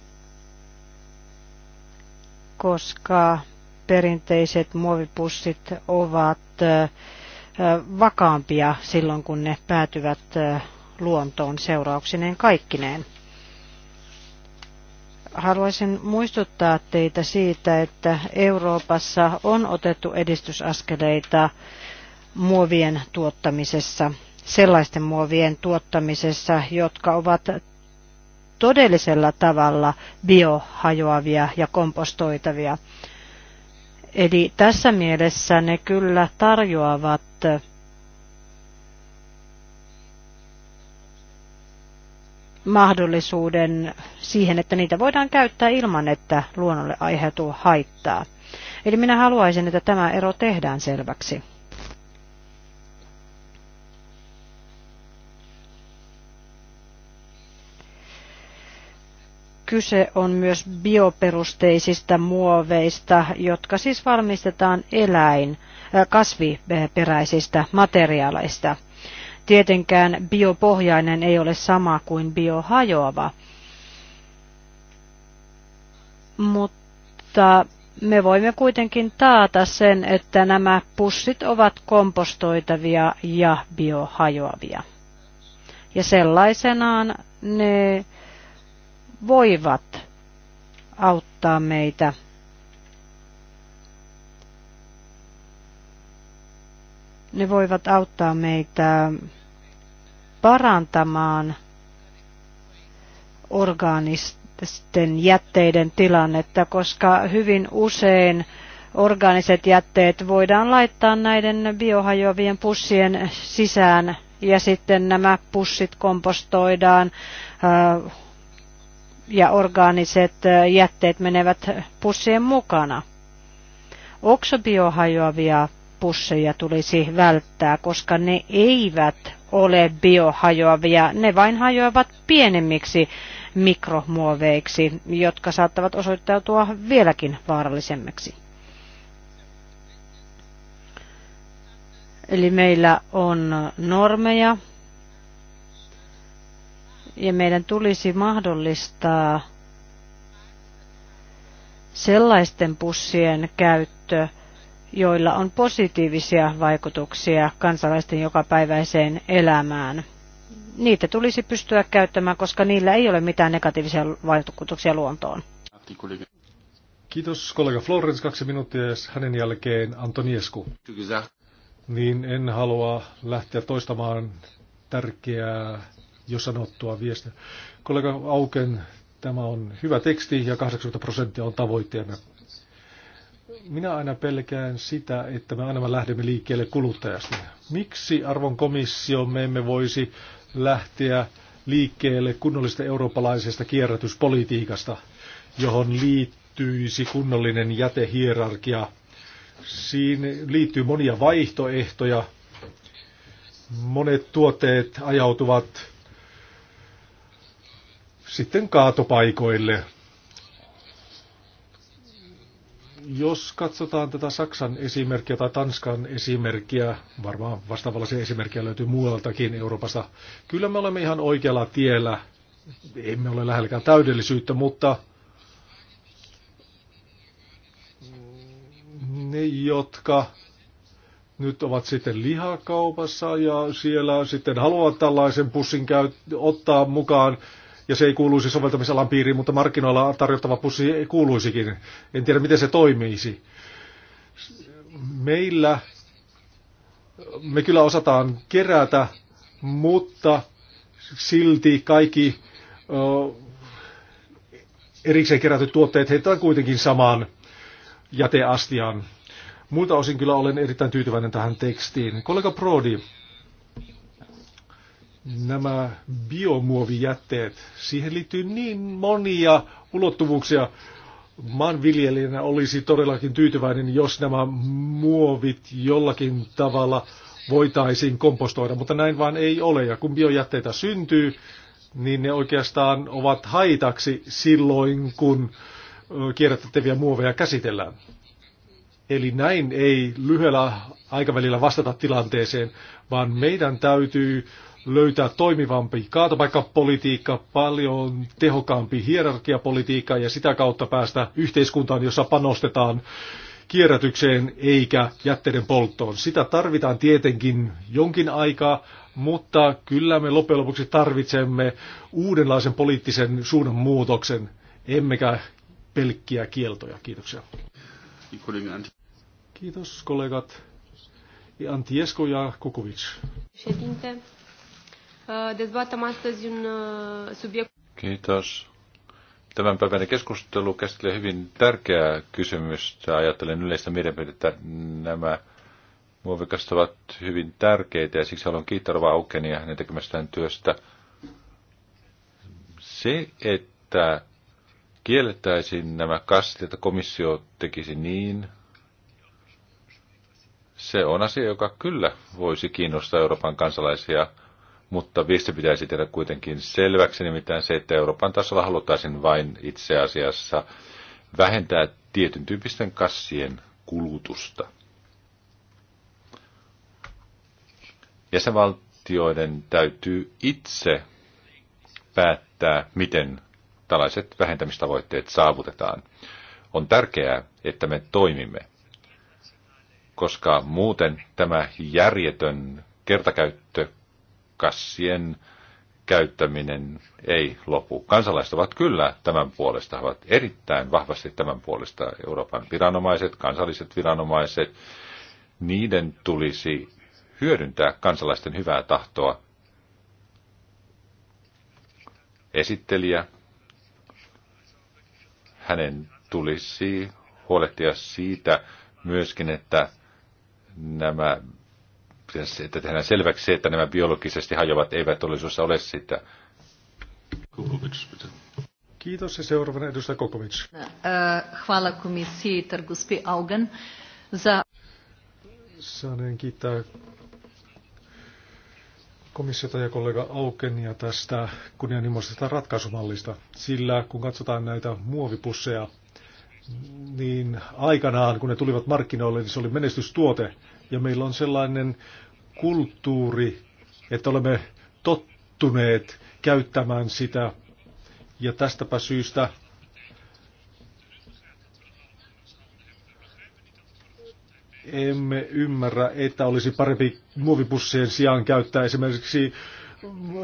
koska perinteiset muovipussit ovat vakaampia silloin, kun ne päätyvät luontoon seurauksineen kaikkineen. Haluaisin muistuttaa teitä siitä, että Euroopassa on otettu edistysaskeleita muovien tuottamisessa – sellaisten muovien tuottamisessa, jotka ovat todellisella tavalla biohajoavia ja kompostoitavia. Eli tässä mielessä ne kyllä tarjoavat mahdollisuuden siihen, että niitä voidaan käyttää ilman, että luonnolle aiheutuu haittaa. Eli minä haluaisin, että tämä ero tehdään selväksi. kyse on myös bioperusteisista muoveista, jotka siis valmistetaan eläin äh, kasviperäisistä materiaaleista. Tietenkään biopohjainen ei ole sama kuin biohajoava, mutta me voimme kuitenkin taata sen, että nämä pussit ovat kompostoitavia ja biohajoavia. Ja sellaisenaan ne voivat auttaa meitä ne voivat auttaa meitä parantamaan orgaanisten jätteiden tilannetta, koska hyvin usein orgaaniset jätteet voidaan laittaa näiden biohajoavien pussien sisään ja sitten nämä pussit kompostoidaan ja orgaaniset jätteet menevät pussien mukana. Oksobiohajoavia pusseja tulisi välttää, koska ne eivät ole biohajoavia, ne vain hajoavat pienemmiksi mikromuoveiksi, jotka saattavat osoittautua vieläkin vaarallisemmiksi. Eli meillä on normeja, ja meidän tulisi mahdollistaa sellaisten pussien käyttö, joilla on positiivisia vaikutuksia kansalaisten jokapäiväiseen elämään. Niitä tulisi pystyä käyttämään, koska niillä ei ole mitään negatiivisia vaikutuksia luontoon. Kiitos kollega Florence, kaksi minuuttia ja hänen jälkeen Antoniesku. Niin en halua lähteä toistamaan tärkeää jo sanottua viestiä. Kollega Auken, tämä on hyvä teksti ja 80 prosenttia on tavoitteena. Minä aina pelkään sitä, että me aina lähdemme liikkeelle kuluttajasta. Miksi arvon komissio me emme voisi lähteä liikkeelle kunnollisesta eurooppalaisesta kierrätyspolitiikasta, johon liittyisi kunnollinen jätehierarkia. Siinä liittyy monia vaihtoehtoja. Monet tuotteet ajautuvat sitten kaatopaikoille. Jos katsotaan tätä Saksan esimerkkiä tai Tanskan esimerkkiä, varmaan vastaavallisia esimerkkejä löytyy muualtakin Euroopasta, kyllä me olemme ihan oikealla tiellä. Emme ole lähelläkään täydellisyyttä, mutta ne, jotka nyt ovat sitten lihakaupassa ja siellä sitten haluavat tällaisen pussin käy- ottaa mukaan ja se ei kuuluisi soveltamisalan piiriin, mutta markkinoilla tarjottava pussi ei kuuluisikin. En tiedä, miten se toimisi. Meillä me kyllä osataan kerätä, mutta silti kaikki ö, erikseen kerätyt tuotteet heitetään kuitenkin samaan jäteastiaan. Muilta osin kyllä olen erittäin tyytyväinen tähän tekstiin. Kollega Prodi, nämä biomuovijätteet, siihen liittyy niin monia ulottuvuuksia. Maanviljelijänä olisi todellakin tyytyväinen, jos nämä muovit jollakin tavalla voitaisiin kompostoida, mutta näin vaan ei ole. Ja kun biojätteitä syntyy, niin ne oikeastaan ovat haitaksi silloin, kun kierrätettäviä muoveja käsitellään. Eli näin ei lyhyellä aikavälillä vastata tilanteeseen, vaan meidän täytyy löytää toimivampi kaatopaikkapolitiikka, paljon tehokkaampi hierarkiapolitiikka ja sitä kautta päästä yhteiskuntaan, jossa panostetaan kierrätykseen eikä jätteiden polttoon. Sitä tarvitaan tietenkin jonkin aikaa, mutta kyllä me loppujen lopuksi tarvitsemme uudenlaisen poliittisen suunnanmuutoksen, emmekä pelkkiä kieltoja. Kiitoksia. Kiitos kollegat. Antiesko ja Kukovic. Uh, dezbatem astăzi un uh, subiect. Kiitos. Tämän päivän keskustelu käsittelee hyvin tärkeää kysymystä. Ajattelen yleistä mielipidettä. Nämä muovikasta ovat hyvin tärkeitä ja siksi haluan kiittää Rova Aukenia hänen tekemästään työstä. Se, että kiellettäisiin nämä kastit, että komissio tekisi niin, se on asia, joka kyllä voisi kiinnostaa Euroopan kansalaisia – mutta viesti pitäisi tehdä kuitenkin selväksi, nimittäin se, että Euroopan tasolla haluttaisiin vain itse asiassa vähentää tietyn tyyppisten kassien kulutusta. Jäsenvaltioiden täytyy itse päättää, miten tällaiset vähentämistavoitteet saavutetaan. On tärkeää, että me toimimme, koska muuten tämä järjetön kertakäyttö kassien käyttäminen ei lopu. Kansalaiset ovat kyllä tämän puolesta, ovat erittäin vahvasti tämän puolesta Euroopan viranomaiset, kansalliset viranomaiset. Niiden tulisi hyödyntää kansalaisten hyvää tahtoa. Esittelijä, hänen tulisi huolehtia siitä myöskin, että nämä että tehdään selväksi että nämä biologisesti hajoavat eivät todellisuudessa ole sitä. Kiitos ja seuraavana edustaja Kokovic. Äh, hvala komisiji Targuspi Augen za... Saaneen kiittää komissiota ja kollega Aukenia tästä kunnianhimoisesta ratkaisumallista, sillä kun katsotaan näitä muovipusseja, niin aikanaan kun ne tulivat markkinoille, niin se oli menestystuote. Ja meillä on sellainen kulttuuri, että olemme tottuneet käyttämään sitä. Ja tästäpä syystä emme ymmärrä, että olisi parempi muovipussien sijaan käyttää esimerkiksi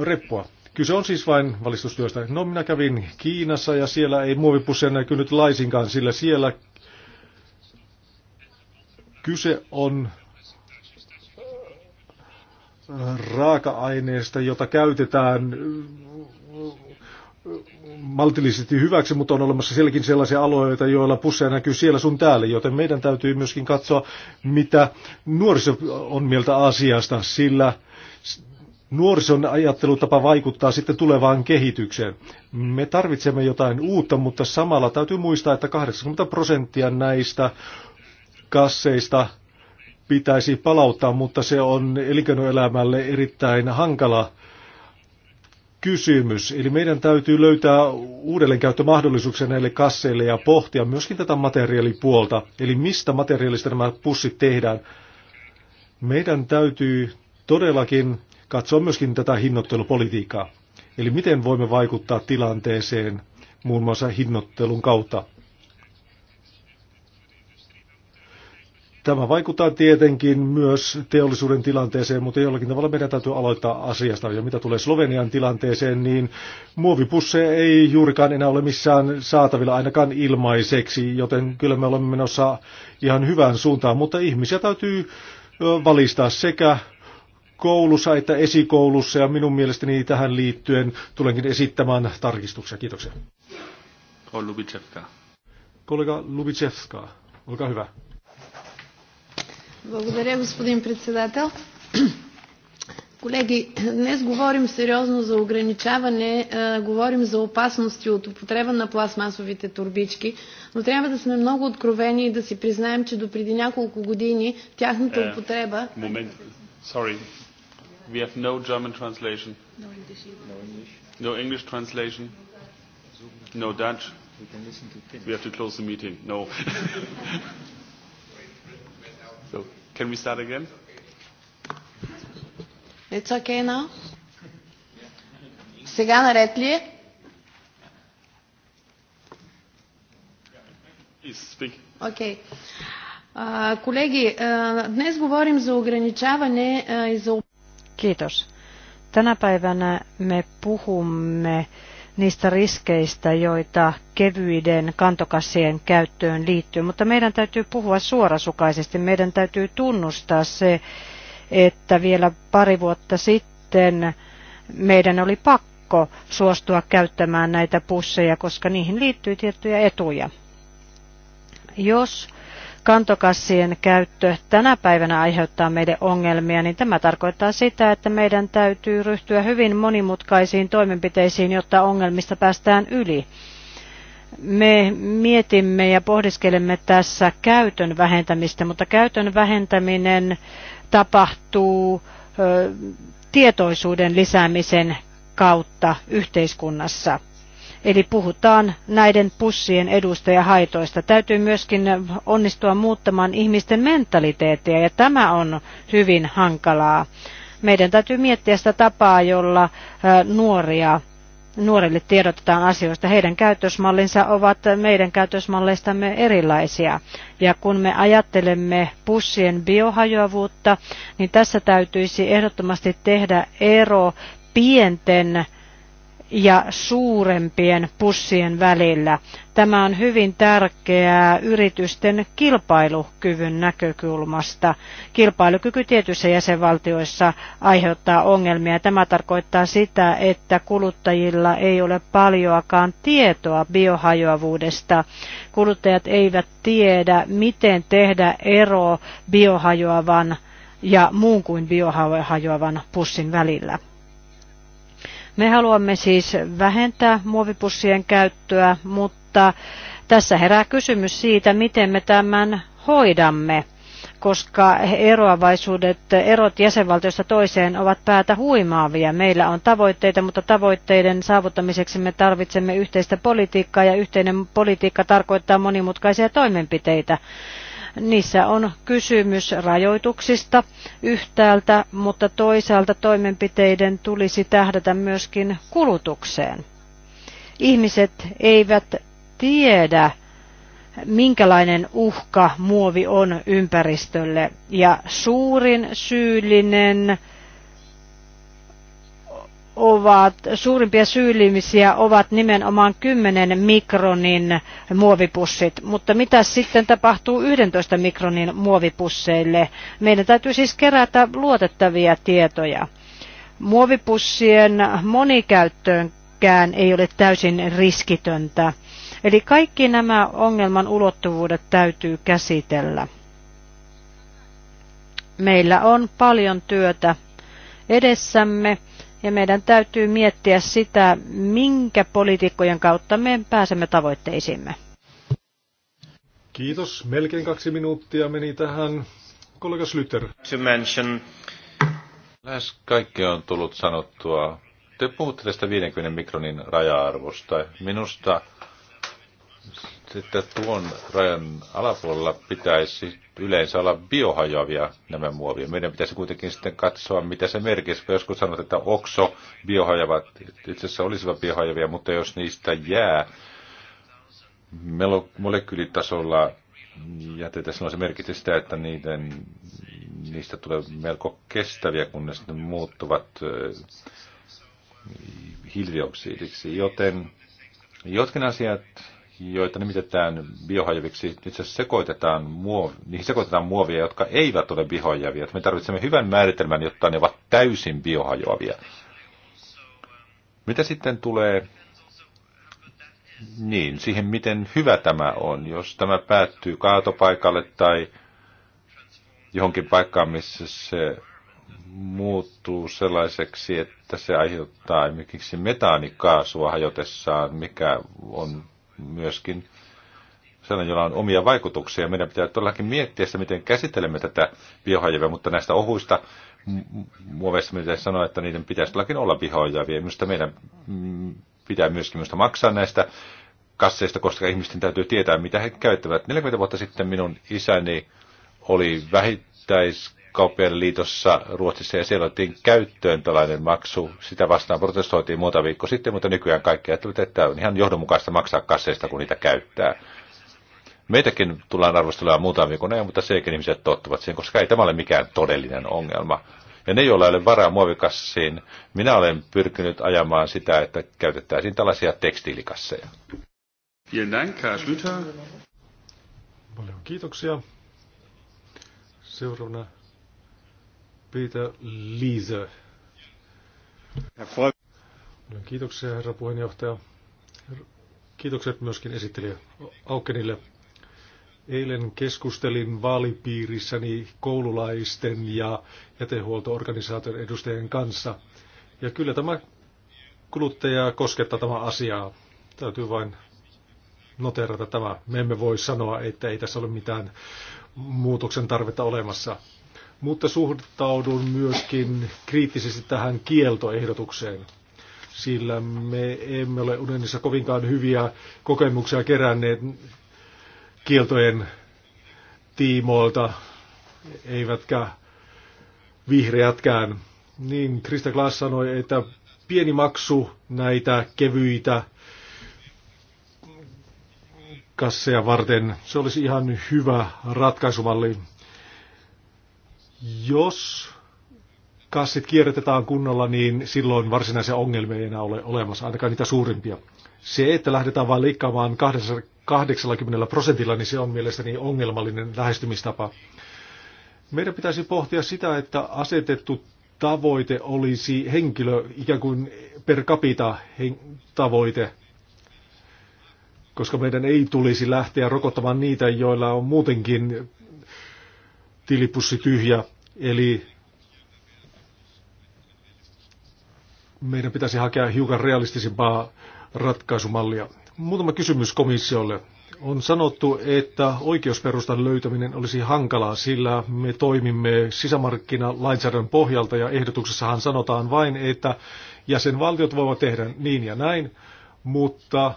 reppua. Kyse on siis vain valistustyöstä. No minä kävin Kiinassa ja siellä ei muovipussia näkynyt laisinkaan, sillä siellä kyse on raaka-aineesta, jota käytetään äh, maltillisesti hyväksi, mutta on olemassa sielläkin sellaisia alueita, joilla pusseja näkyy siellä sun täällä, joten meidän täytyy myöskin katsoa, mitä nuoriso on mieltä asiasta, sillä nuorison ajattelutapa vaikuttaa sitten tulevaan kehitykseen. Me tarvitsemme jotain uutta, mutta samalla täytyy muistaa, että 80 prosenttia näistä kasseista pitäisi palauttaa, mutta se on elinkeinoelämälle erittäin hankala kysymys. Eli meidän täytyy löytää uudelleenkäyttömahdollisuuksia näille kasseille ja pohtia myöskin tätä materiaalipuolta. Eli mistä materiaalista nämä pussit tehdään. Meidän täytyy todellakin katsoa myöskin tätä hinnoittelupolitiikkaa. Eli miten voimme vaikuttaa tilanteeseen muun muassa hinnoittelun kautta. Tämä vaikuttaa tietenkin myös teollisuuden tilanteeseen, mutta jollakin tavalla meidän täytyy aloittaa asiasta. Ja mitä tulee Slovenian tilanteeseen, niin muovipusseja ei juurikaan enää ole missään saatavilla ainakaan ilmaiseksi, joten kyllä me olemme menossa ihan hyvään suuntaan. Mutta ihmisiä täytyy valistaa sekä koulussa että esikoulussa ja minun mielestäni tähän liittyen tulenkin esittämään tarkistuksia. Kiitoksia. Kollega Lubitsevska, olkaa hyvä. Благодаря, господин председател. Колеги, днес говорим сериозно за ограничаване, говорим за опасности от употреба на пластмасовите турбички, но трябва да сме много откровени и да си признаем, че до преди няколко години тяхната употреба... Момент, sorry, we have no German translation. No English translation. No Dutch. We have to close the meeting. No. Can we start again? It's okay now? Сега наред ли е? Okay. Uh, колеги, uh, днес говорим за ограничаване uh, и за... Kiitos. Tänä päivänä me puhumme niistä riskeistä, joita kevyiden kantokassien käyttöön liittyy. Mutta meidän täytyy puhua suorasukaisesti. Meidän täytyy tunnustaa se, että vielä pari vuotta sitten meidän oli pakko suostua käyttämään näitä pusseja, koska niihin liittyy tiettyjä etuja. Jos kantokassien käyttö tänä päivänä aiheuttaa meille ongelmia, niin tämä tarkoittaa sitä, että meidän täytyy ryhtyä hyvin monimutkaisiin toimenpiteisiin, jotta ongelmista päästään yli. Me mietimme ja pohdiskelemme tässä käytön vähentämistä, mutta käytön vähentäminen tapahtuu tietoisuuden lisäämisen kautta yhteiskunnassa. Eli puhutaan näiden pussien edusta ja haitoista. Täytyy myöskin onnistua muuttamaan ihmisten mentaliteettia ja tämä on hyvin hankalaa. Meidän täytyy miettiä sitä tapaa, jolla nuoria nuorille tiedotetaan asioista. Heidän käytösmallinsa ovat meidän käytösmalleistamme erilaisia. Ja kun me ajattelemme pussien biohajoavuutta, niin tässä täytyisi ehdottomasti tehdä ero pienten ja suurempien pussien välillä. Tämä on hyvin tärkeää yritysten kilpailukyvyn näkökulmasta. Kilpailukyky tietyissä jäsenvaltioissa aiheuttaa ongelmia. Tämä tarkoittaa sitä, että kuluttajilla ei ole paljoakaan tietoa biohajoavuudesta. Kuluttajat eivät tiedä, miten tehdä ero biohajoavan ja muun kuin biohajoavan pussin välillä. Me haluamme siis vähentää muovipussien käyttöä, mutta tässä herää kysymys siitä, miten me tämän hoidamme koska eroavaisuudet, erot jäsenvaltiosta toiseen ovat päätä huimaavia. Meillä on tavoitteita, mutta tavoitteiden saavuttamiseksi me tarvitsemme yhteistä politiikkaa ja yhteinen politiikka tarkoittaa monimutkaisia toimenpiteitä. Niissä on kysymys rajoituksista yhtäältä, mutta toisaalta toimenpiteiden tulisi tähdätä myöskin kulutukseen. Ihmiset eivät tiedä, minkälainen uhka muovi on ympäristölle. Ja suurin syyllinen ovat, suurimpia syyllimisiä ovat nimenomaan 10 mikronin muovipussit. Mutta mitä sitten tapahtuu 11 mikronin muovipusseille? Meidän täytyy siis kerätä luotettavia tietoja. Muovipussien monikäyttöönkään ei ole täysin riskitöntä. Eli kaikki nämä ongelman ulottuvuudet täytyy käsitellä. Meillä on paljon työtä edessämme ja meidän täytyy miettiä sitä, minkä poliitikkojen kautta me pääsemme tavoitteisiimme. Kiitos. Melkein kaksi minuuttia meni tähän. Kollega Slyter. To mention. Lähes kaikkea on tullut sanottua. Te puhutte tästä 50 mikronin raja-arvosta. Minusta sitten tuon rajan alapuolella pitäisi yleensä olla biohajoavia nämä muovia. Meidän pitäisi kuitenkin sitten katsoa, mitä se merkitsee. Joskus sanot, että okso biohajavat, itse asiassa olisivat biohajoavia, mutta jos niistä jää molekyylitasolla jätetä, silloin se merkitsee sitä, että niiden, niistä tulee melko kestäviä, kunnes ne muuttuvat hiilidioksidiksi. Joten jotkin asiat joita nimitetään biohajaviksi, itse asiassa sekoitetaan muov- niihin sekoitetaan muovia, jotka eivät ole biohajavia. Me tarvitsemme hyvän määritelmän, jotta ne ovat täysin biohajoavia. Mitä sitten tulee niin, siihen miten hyvä tämä on, jos tämä päättyy kaatopaikalle tai johonkin paikkaan, missä se muuttuu sellaiseksi, että se aiheuttaa esimerkiksi metaanikaasua hajotessaan, mikä on myöskin sellainen, jolla on omia vaikutuksia. Meidän pitää todellakin miettiä sitä, miten käsittelemme tätä biohajavia, mutta näistä ohuista muoveista meidän pitäisi sanoa, että niiden pitäisi todellakin olla biohajavia. Minusta meidän mm, pitää myöskin minusta maksaa näistä kasseista, koska ihmisten täytyy tietää, mitä he käyttävät. 40 vuotta sitten minun isäni oli vähittäis kauppien liitossa Ruotsissa ja siellä otettiin käyttöön tällainen maksu. Sitä vastaan protestoitiin muuta viikko sitten, mutta nykyään kaikki ajattelivat, että on ihan johdonmukaista maksaa kasseista, kun niitä käyttää. Meitäkin tullaan arvostelemaan muutaman viikon ajan, mutta sekin ihmiset tottuvat siihen, koska ei tämä ole mikään todellinen ongelma. Ja ne, joilla ei ole varaa muovikassiin, minä olen pyrkinyt ajamaan sitä, että käytettäisiin tällaisia tekstiilikasseja. Paljon kiitoksia. Seuraavana Peter Liese. Kiitoksia herra puheenjohtaja. Kiitokset myöskin esittelijä Aukenille. Eilen keskustelin vaalipiirissäni koululaisten ja jätehuoltoorganisaation edustajien kanssa. Ja kyllä tämä kuluttajaa koskettaa tämä asia. Täytyy vain noterata tämä. Me emme voi sanoa, että ei tässä ole mitään muutoksen tarvetta olemassa mutta suhtaudun myöskin kriittisesti tähän kieltoehdotukseen, sillä me emme ole unenissa kovinkaan hyviä kokemuksia keränneet kieltojen tiimoilta, eivätkä vihreätkään. Niin Krista Glass sanoi, että pieni maksu näitä kevyitä kasseja varten. Se olisi ihan hyvä ratkaisumalli. Jos kassit kierrätetään kunnolla, niin silloin varsinaisia ongelmia ei enää ole olemassa, ainakaan niitä suurimpia. Se, että lähdetään vain liikkaamaan 80 prosentilla, niin se on mielestäni ongelmallinen lähestymistapa. Meidän pitäisi pohtia sitä, että asetettu tavoite olisi henkilö, ikään kuin per capita tavoite, koska meidän ei tulisi lähteä rokottamaan niitä, joilla on muutenkin tilipussi tyhjä, eli meidän pitäisi hakea hiukan realistisempaa ratkaisumallia. Muutama kysymys komissiolle. On sanottu, että oikeusperustan löytäminen olisi hankalaa, sillä me toimimme sisämarkkinalainsäädännön pohjalta ja ehdotuksessahan sanotaan vain, että jäsenvaltiot voivat tehdä niin ja näin, mutta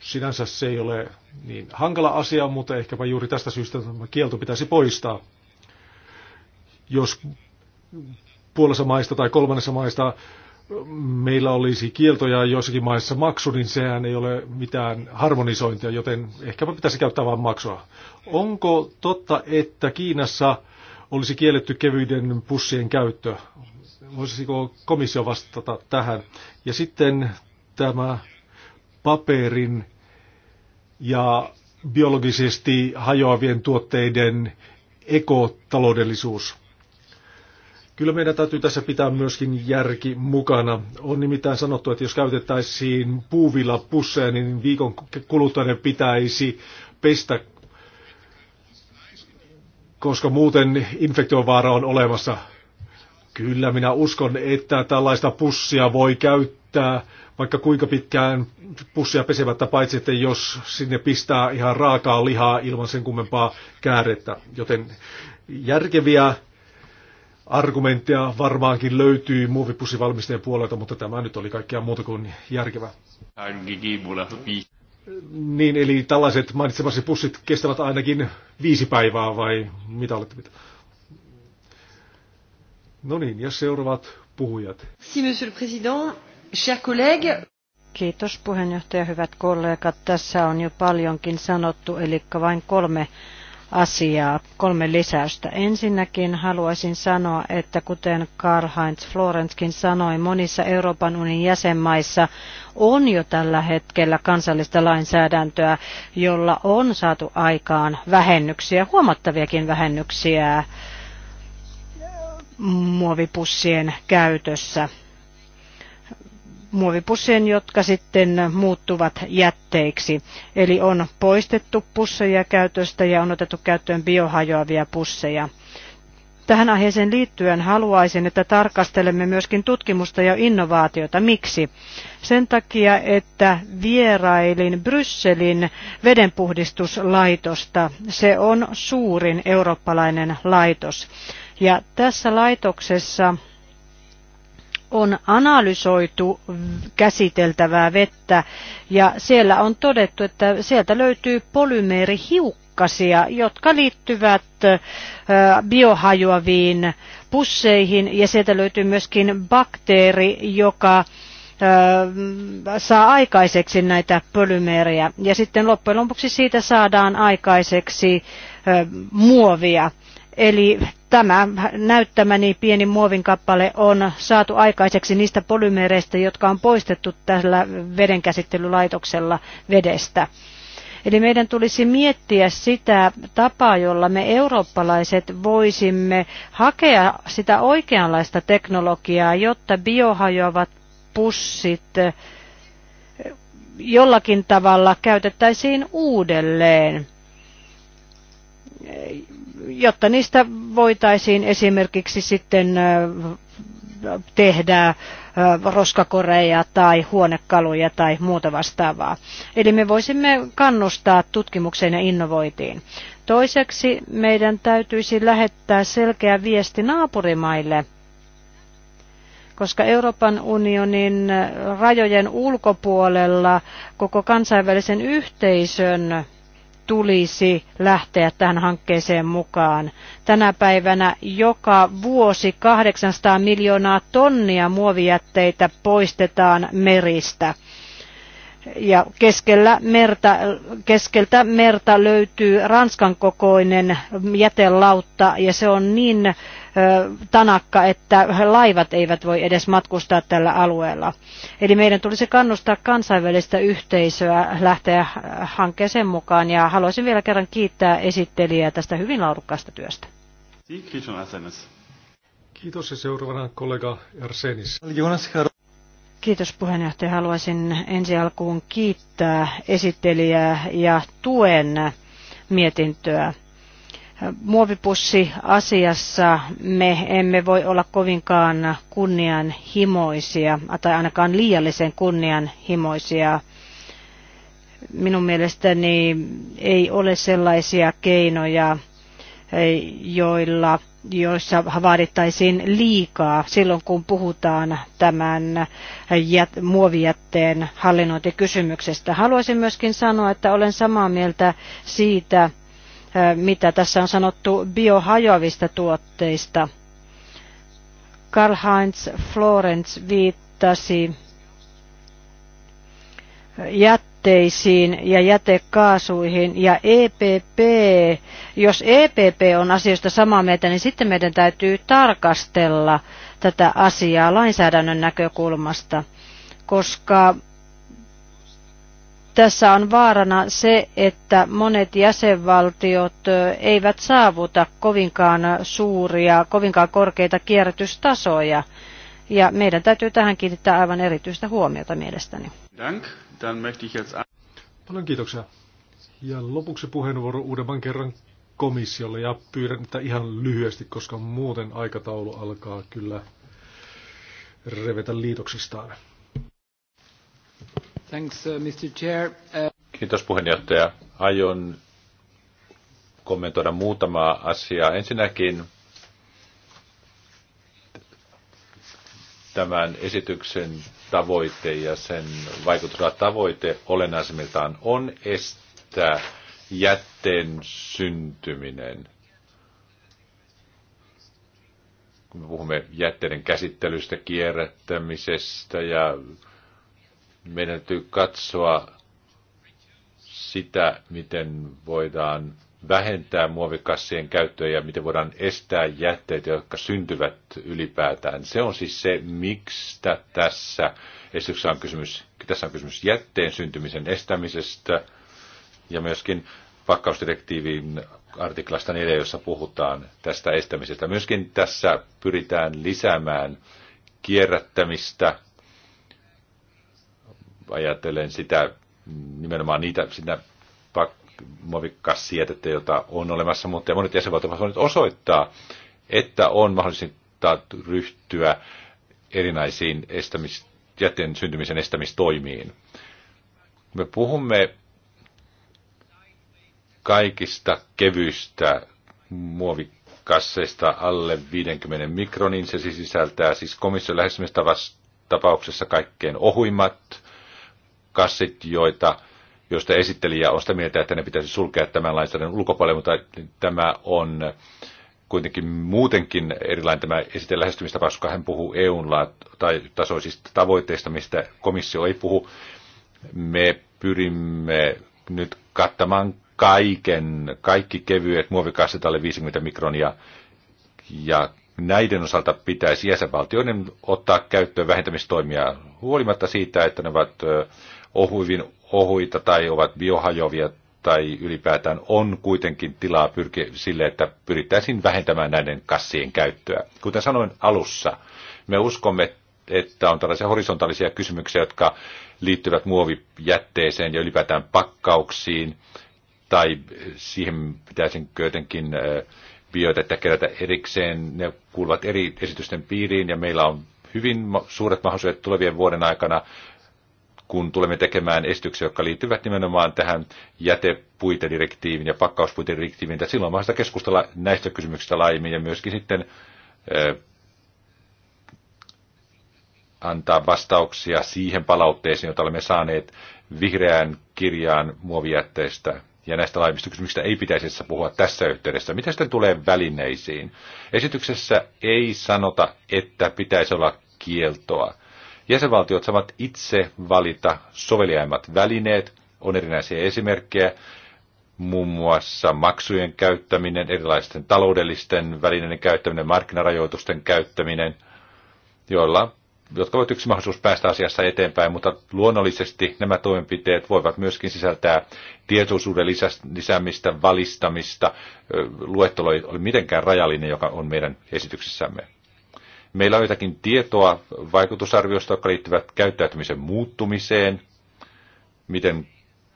sinänsä se ei ole niin hankala asia, mutta ehkäpä juuri tästä syystä tämä kielto pitäisi poistaa jos puolessa maista tai kolmannessa maista meillä olisi kieltoja joissakin maissa maksu, niin sehän ei ole mitään harmonisointia, joten ehkäpä pitäisi käyttää vain maksua. Onko totta, että Kiinassa olisi kielletty kevyiden pussien käyttö? Voisiko komissio vastata tähän? Ja sitten tämä paperin ja biologisesti hajoavien tuotteiden ekotaloudellisuus. Kyllä meidän täytyy tässä pitää myöskin järki mukana. On nimittäin sanottu, että jos käytettäisiin puuvilla pusseja, niin viikon kuluttua pitäisi pestä, koska muuten infektiovaara on olemassa. Kyllä minä uskon, että tällaista pussia voi käyttää vaikka kuinka pitkään pussia pesemättä, paitsi että jos sinne pistää ihan raakaa lihaa ilman sen kummempaa käärettä. Joten järkeviä argumentteja varmaankin löytyy muovipussivalmistajan puolelta, mutta tämä nyt oli kaikkea muuta kuin järkevä. Niin, eli tällaiset mainitsemasi pussit kestävät ainakin viisi päivää vai mitä olette mitä? No niin, ja seuraavat puhujat. Si, monsieur le président, chers collègues. Kiitos puheenjohtaja, hyvät kollegat. Tässä on jo paljonkin sanottu, eli vain kolme asiaa, kolme lisäystä. Ensinnäkin haluaisin sanoa, että kuten Karl-Heinz Florenskin sanoi, monissa Euroopan unionin jäsenmaissa on jo tällä hetkellä kansallista lainsäädäntöä, jolla on saatu aikaan vähennyksiä, huomattaviakin vähennyksiä muovipussien käytössä muovipussien, jotka sitten muuttuvat jätteiksi. Eli on poistettu pusseja käytöstä ja on otettu käyttöön biohajoavia pusseja. Tähän aiheeseen liittyen haluaisin, että tarkastelemme myöskin tutkimusta ja innovaatiota. Miksi? Sen takia, että vierailin Brysselin vedenpuhdistuslaitosta. Se on suurin eurooppalainen laitos. Ja tässä laitoksessa on analysoitu käsiteltävää vettä ja siellä on todettu, että sieltä löytyy polymeerihiukkasia, jotka liittyvät biohajoaviin pusseihin ja sieltä löytyy myöskin bakteeri, joka saa aikaiseksi näitä polymeerejä ja sitten loppujen lopuksi siitä saadaan aikaiseksi muovia. Eli tämä näyttämäni pieni muovinkappale on saatu aikaiseksi niistä polymeereistä, jotka on poistettu tällä vedenkäsittelylaitoksella vedestä. Eli meidän tulisi miettiä sitä tapaa, jolla me eurooppalaiset voisimme hakea sitä oikeanlaista teknologiaa, jotta biohajoavat pussit eh, jollakin tavalla käytettäisiin uudelleen jotta niistä voitaisiin esimerkiksi sitten tehdä roskakoreja tai huonekaluja tai muuta vastaavaa. Eli me voisimme kannustaa tutkimukseen ja innovointiin. Toiseksi meidän täytyisi lähettää selkeä viesti naapurimaille, koska Euroopan unionin rajojen ulkopuolella koko kansainvälisen yhteisön tulisi lähteä tähän hankkeeseen mukaan. Tänä päivänä joka vuosi 800 miljoonaa tonnia muovijätteitä poistetaan meristä. Ja keskellä merta, keskeltä merta löytyy Ranskan kokoinen jätelautta ja se on niin tanakka, että laivat eivät voi edes matkustaa tällä alueella. Eli meidän tulisi kannustaa kansainvälistä yhteisöä lähteä hankkeeseen mukaan ja haluaisin vielä kerran kiittää esittelijää tästä hyvin laadukkaasta työstä. Kiitos ja seuraavana kollega Arsenis. Kiitos puheenjohtaja. Haluaisin ensi alkuun kiittää esittelijää ja tuen mietintöä muovipussiasiassa me emme voi olla kovinkaan kunnianhimoisia tai ainakaan liiallisen kunnianhimoisia. Minun mielestäni ei ole sellaisia keinoja, eh, joilla, joissa vaadittaisiin liikaa silloin, kun puhutaan tämän eh, jät, muovijätteen hallinnointikysymyksestä. Haluaisin myöskin sanoa, että olen samaa mieltä siitä, mitä tässä on sanottu biohajoavista tuotteista. Karl-Heinz Florence viittasi jätteisiin ja jätekaasuihin ja EPP, jos EPP on asioista samaa mieltä, niin sitten meidän täytyy tarkastella tätä asiaa lainsäädännön näkökulmasta, koska tässä on vaarana se, että monet jäsenvaltiot eivät saavuta kovinkaan suuria, kovinkaan korkeita kierrätystasoja. Ja meidän täytyy tähän kiinnittää aivan erityistä huomiota mielestäni. Dank. Dann möchte ich jetzt... Paljon kiitoksia. Ja lopuksi puheenvuoro uudemman kerran komissiolle ja pyydän, että ihan lyhyesti, koska muuten aikataulu alkaa kyllä revetä liitoksistaan. Thanks, uh, Mr. Chair. Uh, Kiitos puheenjohtaja. Aion kommentoida muutamaa asiaa. Ensinnäkin tämän esityksen tavoite ja sen vaikutusta tavoite olennaisimmiltaan on estää jätteen syntyminen. Kun me puhumme jätteiden käsittelystä, kierrättämisestä ja meidän täytyy katsoa sitä, miten voidaan vähentää muovikassien käyttöä ja miten voidaan estää jätteitä, jotka syntyvät ylipäätään. Se on siis se, miksi tässä esityksessä on kysymys. Tässä on kysymys jätteen syntymisen estämisestä ja myöskin pakkausdirektiivin artiklasta 4, jossa puhutaan tästä estämisestä. Myöskin tässä pyritään lisäämään kierrättämistä ajatellen sitä, nimenomaan niitä, sitä muovikassijätettä, jota on olemassa, mutta monet jäsenvaltiot ovat voineet osoittaa, että on mahdollista ryhtyä erinäisiin estämis, jätteen syntymisen estämistoimiin. Me puhumme kaikista kevyistä muovikasseista alle 50 mikronin. Se siis sisältää siis komission lähestymistavassa tapauksessa kaikkein ohuimmat kassit, joita, joista esittelijä on sitä mieltä, että ne pitäisi sulkea tämän lainsäädännön ulkopuolelle, mutta tämä on kuitenkin muutenkin erilainen tämä esitellä lähestymistapa, koska hän puhuu EUn tai tasoisista tavoitteista, mistä komissio ei puhu. Me pyrimme nyt kattamaan kaiken, kaikki kevyet muovikassit alle 50 mikronia ja näiden osalta pitäisi jäsenvaltioiden ottaa käyttöön vähentämistoimia huolimatta siitä, että ne ovat ohuivin ohuita tai ovat biohajoavia tai ylipäätään on kuitenkin tilaa pyrkiä sille, että pyrittäisiin vähentämään näiden kassien käyttöä. Kuten sanoin alussa, me uskomme, että on tällaisia horisontaalisia kysymyksiä, jotka liittyvät muovijätteeseen ja ylipäätään pakkauksiin, tai siihen pitäisi jotenkin biojätettä kerätä erikseen. Ne kuuluvat eri esitysten piiriin, ja meillä on hyvin suuret mahdollisuudet tulevien vuoden aikana kun tulemme tekemään esityksiä, jotka liittyvät nimenomaan tähän jätepuitedirektiivin ja pakkauspuitedirektiiviin, että silloin mahdollista keskustella näistä kysymyksistä laajemmin ja myöskin sitten äh, antaa vastauksia siihen palautteeseen, jota olemme saaneet vihreään kirjaan muovijätteestä. Ja näistä laajemmista kysymyksistä ei pitäisi puhua tässä yhteydessä. Mitä sitten tulee välineisiin? Esityksessä ei sanota, että pitäisi olla kieltoa Jäsenvaltiot saavat itse valita soveliaimmat välineet, on erinäisiä esimerkkejä, muun muassa maksujen käyttäminen, erilaisten taloudellisten välineiden käyttäminen, markkinarajoitusten käyttäminen, joilla, jotka ovat yksi mahdollisuus päästä asiassa eteenpäin, mutta luonnollisesti nämä toimenpiteet voivat myöskin sisältää tietoisuuden lisäämistä, valistamista. Luettelo ei ole mitenkään rajallinen, joka on meidän esityksessämme. Meillä on jotakin tietoa vaikutusarviosta, jotka liittyvät käyttäytymisen muuttumiseen, miten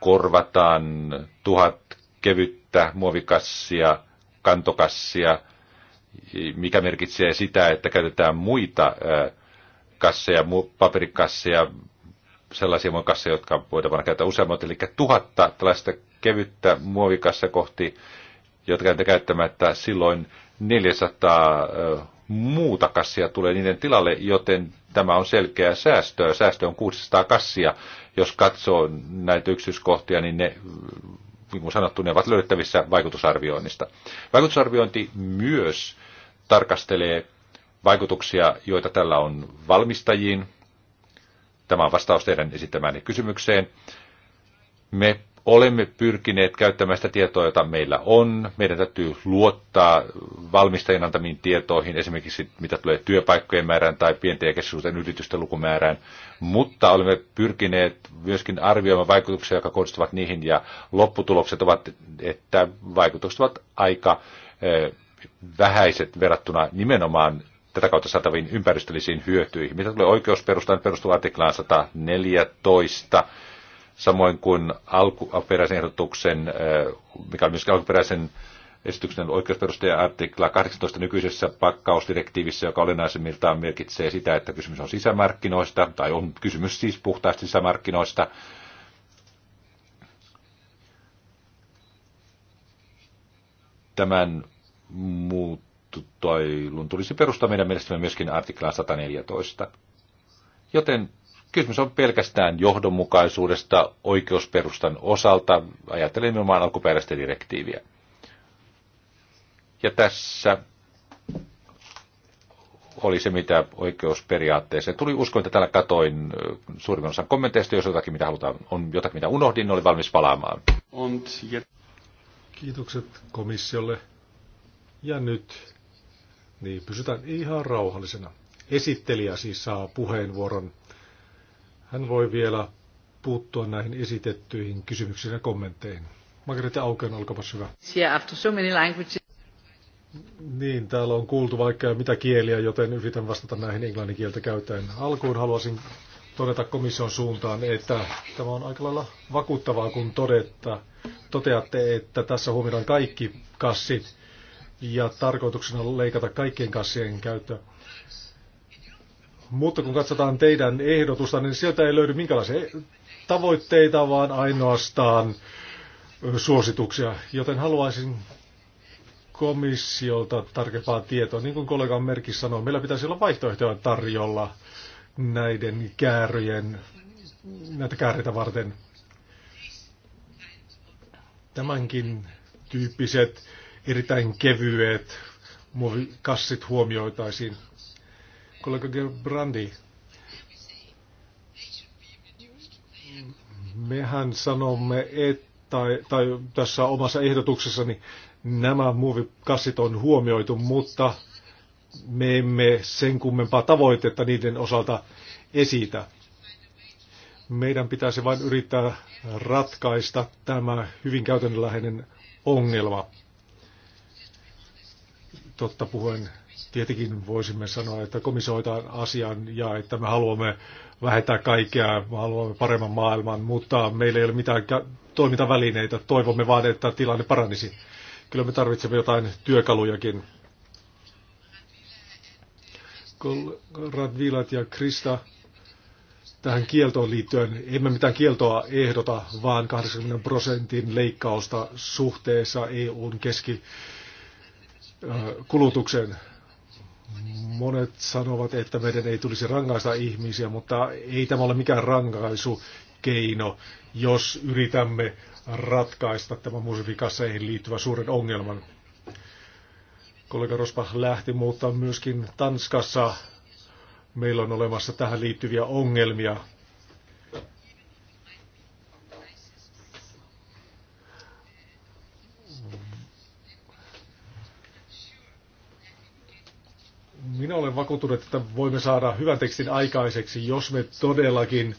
korvataan tuhat kevyttä muovikassia, kantokassia, mikä merkitsee sitä, että käytetään muita kasseja, paperikasseja, sellaisia muovikasseja, jotka voidaan käyttää useammat, eli tuhatta tällaista kevyttä muovikassa kohti, jotka käyttämättä silloin 400 muuta kassia tulee niiden tilalle, joten tämä on selkeä säästö. Säästö on 600 kassia. Jos katsoo näitä yksityiskohtia, niin ne, mm, niin kuin sanottu, ne ovat löydettävissä vaikutusarvioinnista. Vaikutusarviointi myös tarkastelee vaikutuksia, joita tällä on valmistajiin. Tämä on vastaus teidän esittämään kysymykseen. Me olemme pyrkineet käyttämään sitä tietoa, jota meillä on. Meidän täytyy luottaa valmistajien antamiin tietoihin, esimerkiksi mitä tulee työpaikkojen määrään tai pienten ja keskisuuden yritysten lukumäärään. Mutta olemme pyrkineet myöskin arvioimaan vaikutuksia, jotka kohdistuvat niihin, ja lopputulokset ovat, että vaikutukset ovat aika vähäiset verrattuna nimenomaan tätä kautta saataviin ympäristöllisiin hyötyihin. Mitä tulee oikeusperustaan perustuu artiklaan 114, samoin kuin alkuperäisen ehdotuksen, äh, mikä oli myös alkuperäisen esityksen oikeusperustaja artikla 18 nykyisessä pakkausdirektiivissä, joka olennaisemmiltaan merkitsee sitä, että kysymys on sisämarkkinoista, tai on kysymys siis puhtaasti sisämarkkinoista. Tämän muuttoilun tulisi perustaa meidän mielestämme myöskin artiklaan 114. Joten Kysymys on pelkästään johdonmukaisuudesta oikeusperustan osalta, ajatellen nimenomaan alkuperäistä direktiiviä. Ja tässä oli se, mitä oikeusperiaatteeseen tuli. Uskon, että täällä katoin äh, suurimman osan kommenteista. Jos jotakin, mitä halutaan, on jotakin, mitä unohdin, niin oli valmis palaamaan. Kiitokset komissiolle. Ja nyt niin pysytään ihan rauhallisena. Esittelijä siis saa puheenvuoron hän voi vielä puuttua näihin esitettyihin kysymyksiin ja kommentteihin. Margareta Aukeon, olkapas hyvä. Niin, täällä on kuultu vaikka mitä kieliä, joten yritän vastata näihin englannin kieltä käyttäen. Alkuun haluaisin todeta komission suuntaan, että tämä on aika lailla vakuuttavaa, kun todetta, toteatte, että tässä huomioidaan kaikki kassit ja tarkoituksena on leikata kaikkien kassien käyttöä. Mutta kun katsotaan teidän ehdotusta, niin sieltä ei löydy minkälaisia tavoitteita, vaan ainoastaan suosituksia. Joten haluaisin komissiolta tarkempaa tietoa. Niin kuin kollega Merkki sanoi, meillä pitäisi olla vaihtoehtoja tarjolla näiden kääryjen, näitä kääritä varten. Tämänkin tyyppiset erittäin kevyet muovikassit huomioitaisiin. Kollega Gerbrandi, mehän sanomme, että, tai, tai tässä omassa ehdotuksessani nämä muovikassit on huomioitu, mutta me emme sen kummempaa tavoitetta niiden osalta esitä. Meidän pitäisi vain yrittää ratkaista tämä hyvin käytännönläheinen ongelma. Totta puhuen Tietenkin voisimme sanoa, että komissio asian ja että me haluamme vähentää kaikkea, me haluamme paremman maailman, mutta meillä ei ole mitään toimintavälineitä. Toivomme vain, että tilanne paranisi. Kyllä me tarvitsemme jotain työkalujakin. Radvilat ja Krista tähän kieltoon liittyen, emme mitään kieltoa ehdota, vaan 80 prosentin leikkausta suhteessa EUn keski kulutukseen. Monet sanovat, että meidän ei tulisi rangaista ihmisiä, mutta ei tämä ole mikään rankaisukeino, jos yritämme ratkaista tämä musiikkikasseihin liittyvä suuren ongelman. Kollega Rospa lähti, mutta myöskin Tanskassa meillä on olemassa tähän liittyviä ongelmia. Minä olen vakuuttunut, että voimme saada hyvän tekstin aikaiseksi, jos me todellakin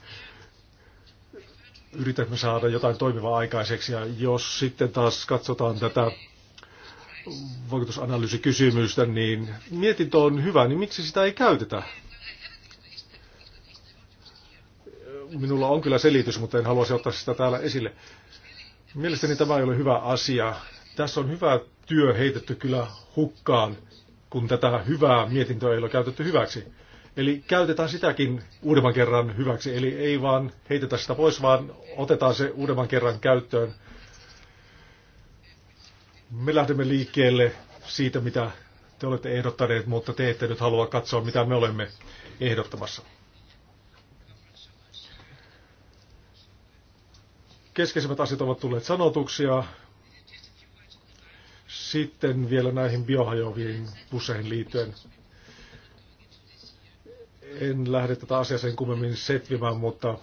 yritämme saada jotain toimivaa aikaiseksi. Ja jos sitten taas katsotaan tätä vaikutusanalyysikysymystä, niin mietintö on hyvä, niin miksi sitä ei käytetä? Minulla on kyllä selitys, mutta en haluaisi ottaa sitä täällä esille. Mielestäni tämä ei ole hyvä asia. Tässä on hyvä työ heitetty kyllä hukkaan kun tätä hyvää mietintöä ei ole käytetty hyväksi. Eli käytetään sitäkin uudemman kerran hyväksi, eli ei vaan heitetä sitä pois, vaan otetaan se uudemman kerran käyttöön. Me lähdemme liikkeelle siitä, mitä te olette ehdottaneet, mutta te ette nyt halua katsoa, mitä me olemme ehdottamassa. Keskeisimmät asiat ovat tulleet sanotuksia. Sitten vielä näihin biohajoaviin busseihin liittyen. En lähde tätä asiaa sen kummemmin setvimään, mutta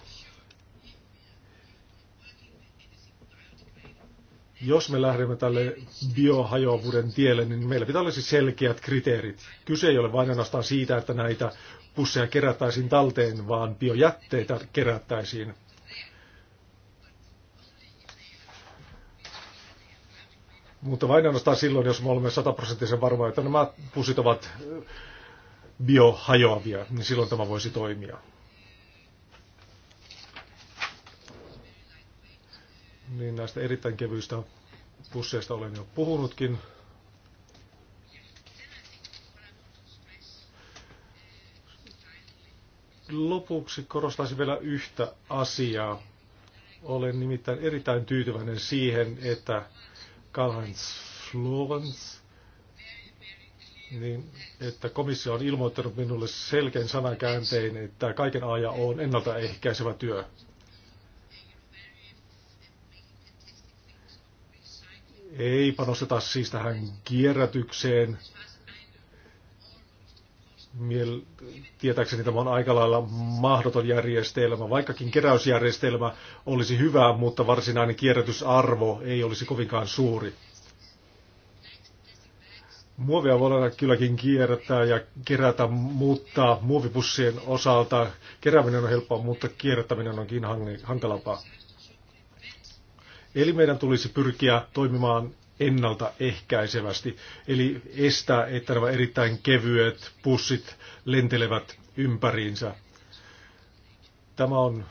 jos me lähdemme tälle biohajoavuuden tielle, niin meillä pitää olla siis selkeät kriteerit. Kyse ei ole vain ainoastaan siitä, että näitä pusseja kerättäisiin talteen, vaan biojätteitä kerättäisiin. Mutta vain ainoastaan silloin, jos me olemme sataprosenttisen varmoja, että nämä pusit ovat biohajoavia, niin silloin tämä voisi toimia. Niin näistä erittäin kevyistä pusseista olen jo puhunutkin. Lopuksi korostaisin vielä yhtä asiaa. Olen nimittäin erittäin tyytyväinen siihen, että Karl-Heinz Florens, niin että komissio on ilmoittanut minulle selkeän sanakääntein, että kaiken aja on ennaltaehkäisevä työ. Ei panosteta siis tähän kierrätykseen, miel, tietääkseni tämä on aika lailla mahdoton järjestelmä, vaikkakin keräysjärjestelmä olisi hyvä, mutta varsinainen kierrätysarvo ei olisi kovinkaan suuri. Muovia voidaan kylläkin kierrättää ja kerätä, mutta muovipussien osalta kerääminen on helppoa, mutta kierrättäminen onkin hankalampaa. Eli meidän tulisi pyrkiä toimimaan ennaltaehkäisevästi, eli estää, että nämä erittäin kevyet pussit lentelevät ympäriinsä. Tämä on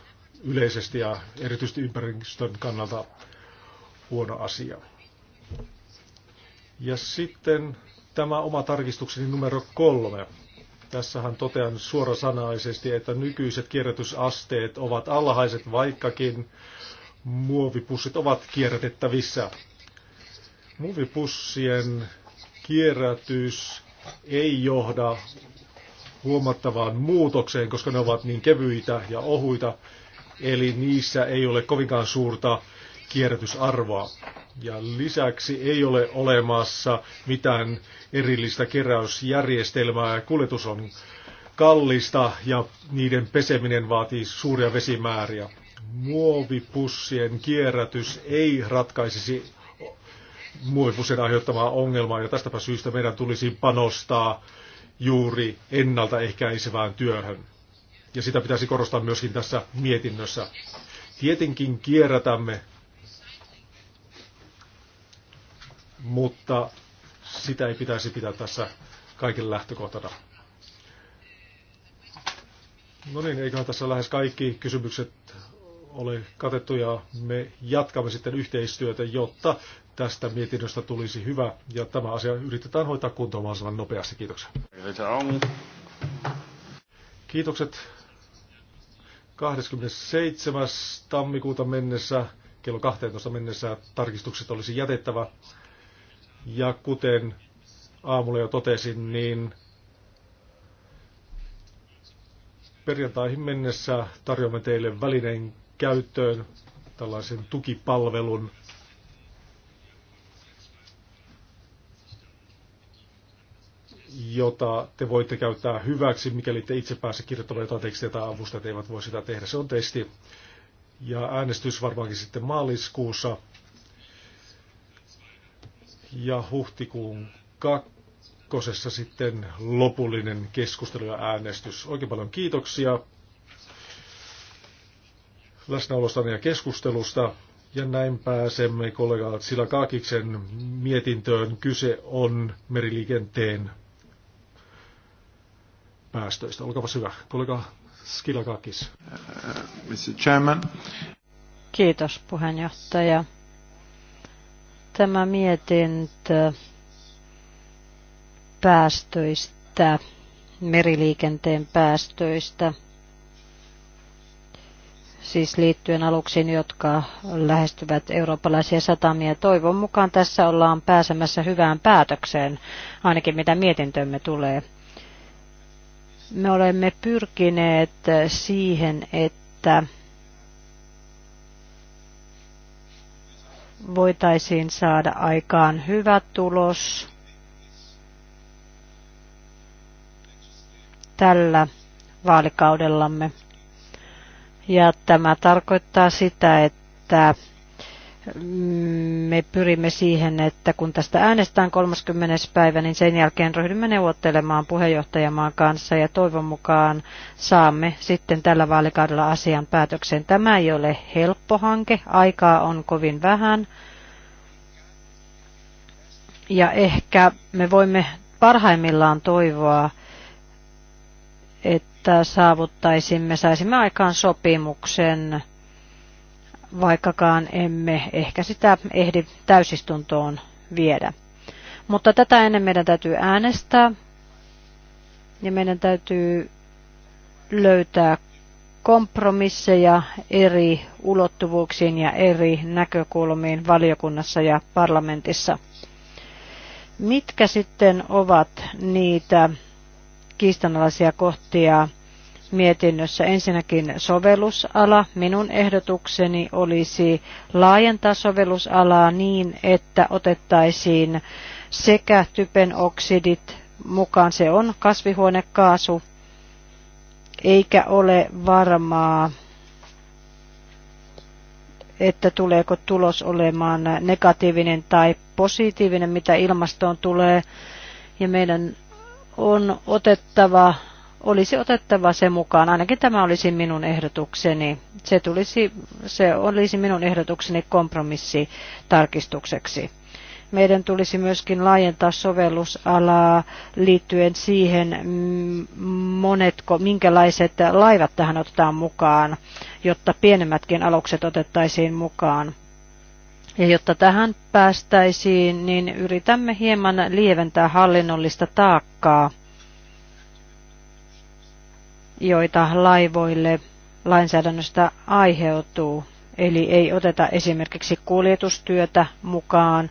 yleisesti ja erityisesti ympäristön kannalta huono asia. Ja sitten tämä oma tarkistukseni numero kolme. Tässähän totean suorasanaisesti, että nykyiset kierrätysasteet ovat alhaiset, vaikkakin muovipussit ovat kierrätettävissä muovipussien kierrätys ei johda huomattavaan muutokseen, koska ne ovat niin kevyitä ja ohuita, eli niissä ei ole kovinkaan suurta kierrätysarvoa. Ja lisäksi ei ole olemassa mitään erillistä keräysjärjestelmää. Kuljetus on kallista ja niiden peseminen vaatii suuria vesimääriä. Muovipussien kierrätys ei ratkaisisi muovivusien aiheuttamaa ongelmaa, ja tästäpä syystä meidän tulisi panostaa juuri ennaltaehkäisevään työhön. Ja sitä pitäisi korostaa myöskin tässä mietinnössä. Tietenkin kierrätämme, mutta sitä ei pitäisi pitää tässä kaiken lähtökohtana. No niin, eiköhän tässä lähes kaikki kysymykset ole katettu ja me jatkamme sitten yhteistyötä, jotta tästä mietinnöstä tulisi hyvä ja tämä asia yritetään hoitaa kuntoon mahdollisimman nopeasti. Kiitoksia. Kiitokset. 27. tammikuuta mennessä kello 12 mennessä tarkistukset olisi jätettävä. Ja kuten aamulla jo totesin, niin perjantaihin mennessä tarjoamme teille välineen käyttöön tällaisen tukipalvelun, jota te voitte käyttää hyväksi, mikäli te itse pääse kirjoittamaan jotain tekstiä tai avustajat eivät voi sitä tehdä. Se on testi. Ja äänestys varmaankin sitten maaliskuussa ja huhtikuun kakkosessa sitten lopullinen keskustelu ja äänestys. Oikein paljon kiitoksia läsnäolosta ja keskustelusta. Ja näin pääsemme kollega Sila Kaakiksen mietintöön. Kyse on meriliikenteen päästöistä. Olkaa hyvä. Tulkaa Skilakakis. Uh, Mr. Chairman. Kiitos puheenjohtaja. Tämä mietintö päästöistä, meriliikenteen päästöistä, siis liittyen aluksiin, jotka lähestyvät eurooppalaisia satamia. Toivon mukaan tässä ollaan pääsemässä hyvään päätökseen, ainakin mitä mietintömme tulee. Me olemme pyrkineet siihen, että voitaisiin saada aikaan hyvä tulos tällä vaalikaudellamme. Ja tämä tarkoittaa sitä, että me pyrimme siihen, että kun tästä äänestään 30. päivä, niin sen jälkeen ryhdymme neuvottelemaan puheenjohtajamaan kanssa ja toivon mukaan saamme sitten tällä vaalikaudella asian päätöksen. Tämä ei ole helppo hanke, aikaa on kovin vähän. Ja ehkä me voimme parhaimmillaan toivoa, että saavuttaisimme, saisimme aikaan sopimuksen vaikkakaan emme ehkä sitä ehdi täysistuntoon viedä. Mutta tätä ennen meidän täytyy äänestää ja meidän täytyy löytää kompromisseja eri ulottuvuuksiin ja eri näkökulmiin valiokunnassa ja parlamentissa. Mitkä sitten ovat niitä kiistanalaisia kohtia, mietinnössä. Ensinnäkin sovellusala. Minun ehdotukseni olisi laajentaa sovellusalaa niin, että otettaisiin sekä typen oksidit mukaan. Se on kasvihuonekaasu, eikä ole varmaa, että tuleeko tulos olemaan negatiivinen tai positiivinen, mitä ilmastoon tulee. Ja meidän on otettava olisi otettava se mukaan. Ainakin tämä olisi minun ehdotukseni. Se, tulisi, se olisi minun ehdotukseni kompromissitarkistukseksi. Meidän tulisi myöskin laajentaa sovellusalaa liittyen siihen, mm, monetko, minkälaiset laivat tähän otetaan mukaan, jotta pienemmätkin alukset otettaisiin mukaan. Ja jotta tähän päästäisiin, niin yritämme hieman lieventää hallinnollista taakkaa joita laivoille lainsäädännöstä aiheutuu. Eli ei oteta esimerkiksi kuljetustyötä mukaan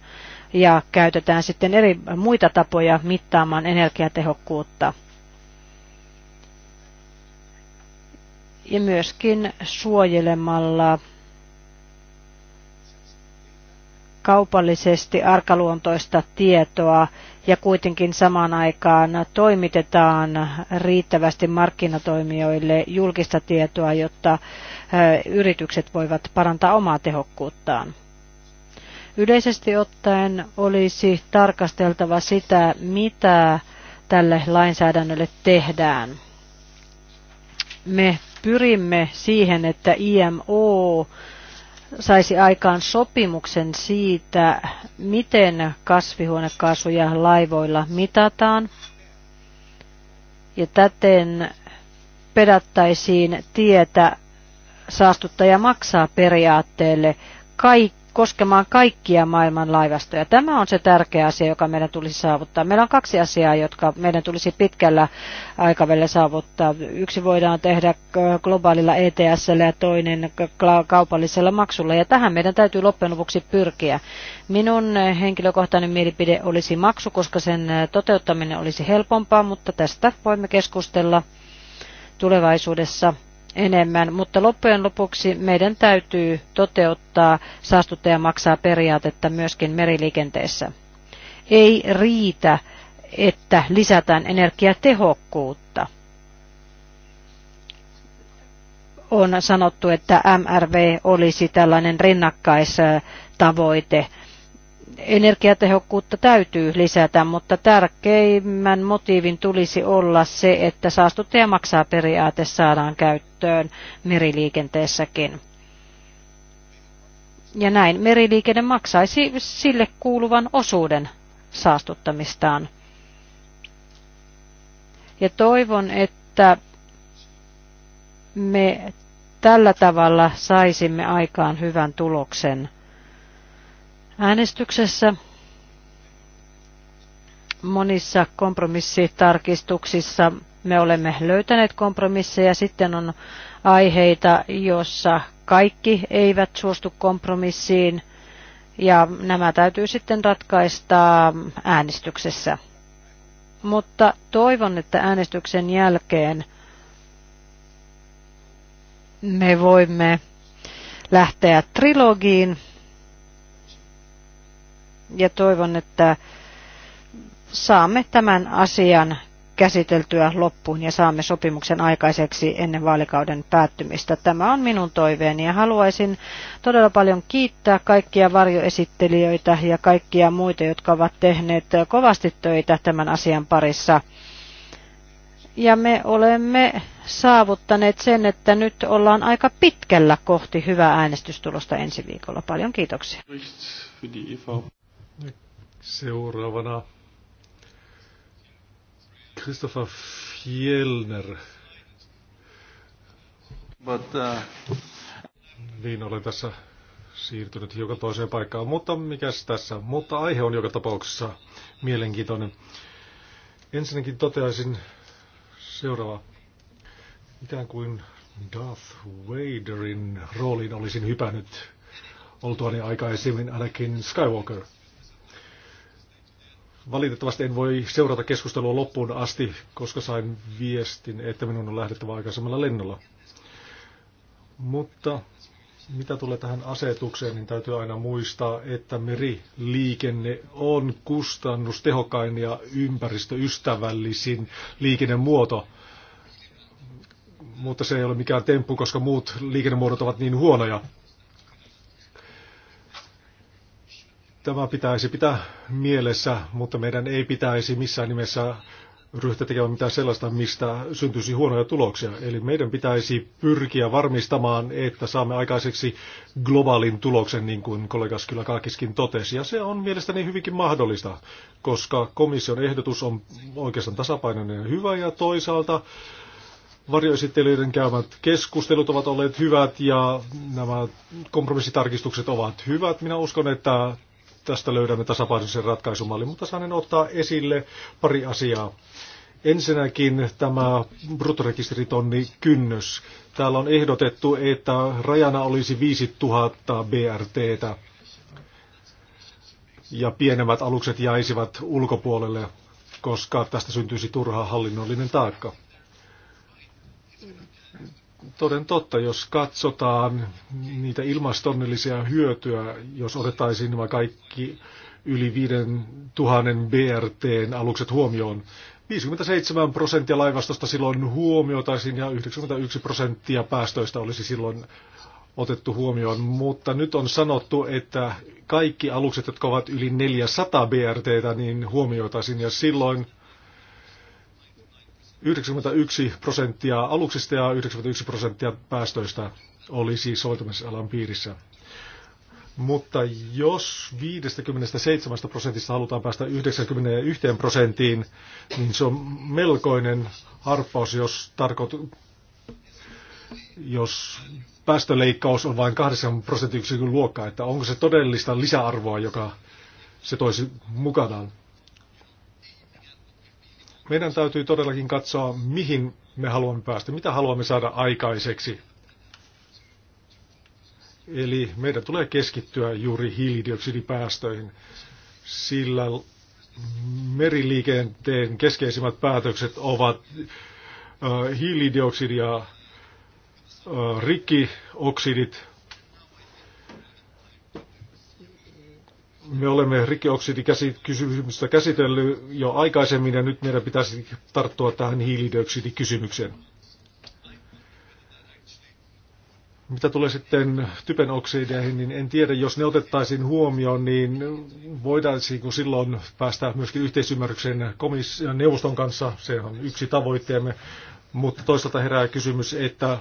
ja käytetään sitten eri muita tapoja mittaamaan energiatehokkuutta. Ja myöskin suojelemalla kaupallisesti arkaluontoista tietoa ja kuitenkin samaan aikaan toimitetaan riittävästi markkinatoimijoille julkista tietoa, jotta yritykset voivat parantaa omaa tehokkuuttaan. Yleisesti ottaen olisi tarkasteltava sitä, mitä tälle lainsäädännölle tehdään. Me pyrimme siihen, että IMO saisi aikaan sopimuksen siitä, miten kasvihuonekaasuja laivoilla mitataan. Ja täten pedattaisiin tietä saastuttaja maksaa periaatteelle. Kaikki koskemaan kaikkia maailman laivastoja. Tämä on se tärkeä asia, joka meidän tulisi saavuttaa. Meillä on kaksi asiaa, jotka meidän tulisi pitkällä aikavälillä saavuttaa. Yksi voidaan tehdä globaalilla ETS ja toinen kaupallisella maksulla. Ja tähän meidän täytyy loppujen lopuksi pyrkiä. Minun henkilökohtainen mielipide olisi maksu, koska sen toteuttaminen olisi helpompaa, mutta tästä voimme keskustella tulevaisuudessa enemmän, mutta loppujen lopuksi meidän täytyy toteuttaa saastuttaja maksaa periaatetta myöskin meriliikenteessä. Ei riitä, että lisätään energiatehokkuutta. On sanottu, että MRV olisi tällainen rinnakkaistavoite. tavoite energiatehokkuutta täytyy lisätä, mutta tärkeimmän motiivin tulisi olla se, että saastuttaja maksaa periaate saadaan käyttöön meriliikenteessäkin. Ja näin meriliikenne maksaisi sille kuuluvan osuuden saastuttamistaan. Ja toivon, että me tällä tavalla saisimme aikaan hyvän tuloksen äänestyksessä. Monissa kompromissitarkistuksissa me olemme löytäneet kompromisseja. Sitten on aiheita, joissa kaikki eivät suostu kompromissiin ja nämä täytyy sitten ratkaista äänestyksessä. Mutta toivon, että äänestyksen jälkeen me voimme lähteä trilogiin ja toivon, että saamme tämän asian käsiteltyä loppuun ja saamme sopimuksen aikaiseksi ennen vaalikauden päättymistä. Tämä on minun toiveeni ja haluaisin todella paljon kiittää kaikkia varjoesittelijöitä ja kaikkia muita, jotka ovat tehneet kovasti töitä tämän asian parissa. Ja me olemme saavuttaneet sen, että nyt ollaan aika pitkällä kohti hyvää äänestystulosta ensi viikolla. Paljon kiitoksia. Seuraavana Christopher Fjellner. But, uh... Niin, olen tässä siirtynyt hiukan toiseen paikkaan, mutta mikäs tässä? Mutta aihe on joka tapauksessa mielenkiintoinen. Ensinnäkin toteaisin seuraava. Ikään kuin Darth Vaderin rooliin olisin hypännyt oltuani aikaisemmin ainakin Skywalker – Valitettavasti en voi seurata keskustelua loppuun asti, koska sain viestin, että minun on lähdettävä aikaisemmalla lennolla. Mutta mitä tulee tähän asetukseen, niin täytyy aina muistaa, että meriliikenne on kustannustehokkain ja ympäristöystävällisin liikennemuoto. Mutta se ei ole mikään temppu, koska muut liikennemuodot ovat niin huonoja. Tämä pitäisi pitää mielessä, mutta meidän ei pitäisi missään nimessä ryhtyä tekemään mitään sellaista, mistä syntyisi huonoja tuloksia. Eli meidän pitäisi pyrkiä varmistamaan, että saamme aikaiseksi globaalin tuloksen, niin kuin kollegas kyllä Kaakiskin totesi. Ja se on mielestäni hyvinkin mahdollista, koska komission ehdotus on oikeastaan tasapainoinen ja hyvä, ja toisaalta varjoesittelyiden käymät keskustelut ovat olleet hyvät ja nämä kompromissitarkistukset ovat hyvät. Minä uskon, että tästä löydämme tasapainoisen ratkaisumallin, mutta saanen ottaa esille pari asiaa. Ensinnäkin tämä bruttorekisteritonni kynnys. Täällä on ehdotettu, että rajana olisi 5000 BRT ja pienemmät alukset jäisivät ulkopuolelle, koska tästä syntyisi turha hallinnollinen taakka toden totta, jos katsotaan niitä ilmastonnellisia hyötyä, jos otettaisiin nämä kaikki yli 5000 BRTn alukset huomioon, 57 prosenttia laivastosta silloin huomioitaisiin ja 91 prosenttia päästöistä olisi silloin otettu huomioon, mutta nyt on sanottu, että kaikki alukset, jotka ovat yli 400 BRTtä, niin huomioitaisiin ja silloin 91 prosenttia aluksista ja 91 prosenttia päästöistä oli siis soveltamisalan piirissä. Mutta jos 57 prosentista halutaan päästä 91 prosenttiin, niin se on melkoinen harppaus, jos, tarkoit, jos päästöleikkaus on vain 8 prosenttiyksikön luokkaa, että onko se todellista lisäarvoa, joka se toisi mukanaan. Meidän täytyy todellakin katsoa, mihin me haluamme päästä, mitä haluamme saada aikaiseksi. Eli meidän tulee keskittyä juuri hiilidioksidipäästöihin, sillä meriliikenteen keskeisimmät päätökset ovat hiilidioksidia, rikkioksidit, me olemme rikkioksidikysymystä käsitellyt jo aikaisemmin ja nyt meidän pitäisi tarttua tähän hiilidioksidikysymykseen. Mitä tulee sitten typen oksideihin, niin en tiedä, jos ne otettaisiin huomioon, niin voitaisiinko silloin päästä myöskin yhteisymmärrykseen komission neuvoston kanssa, se on yksi tavoitteemme, mutta toisaalta herää kysymys, että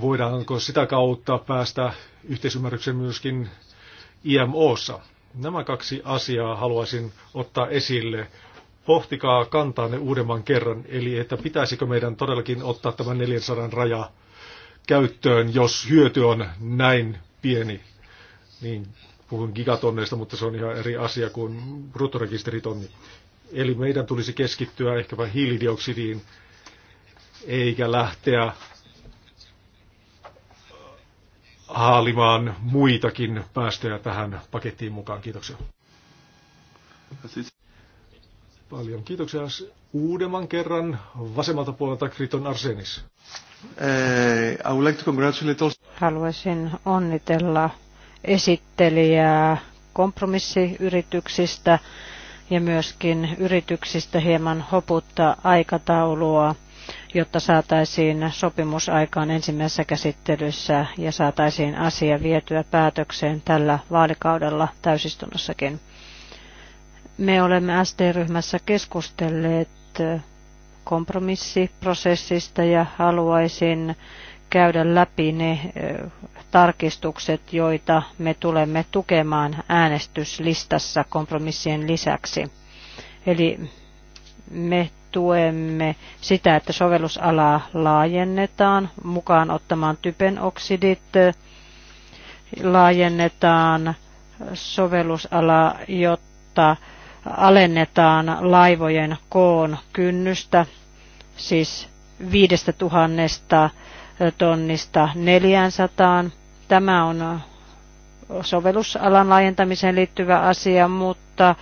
voidaanko sitä kautta päästä yhteisymmärrykseen myöskin IMOssa. Nämä kaksi asiaa haluaisin ottaa esille. Pohtikaa ne uudemman kerran, eli että pitäisikö meidän todellakin ottaa tämä 400 raja käyttöön, jos hyöty on näin pieni. Niin puhun gigatonneista, mutta se on ihan eri asia kuin bruttorekisteritonni. Eli meidän tulisi keskittyä ehkäpä hiilidioksidiin, eikä lähteä haalimaan muitakin päästöjä tähän pakettiin mukaan. Kiitoksia. Paljon kiitoksia. Uudemman kerran vasemmalta puolelta Kriton Arsenis. Eh, Haluaisin onnitella esittelijää kompromissiyrityksistä ja myöskin yrityksistä hieman hoputtaa aikataulua jotta saataisiin sopimus aikaan ensimmäisessä käsittelyssä ja saataisiin asia vietyä päätökseen tällä vaalikaudella täysistunnossakin. Me olemme SD-ryhmässä keskustelleet kompromissiprosessista ja haluaisin käydä läpi ne tarkistukset, joita me tulemme tukemaan äänestyslistassa kompromissien lisäksi. Eli me tuemme sitä, että sovellusalaa laajennetaan mukaan ottamaan typen oksidit, laajennetaan sovellusala, jotta alennetaan laivojen koon kynnystä, siis 5000 tonnista 400. Tämä on sovellusalan laajentamiseen liittyvä asia, mutta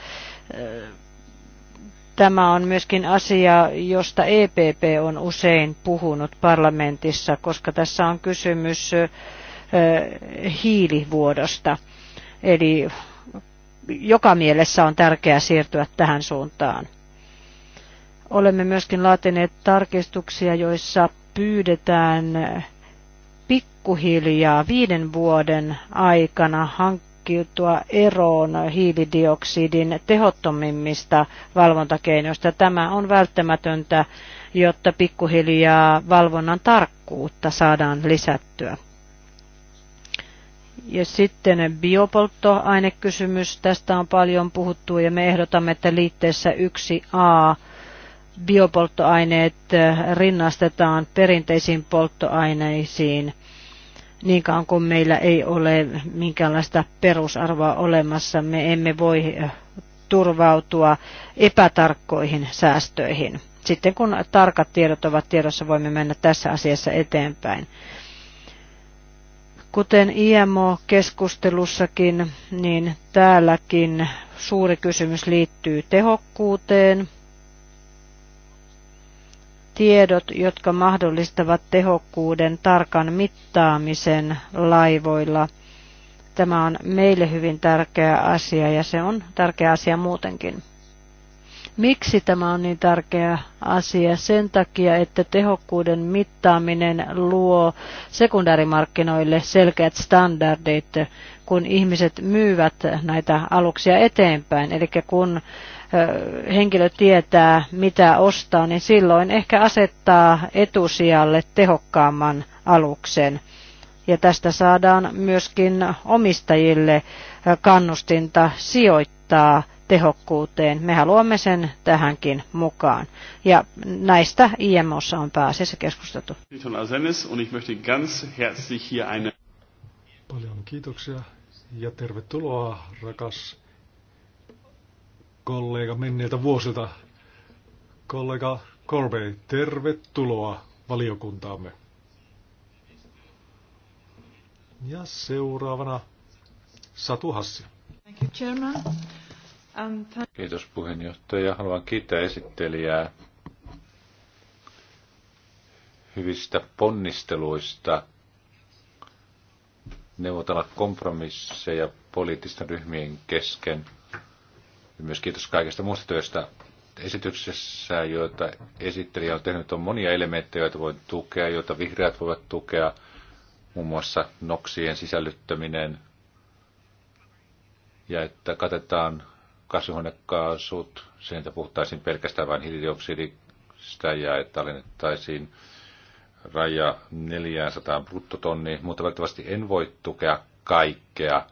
Tämä on myöskin asia, josta EPP on usein puhunut parlamentissa, koska tässä on kysymys hiilivuodosta. Eli joka mielessä on tärkeää siirtyä tähän suuntaan. Olemme myöskin laatineet tarkistuksia, joissa pyydetään pikkuhiljaa viiden vuoden aikana hankkeen pyrkiutua eroon hiilidioksidin tehottomimmista valvontakeinoista. Tämä on välttämätöntä, jotta pikkuhiljaa valvonnan tarkkuutta saadaan lisättyä. Ja sitten biopolttoainekysymys. Tästä on paljon puhuttu ja me ehdotamme, että liitteessä 1a biopolttoaineet rinnastetaan perinteisiin polttoaineisiin niin kauan kuin meillä ei ole minkäänlaista perusarvoa olemassa, me emme voi eh, turvautua epätarkkoihin säästöihin. Sitten kun tarkat tiedot ovat tiedossa, voimme mennä tässä asiassa eteenpäin. Kuten IMO-keskustelussakin, niin täälläkin suuri kysymys liittyy tehokkuuteen – tiedot, jotka mahdollistavat tehokkuuden tarkan mittaamisen laivoilla. Tämä on meille hyvin tärkeä asia ja se on tärkeä asia muutenkin. Miksi tämä on niin tärkeä asia? Sen takia, että tehokkuuden mittaaminen luo sekundäärimarkkinoille selkeät standardit, kun ihmiset myyvät näitä aluksia eteenpäin. Eli kun henkilö tietää, mitä ostaa, niin silloin ehkä asettaa etusijalle tehokkaamman aluksen. Ja tästä saadaan myöskin omistajille kannustinta sijoittaa tehokkuuteen. Me haluamme sen tähänkin mukaan. Ja näistä IMOssa on pääasiassa keskusteltu. Paljon kiitoksia ja tervetuloa rakas kollega menneiltä vuosilta. Kollega Korbe, tervetuloa valiokuntaamme. Ja seuraavana Satu Hassi. Thank you, Chairman. Um, Kiitos puheenjohtaja. Haluan kiittää esittelijää hyvistä ponnisteluista neuvotella kompromisseja poliittisten ryhmien kesken – myös kiitos kaikesta muusta työstä esityksessä, joita esittelijä on tehnyt, on monia elementtejä, joita voi tukea, joita vihreät voivat tukea, muun muassa noksien sisällyttäminen ja että katetaan kasvihuonekaasut, sen, että puhuttaisiin pelkästään vain hiilidioksidista ja että alennettaisiin raja 400 bruttotonni, mutta valitettavasti en voi tukea kaikkea,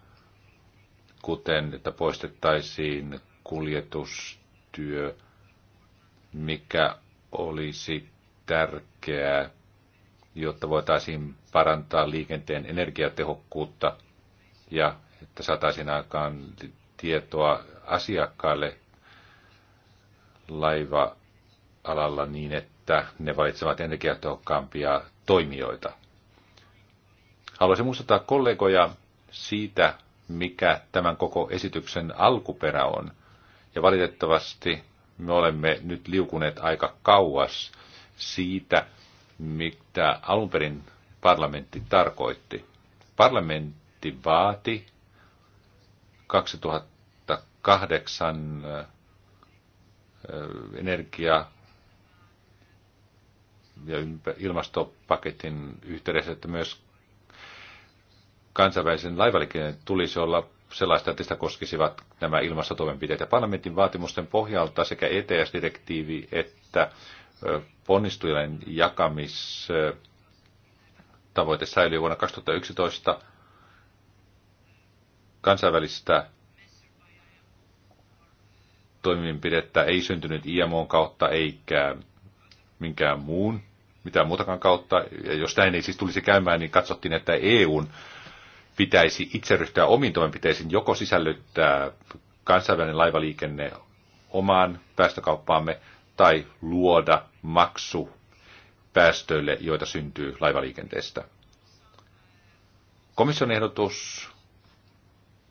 kuten että poistettaisiin kuljetustyö, mikä olisi tärkeää, jotta voitaisiin parantaa liikenteen energiatehokkuutta ja että saataisiin aikaan tietoa asiakkaille laiva-alalla niin, että ne valitsevat energiatehokkaampia toimijoita. Haluaisin muistuttaa kollegoja siitä, mikä tämän koko esityksen alkuperä on. Ja valitettavasti me olemme nyt liukuneet aika kauas siitä, mitä alun perin parlamentti tarkoitti. Parlamentti vaati 2008 äh, energia- ja ilmastopaketin yhteydessä, että myös kansainvälisen laivaliikenteen tulisi olla sellaista, että sitä koskisivat nämä ilmastotoimenpiteet. Ja parlamentin vaatimusten pohjalta sekä ETS-direktiivi että ponnistujien jakamistavoite säilyy vuonna 2011 kansainvälistä toimenpidettä ei syntynyt IMOn kautta eikä minkään muun, mitään muutakaan kautta. Ja jos näin ei siis tulisi käymään, niin katsottiin, että EUn pitäisi itse ryhtyä omiin toimenpiteisiin, joko sisällyttää kansainvälinen laivaliikenne omaan päästökauppaamme tai luoda maksu päästöille, joita syntyy laivaliikenteestä. Komission ehdotus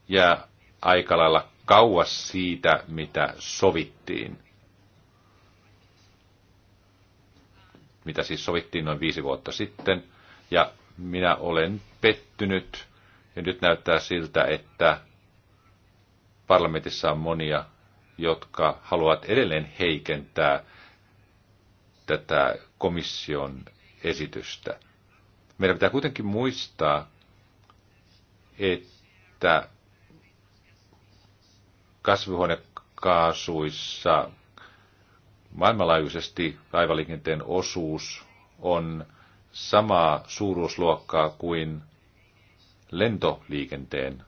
jää aika lailla kauas siitä, mitä sovittiin. Mitä siis sovittiin noin viisi vuotta sitten. Ja minä olen pettynyt ja nyt näyttää siltä, että parlamentissa on monia, jotka haluavat edelleen heikentää tätä komission esitystä. Meidän pitää kuitenkin muistaa, että kasvihuonekaasuissa maailmanlaajuisesti laivaliikenteen osuus on samaa suuruusluokkaa kuin lentoliikenteen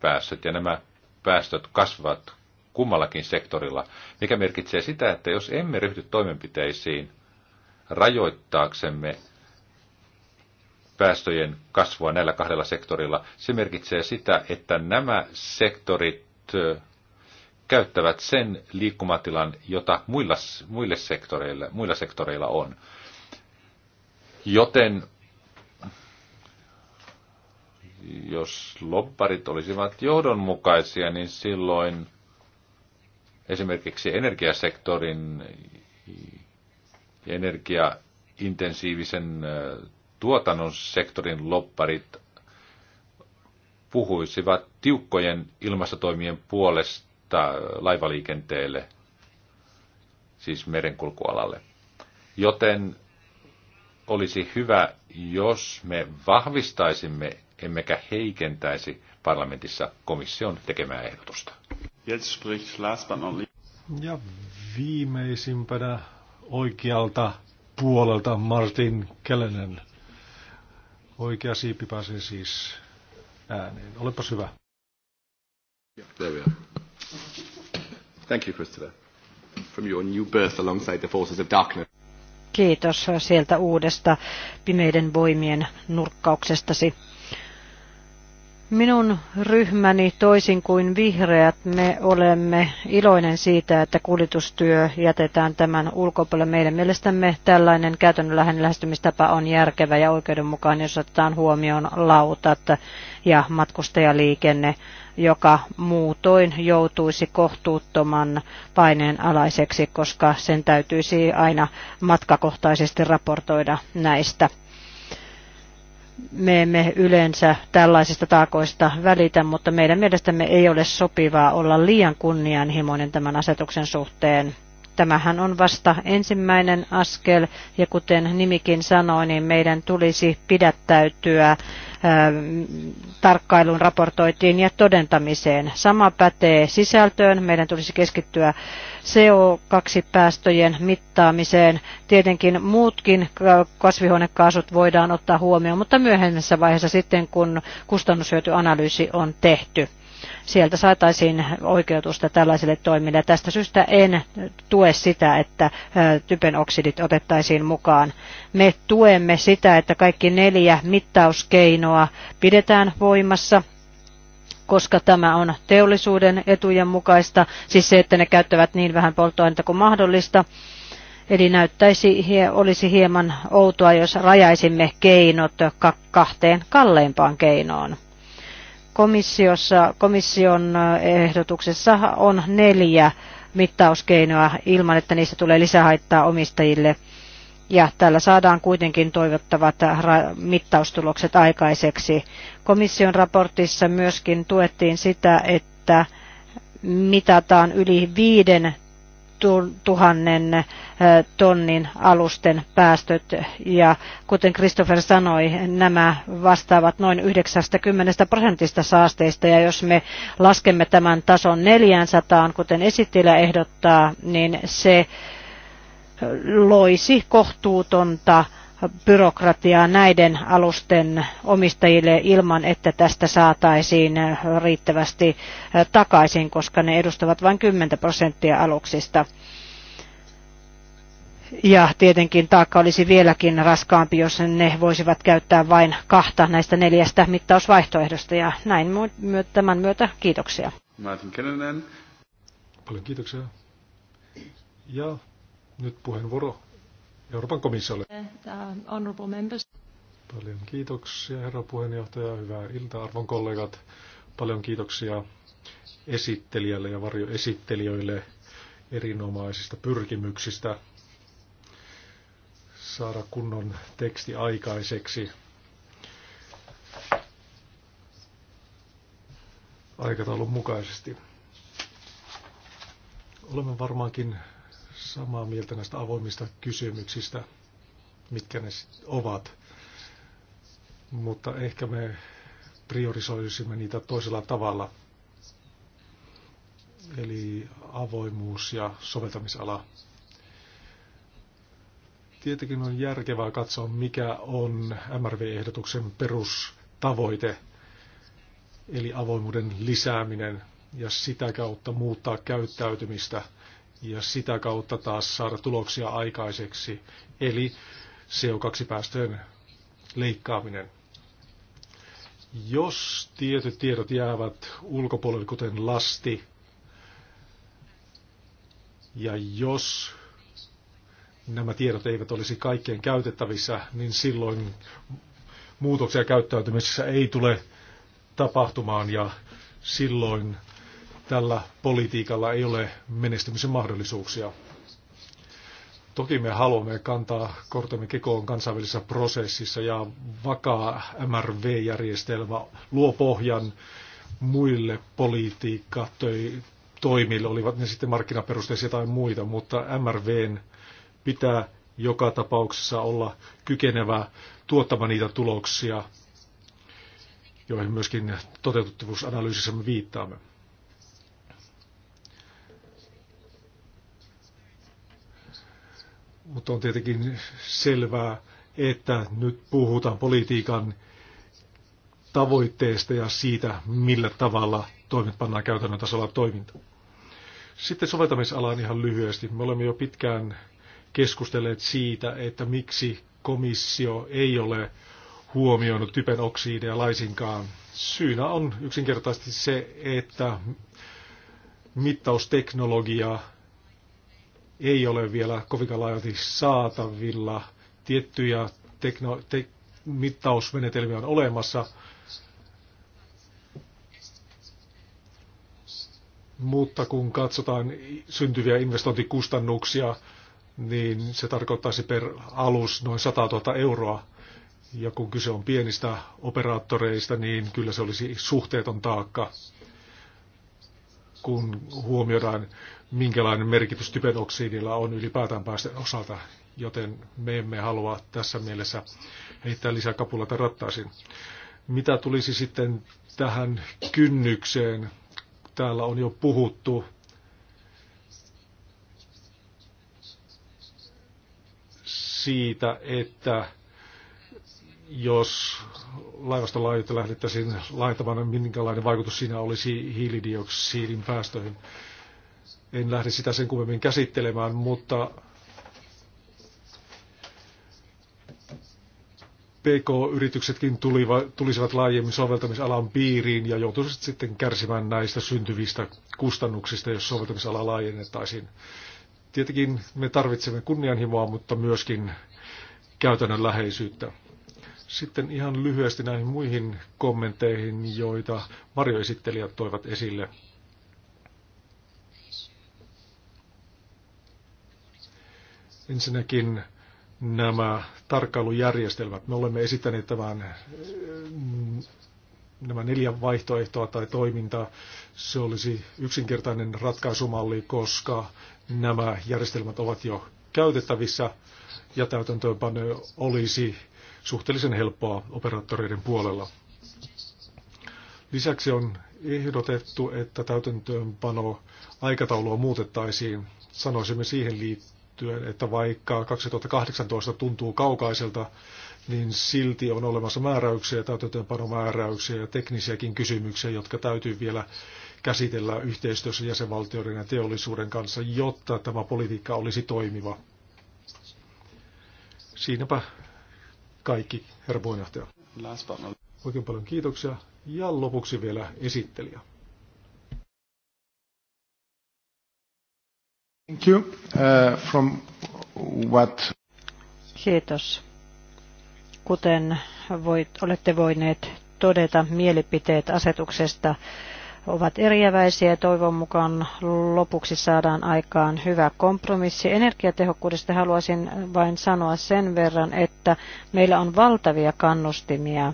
päästöt, ja nämä päästöt kasvavat kummallakin sektorilla, mikä merkitsee sitä, että jos emme ryhdy toimenpiteisiin rajoittaaksemme päästöjen kasvua näillä kahdella sektorilla, se merkitsee sitä, että nämä sektorit käyttävät sen liikkumatilan, jota muilla, muille sektoreilla, muilla sektoreilla on. Joten jos lobbarit olisivat johdonmukaisia, niin silloin esimerkiksi energiasektorin ja energiaintensiivisen tuotannon sektorin lopparit puhuisivat tiukkojen ilmastotoimien puolesta laivaliikenteelle, siis merenkulkualalle. Joten olisi hyvä, jos me vahvistaisimme emmekä heikentäisi parlamentissa komission tekemää ehdotusta. Ja viimeisimpänä oikealta puolelta Martin Kelenen. Oikea siipi pääsee siis ääneen. Olepa hyvä. There we are. Thank you, Christopher. From your new birth alongside the forces of darkness. Kiitos sieltä uudesta pimeiden voimien nurkkauksestasi. Minun ryhmäni, toisin kuin vihreät, me olemme iloinen siitä, että kuljetustyö jätetään tämän ulkopuolelle. Meidän mielestämme tällainen käytännönläheinen lähestymistapa on järkevä ja oikeudenmukainen, jos otetaan huomioon lautat ja matkustajaliikenne, joka muutoin joutuisi kohtuuttoman paineen alaiseksi, koska sen täytyisi aina matkakohtaisesti raportoida näistä me emme yleensä tällaisista taakoista välitä, mutta meidän mielestämme ei ole sopivaa olla liian kunnianhimoinen tämän asetuksen suhteen. Tämähän on vasta ensimmäinen askel ja kuten nimikin sanoi, niin meidän tulisi pidättäytyä tarkkailuun, raportointiin ja todentamiseen. Sama pätee sisältöön. Meidän tulisi keskittyä CO2-päästöjen mittaamiseen. Tietenkin muutkin kasvihuonekaasut voidaan ottaa huomioon, mutta myöhemmässä vaiheessa sitten, kun kustannushyötyanalyysi on tehty sieltä saataisiin oikeutusta tällaisille toimille. Tästä syystä en tue sitä, että typen oksidit otettaisiin mukaan. Me tuemme sitä, että kaikki neljä mittauskeinoa pidetään voimassa koska tämä on teollisuuden etujen mukaista, siis se, että ne käyttävät niin vähän polttoainetta kuin mahdollista. Eli näyttäisi, olisi hieman outoa, jos rajaisimme keinot kahteen kalleimpaan keinoon. Komissiossa, komission ehdotuksessa on neljä mittauskeinoa ilman, että niistä tulee lisähaittaa omistajille. Ja tällä saadaan kuitenkin toivottavat mittaustulokset aikaiseksi. Komission raportissa myöskin tuettiin sitä, että mitataan yli viiden tuhannen tonnin alusten päästöt ja kuten Christopher sanoi, nämä vastaavat noin 90 prosentista saasteista ja jos me laskemme tämän tason 400, kuten esittelijä ehdottaa, niin se loisi kohtuutonta byrokratiaa näiden alusten omistajille ilman, että tästä saataisiin riittävästi eh, takaisin, koska ne edustavat vain 10 prosenttia aluksista. Ja tietenkin taakka olisi vieläkin raskaampi, jos ne voisivat käyttää vain kahta näistä neljästä mittausvaihtoehdosta. Ja näin tämän myötä kiitoksia. Martin Paljon kiitoksia. Ja nyt puheenvuoro Euroopan komissiolle. Eh, Paljon kiitoksia, herra puheenjohtaja. Hyvää iltaa, arvon kollegat. Paljon kiitoksia esittelijälle ja varjoesittelijöille erinomaisista pyrkimyksistä saada kunnon teksti aikaiseksi. aikataulun mukaisesti. Olemme varmaankin samaa mieltä näistä avoimista kysymyksistä, mitkä ne ovat. Mutta ehkä me priorisoisimme niitä toisella tavalla. Eli avoimuus ja soveltamisala. Tietenkin on järkevää katsoa, mikä on MRV-ehdotuksen perustavoite, eli avoimuuden lisääminen ja sitä kautta muuttaa käyttäytymistä – ja sitä kautta taas saada tuloksia aikaiseksi, eli CO2-päästöjen leikkaaminen. Jos tietyt tiedot jäävät ulkopuolelle, kuten lasti, ja jos nämä tiedot eivät olisi kaikkien käytettävissä, niin silloin muutoksia käyttäytymisessä ei tule tapahtumaan ja silloin Tällä politiikalla ei ole menestymisen mahdollisuuksia. Toki me haluamme kantaa kortemme kekoon kansainvälisessä prosessissa ja vakaa MRV-järjestelmä luo pohjan muille politiikkatoimille, olivat ne sitten markkinaperusteisia tai muita, mutta MRVn pitää joka tapauksessa olla kykenevä tuottamaan niitä tuloksia, joihin myöskin toteutettavuusanalyysissämme viittaamme. Mutta on tietenkin selvää, että nyt puhutaan politiikan tavoitteesta ja siitä, millä tavalla toimet pannaan käytännön tasolla toiminta. Sitten soveltamisalaan ihan lyhyesti. Me olemme jo pitkään keskustelleet siitä, että miksi komissio ei ole huomioinut typen oksideja laisinkaan. Syynä on yksinkertaisesti se, että mittausteknologia ei ole vielä kovinkaan laajalti saatavilla. Tiettyjä tekno, te, mittausmenetelmiä on olemassa, mutta kun katsotaan syntyviä investointikustannuksia, niin se tarkoittaisi per alus noin 100 000 euroa. Ja kun kyse on pienistä operaattoreista, niin kyllä se olisi suhteeton taakka kun huomioidaan, minkälainen merkitys oksidilla on ylipäätään päästön osalta, joten me emme halua tässä mielessä heittää lisää kapulata rattaisiin. Mitä tulisi sitten tähän kynnykseen? Täällä on jo puhuttu siitä, että jos laivasta laajuutta lähdettäisiin laitamaan, niin minkälainen vaikutus siinä olisi hiilidioksidin päästöihin. En lähde sitä sen kummemmin käsittelemään, mutta PK-yrityksetkin tulisivat laajemmin soveltamisalan piiriin ja joutuisivat sitten kärsimään näistä syntyvistä kustannuksista, jos soveltamisala laajennettaisiin. Tietenkin me tarvitsemme kunnianhimoa, mutta myöskin käytännön läheisyyttä. Sitten ihan lyhyesti näihin muihin kommentteihin, joita varjoesittelijät toivat esille. Ensinnäkin nämä tarkkailujärjestelmät. Me olemme esittäneet tämän, mm, nämä neljä vaihtoehtoa tai toimintaa. Se olisi yksinkertainen ratkaisumalli, koska nämä järjestelmät ovat jo käytettävissä ja täytäntöönpano olisi suhteellisen helppoa operaattoreiden puolella. Lisäksi on ehdotettu, että täytäntöönpano aikataulua muutettaisiin. Sanoisimme siihen liittyen, että vaikka 2018 tuntuu kaukaiselta, niin silti on olemassa määräyksiä, täytäntöönpanomääräyksiä ja teknisiäkin kysymyksiä, jotka täytyy vielä käsitellä yhteistyössä jäsenvaltioiden ja teollisuuden kanssa, jotta tämä politiikka olisi toimiva. Siinäpä kaikki, herra puheenjohtaja. Oikein paljon kiitoksia ja lopuksi vielä esittelijä. Thank you. Uh, from what... Kiitos. Kuten voit, olette voineet todeta, mielipiteet asetuksesta ovat eriäväisiä ja toivon mukaan lopuksi saadaan aikaan hyvä kompromissi. Energiatehokkuudesta haluaisin vain sanoa sen verran, että meillä on valtavia kannustimia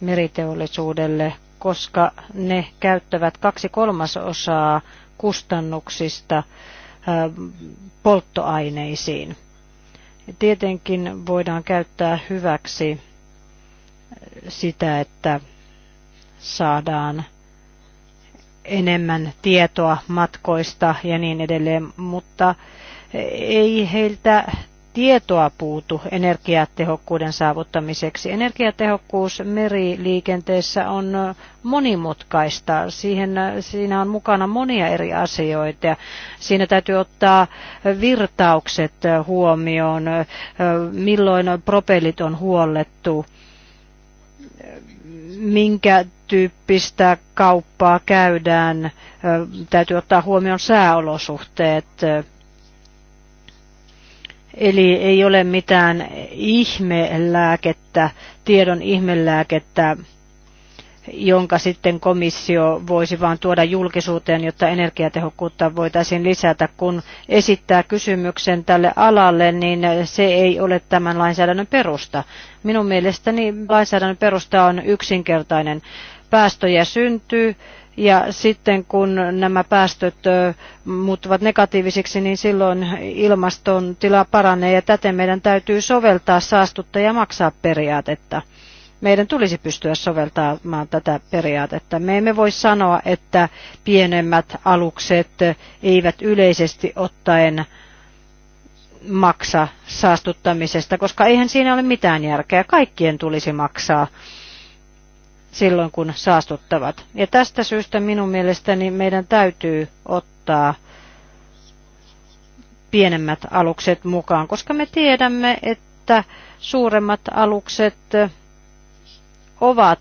meriteollisuudelle, koska ne käyttävät kaksi kolmasosaa kustannuksista polttoaineisiin. Tietenkin voidaan käyttää hyväksi sitä, että saadaan enemmän tietoa matkoista ja niin edelleen, mutta ei heiltä tietoa puutu energiatehokkuuden saavuttamiseksi. Energiatehokkuus meriliikenteessä on monimutkaista. Siihen, siinä on mukana monia eri asioita. Siinä täytyy ottaa virtaukset huomioon, milloin propellit on huollettu minkä tyyppistä kauppaa käydään. Täytyy ottaa huomioon sääolosuhteet. Eli ei ole mitään ihmelääkettä, tiedon ihmelääkettä, jonka sitten komissio voisi vain tuoda julkisuuteen, jotta energiatehokkuutta voitaisiin lisätä. Kun esittää kysymyksen tälle alalle, niin se ei ole tämän lainsäädännön perusta. Minun mielestäni lainsäädännön perusta on yksinkertainen. Päästöjä syntyy, ja sitten kun nämä päästöt muuttuvat negatiivisiksi, niin silloin ilmaston tila paranee ja täten meidän täytyy soveltaa saastuttaja maksaa periaatetta meidän tulisi pystyä soveltamaan tätä periaatetta. Me emme voi sanoa, että pienemmät alukset eivät yleisesti ottaen maksa saastuttamisesta, koska eihän siinä ole mitään järkeä. Kaikkien tulisi maksaa silloin, kun saastuttavat. Ja tästä syystä minun mielestäni meidän täytyy ottaa pienemmät alukset mukaan, koska me tiedämme, että suuremmat alukset ovat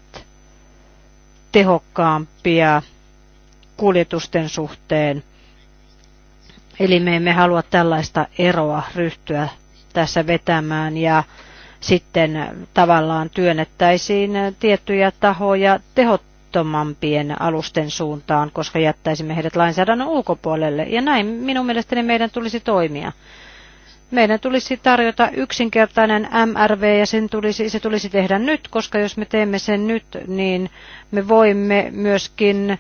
tehokkaampia kuljetusten suhteen. Eli me emme halua tällaista eroa ryhtyä tässä vetämään ja sitten tavallaan työnnettäisiin tiettyjä tahoja tehottomampien alusten suuntaan, koska jättäisimme heidät lainsäädännön ulkopuolelle. Ja näin minun mielestäni meidän tulisi toimia meidän tulisi tarjota yksinkertainen MRV ja sen tulisi, se tulisi tehdä nyt, koska jos me teemme sen nyt, niin me voimme myöskin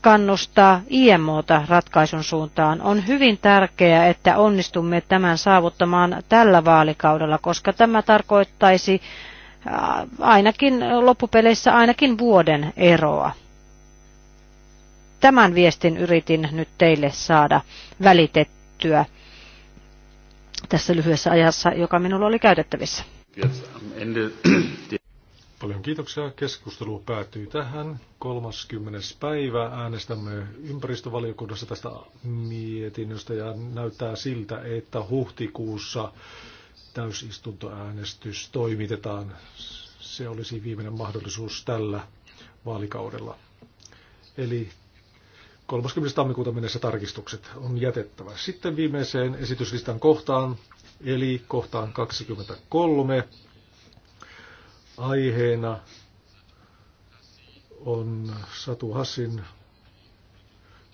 kannustaa IMOta ratkaisun suuntaan. On hyvin tärkeää, että onnistumme tämän saavuttamaan tällä vaalikaudella, koska tämä tarkoittaisi ainakin loppupeleissä ainakin vuoden eroa. Tämän viestin yritin nyt teille saada välitettyä tässä lyhyessä ajassa, joka minulla oli käytettävissä. Paljon kiitoksia. Keskustelu päättyy tähän. 30. päivä äänestämme ympäristövaliokunnassa tästä mietinnöstä ja näyttää siltä, että huhtikuussa täysistuntoäänestys toimitetaan. Se olisi viimeinen mahdollisuus tällä vaalikaudella. Eli 30. tammikuuta mennessä tarkistukset on jätettävä. Sitten viimeiseen esityslistan kohtaan, eli kohtaan 23. Aiheena on Satu Hassin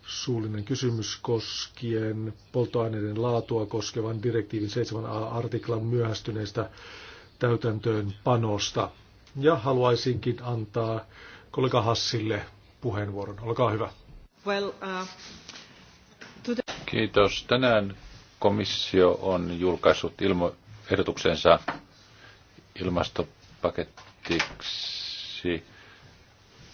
suullinen kysymys koskien polttoaineiden laatua koskevan direktiivin 7a-artiklan myöhästyneestä täytäntöön panosta. Ja haluaisinkin antaa kollega Hassille puheenvuoron. Olkaa hyvä. Well, uh, Kiitos. Tänään komissio on julkaissut ilmo- ehdotuksensa ilmastopakettiksi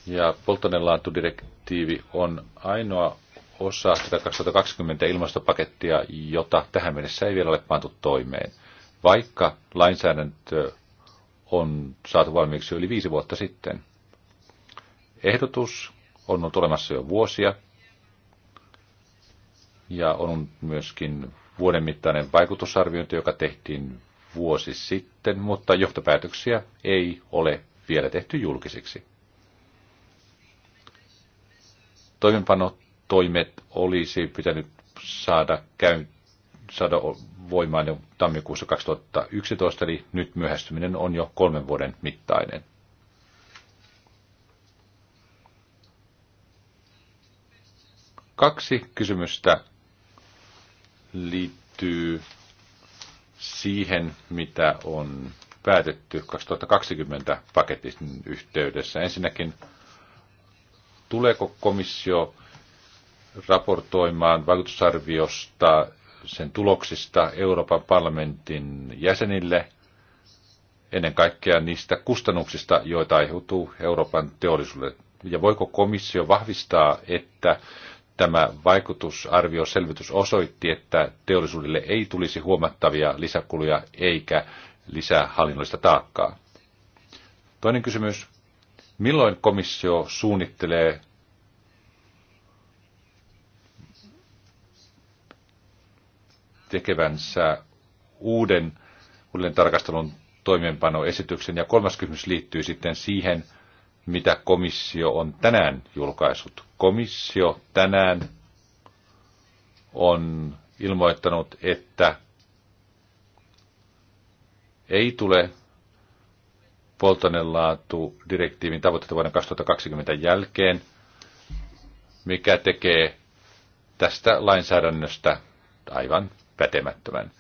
ja polttoainelaatudirektiivi on ainoa osa 2020 ilmastopakettia, jota tähän mennessä ei vielä ole pantu toimeen. Vaikka lainsäädäntö on saatu valmiiksi yli viisi vuotta sitten. Ehdotus on ollut olemassa jo vuosia ja on myöskin vuoden mittainen vaikutusarviointi, joka tehtiin vuosi sitten, mutta johtopäätöksiä ei ole vielä tehty julkisiksi. Toimenpanotoimet olisi pitänyt saada, käy, saada voimaan jo tammikuussa 2011, eli nyt myöhästyminen on jo kolmen vuoden mittainen. Kaksi kysymystä liittyy siihen, mitä on päätetty 2020 paketin yhteydessä. Ensinnäkin, tuleeko komissio raportoimaan vaikutusarviosta sen tuloksista Euroopan parlamentin jäsenille, ennen kaikkea niistä kustannuksista, joita aiheutuu Euroopan teollisuudelle. Ja voiko komissio vahvistaa, että Tämä vaikutusarvio selvitys osoitti, että teollisuudelle ei tulisi huomattavia lisäkuluja eikä lisää hallinnollista taakkaa. Toinen kysymys. Milloin komissio suunnittelee tekevänsä uuden uuden tarkastelun toimeenpanoesityksen? Ja kolmas kysymys liittyy sitten siihen, mitä komissio on tänään julkaissut komissio tänään on ilmoittanut, että ei tule direktiivin tavoitteita vuoden 2020 jälkeen, mikä tekee tästä lainsäädännöstä aivan pätemättömän.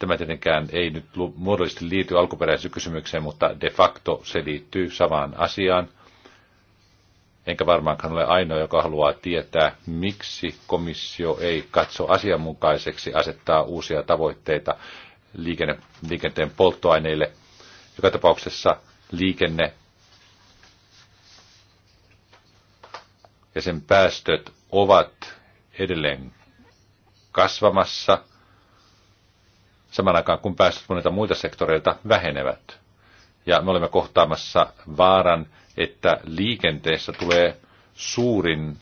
Tämä tietenkään ei nyt muodollisesti liity alkuperäiseen kysymykseen, mutta de facto se liittyy samaan asiaan. Enkä varmaankaan ole ainoa, joka haluaa tietää, miksi komissio ei katso asianmukaiseksi asettaa uusia tavoitteita liikenne, liikenteen polttoaineille. Joka tapauksessa liikenne ja sen päästöt ovat edelleen kasvamassa – samaan aikaan kun päästöt monilta muilta sektoreilta vähenevät. Ja me olemme kohtaamassa vaaran, että liikenteessä tulee suurin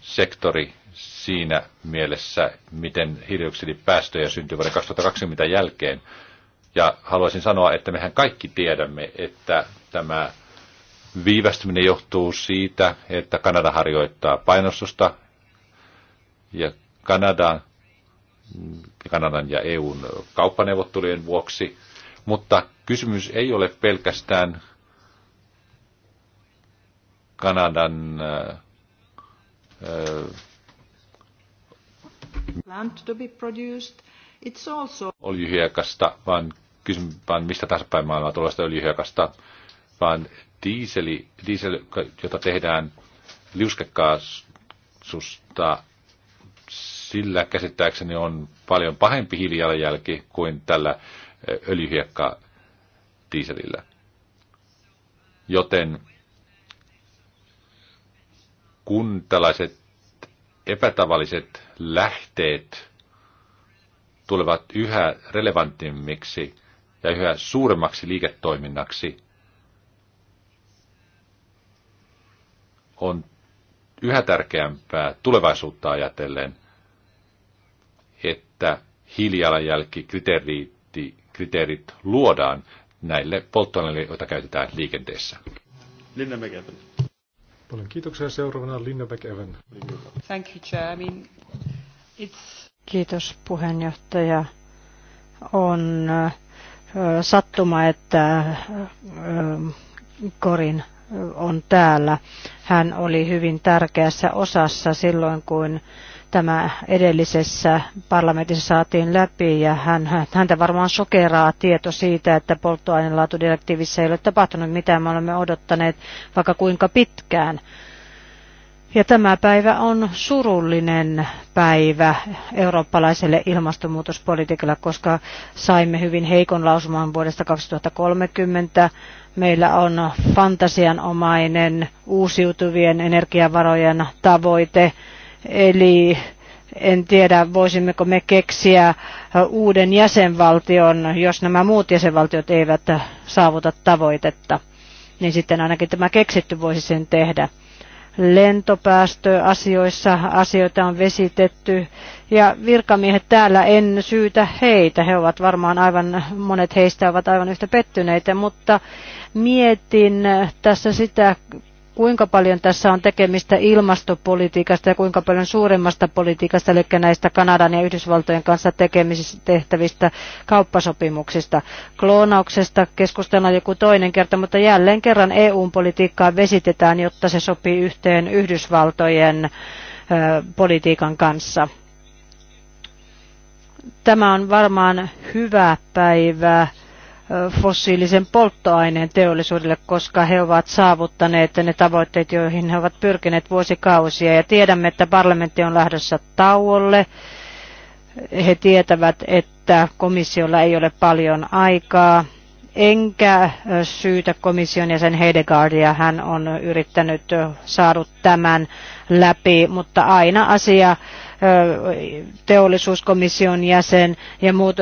sektori siinä mielessä, miten hiilidioksidipäästöjä syntyy vuoden 2020 jälkeen. Ja haluaisin sanoa, että mehän kaikki tiedämme, että tämä viivästyminen johtuu siitä, että Kanada harjoittaa painostusta ja Kanadan Kanadan ja EUn kauppaneuvottelujen vuoksi, mutta kysymys ei ole pelkästään Kanadan äh, äh, plant to be produced. It's also... öljyhiekasta, vaan kysymys vaan mistä tahansa päin maailmaa tuollaista öljyhiekasta, vaan diiseli, diesel, jota tehdään liuskekaasusta, sillä käsittääkseni on paljon pahempi hiilijalanjälki kuin tällä öljyhiekka dieselillä. Joten kun tällaiset epätavalliset lähteet tulevat yhä relevantimmiksi ja yhä suuremmaksi liiketoiminnaksi, on yhä tärkeämpää tulevaisuutta ajatellen – että hiilijalanjälkikriteerit luodaan näille polttoaineille, joita käytetään liikenteessä. Linna McEwen. Paljon kiitoksia. Seuraavana Linna McEwen. Thank you, Chair. I mean, it's... Kiitos puheenjohtaja. On sattuma, että Korin on täällä. Hän oli hyvin tärkeässä osassa silloin, kun tämä edellisessä parlamentissa saatiin läpi ja hän, häntä varmaan sokeraa tieto siitä, että polttoainelaatudirektiivissä ei ole tapahtunut mitään. Me olemme odottaneet vaikka kuinka pitkään. Ja tämä päivä on surullinen päivä eurooppalaiselle ilmastonmuutospolitiikalle, koska saimme hyvin heikon lausuman vuodesta 2030. Meillä on fantasianomainen uusiutuvien energiavarojen tavoite Eli en tiedä, voisimmeko me keksiä uuden jäsenvaltion, jos nämä muut jäsenvaltiot eivät saavuta tavoitetta. Niin sitten ainakin tämä keksitty voisi sen tehdä. Lentopäästöasioissa asioita on vesitetty ja virkamiehet täällä en syytä heitä. He ovat varmaan aivan, monet heistä ovat aivan yhtä pettyneitä, mutta mietin tässä sitä, kuinka paljon tässä on tekemistä ilmastopolitiikasta ja kuinka paljon suuremmasta politiikasta, eli näistä Kanadan ja Yhdysvaltojen kanssa tekemisissä tehtävistä kauppasopimuksista. Kloonauksesta keskustellaan joku toinen kerta, mutta jälleen kerran EU-politiikkaa vesitetään, jotta se sopii yhteen Yhdysvaltojen politiikan kanssa. Tämä on varmaan hyvä päivä fossiilisen polttoaineen teollisuudelle, koska he ovat saavuttaneet ne tavoitteet, joihin he ovat pyrkineet vuosikausia. Ja tiedämme, että parlamentti on lähdössä tauolle. He tietävät, että komissiolla ei ole paljon aikaa. Enkä syytä komission jäsen Hedegaardia, hän on yrittänyt saada tämän läpi, mutta aina asia teollisuuskomission jäsen ja muut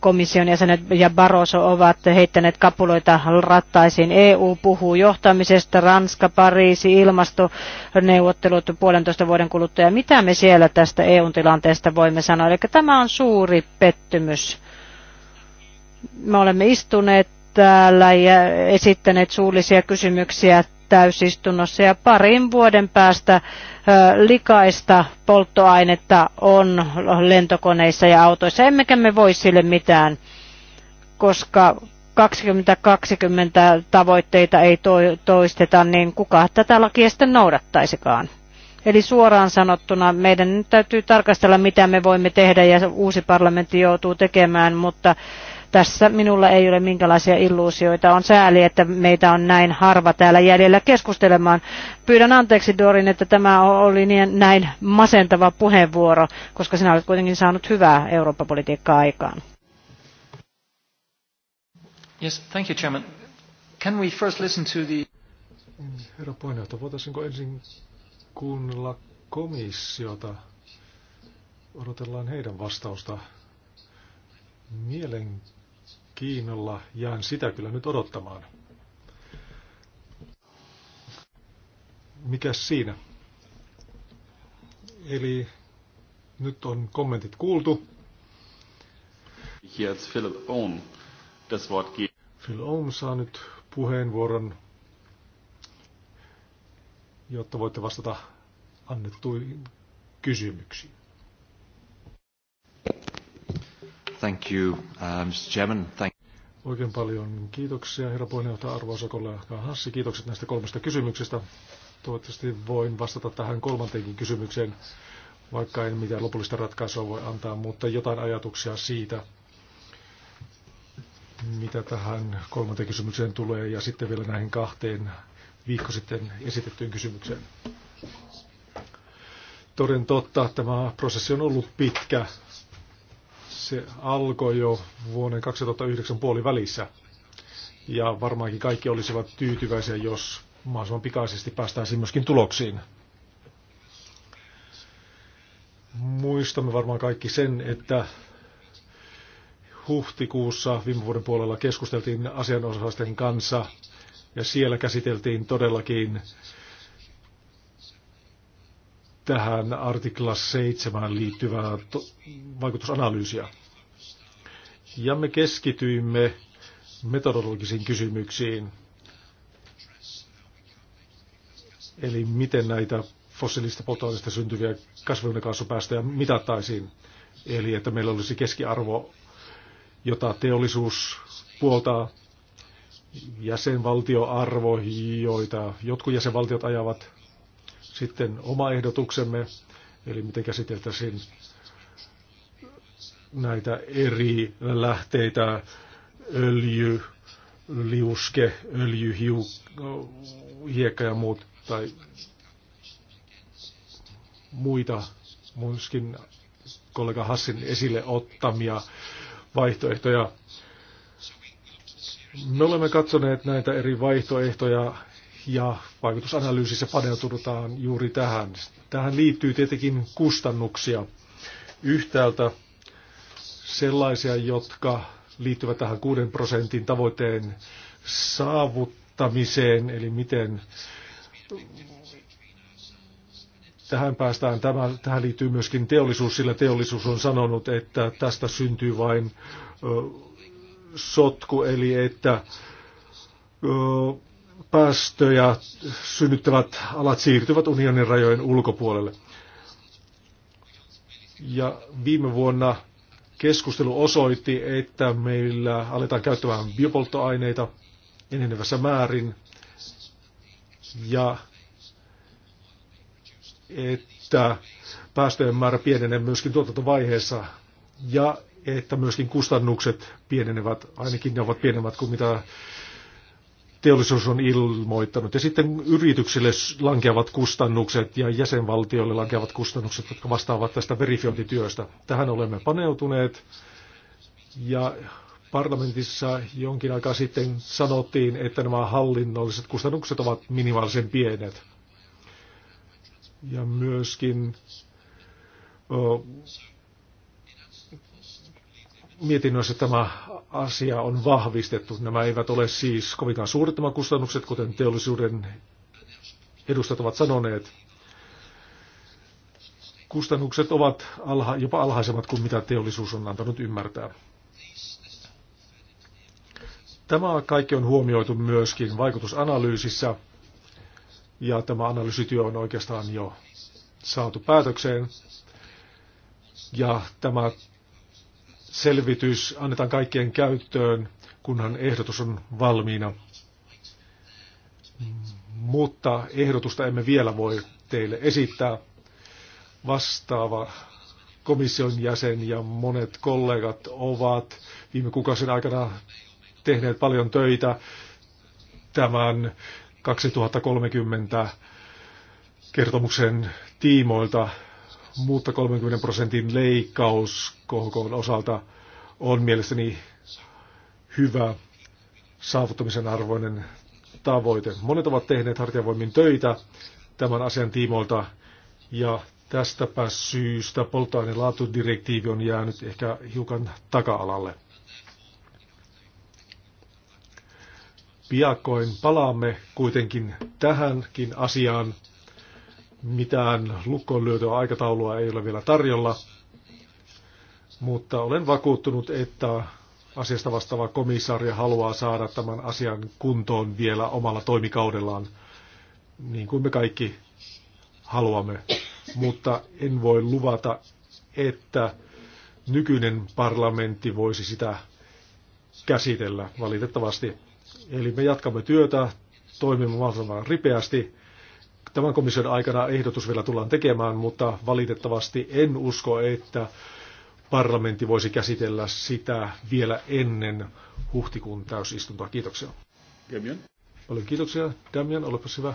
komission jäsenet ja Barroso ovat heittäneet kapuloita rattaisiin. EU puhuu johtamisesta, Ranska, Pariisi, ilmastoneuvottelut puolentoista vuoden kuluttua. Mitä me siellä tästä EUn tilanteesta voimme sanoa? Eli tämä on suuri pettymys. Me olemme istuneet täällä ja esittäneet suullisia kysymyksiä täysistunnossa ja parin vuoden päästä likaista polttoainetta on lentokoneissa ja autoissa. Emmekä me voi sille mitään, koska 2020 tavoitteita ei toisteta, niin kuka tätä lakia sitten noudattaisikaan? Eli suoraan sanottuna meidän nyt täytyy tarkastella, mitä me voimme tehdä ja uusi parlamentti joutuu tekemään, mutta tässä minulla ei ole minkälaisia illuusioita. On sääli, että meitä on näin harva täällä jäljellä keskustelemaan. Pyydän anteeksi Dorin, että tämä oli niin, näin masentava puheenvuoro, koska sinä olet kuitenkin saanut hyvää Eurooppa-politiikkaa aikaan. Yes, thank you, Chairman. Can we first listen to the... Herra puheenjohtaja, voitaisiinko ensin kuunnella komissiota? Odotellaan heidän vastausta. Mielenkiintoista kiinnolla. Jään sitä kyllä nyt odottamaan. Mikäs siinä? Eli nyt on kommentit kuultu. Hier Ohm das Wort Phil Ohm saa nyt puheenvuoron, jotta voitte vastata annettuihin kysymyksiin. Thank you, uh, Mr. Chairman. Thank Oikein paljon kiitoksia, herra puheenjohtaja, arvoisa kollega Hassi. Kiitokset näistä kolmesta kysymyksestä. Toivottavasti voin vastata tähän kolmanteenkin kysymykseen, vaikka en mitään lopullista ratkaisua voi antaa, mutta jotain ajatuksia siitä, mitä tähän kolmanteen kysymykseen tulee, ja sitten vielä näihin kahteen viikko sitten esitettyyn kysymykseen. Toden totta, tämä prosessi on ollut pitkä. Se alkoi jo vuoden 2009 välissä Ja varmaankin kaikki olisivat tyytyväisiä, jos mahdollisimman pikaisesti päästäisiin myöskin tuloksiin. Muistamme varmaan kaikki sen, että huhtikuussa viime vuoden puolella keskusteltiin asianosaisten kanssa ja siellä käsiteltiin todellakin tähän artikla 7 liittyvää vaikutusanalyysiä. Ja me keskityimme metodologisiin kysymyksiin, eli miten näitä fossiilista polttoaineista syntyviä kasvihuonekaasupäästöjä mitattaisiin. Eli että meillä olisi keskiarvo, jota teollisuus puoltaa, jäsenvaltioarvo, joita jotkut jäsenvaltiot ajavat, sitten oma ehdotuksemme, eli miten käsiteltäisiin näitä eri lähteitä, öljy, liuske, öljy, hiu, hiekka ja muut, tai muita, myöskin kollega Hassin esille ottamia vaihtoehtoja. Me olemme katsoneet näitä eri vaihtoehtoja ja vaikutusanalyysissä paneututaan juuri tähän. Tähän liittyy tietenkin kustannuksia. Yhtäältä sellaisia, jotka liittyvät tähän 6 prosentin tavoitteen saavuttamiseen, eli miten tähän päästään. Tämä, tähän liittyy myöskin teollisuus, sillä teollisuus on sanonut, että tästä syntyy vain ö, sotku, eli että ö, päästöjä synnyttävät alat siirtyvät unionin rajojen ulkopuolelle. Ja viime vuonna keskustelu osoitti, että meillä aletaan käyttämään biopolttoaineita enenevässä määrin ja että päästöjen määrä pienenee myöskin tuotantovaiheessa ja että myöskin kustannukset pienenevät, ainakin ne ovat pienemmät kuin mitä teollisuus on ilmoittanut. Ja sitten yrityksille lankeavat kustannukset ja jäsenvaltioille lankeavat kustannukset, jotka vastaavat tästä verifiointityöstä. Tähän olemme paneutuneet ja parlamentissa jonkin aikaa sitten sanottiin, että nämä hallinnolliset kustannukset ovat minimaalisen pienet. Ja myöskin mietinnössä tämä asia on vahvistettu. Nämä eivät ole siis kovinkaan suuret nämä kustannukset, kuten teollisuuden edustajat ovat sanoneet. Kustannukset ovat alha, jopa alhaisemmat kuin mitä teollisuus on antanut ymmärtää. Tämä kaikki on huomioitu myöskin vaikutusanalyysissä, ja tämä analyysityö on oikeastaan jo saatu päätökseen. Ja tämä selvitys annetaan kaikkien käyttöön, kunhan ehdotus on valmiina. Mutta ehdotusta emme vielä voi teille esittää. Vastaava komission jäsen ja monet kollegat ovat viime kuukausien aikana tehneet paljon töitä tämän 2030 kertomuksen tiimoilta mutta 30 prosentin leikkaus KHK osalta on mielestäni hyvä saavuttamisen arvoinen tavoite. Monet ovat tehneet hartiavoimin töitä tämän asian tiimoilta ja tästäpä syystä laatudirektiivi on jäänyt ehkä hiukan taka-alalle. Piakkoin palaamme kuitenkin tähänkin asiaan mitään lukkoon lyötyä aikataulua ei ole vielä tarjolla, mutta olen vakuuttunut, että asiasta vastaava komissaari haluaa saada tämän asian kuntoon vielä omalla toimikaudellaan, niin kuin me kaikki haluamme. Mutta en voi luvata, että nykyinen parlamentti voisi sitä käsitellä valitettavasti. Eli me jatkamme työtä, toimimme mahdollisimman ripeästi tämän komission aikana ehdotus vielä tullaan tekemään, mutta valitettavasti en usko, että parlamentti voisi käsitellä sitä vielä ennen huhtikuun täysistuntoa. Kiitoksia. Damian. Paljon kiitoksia. Damian, olepa hyvä.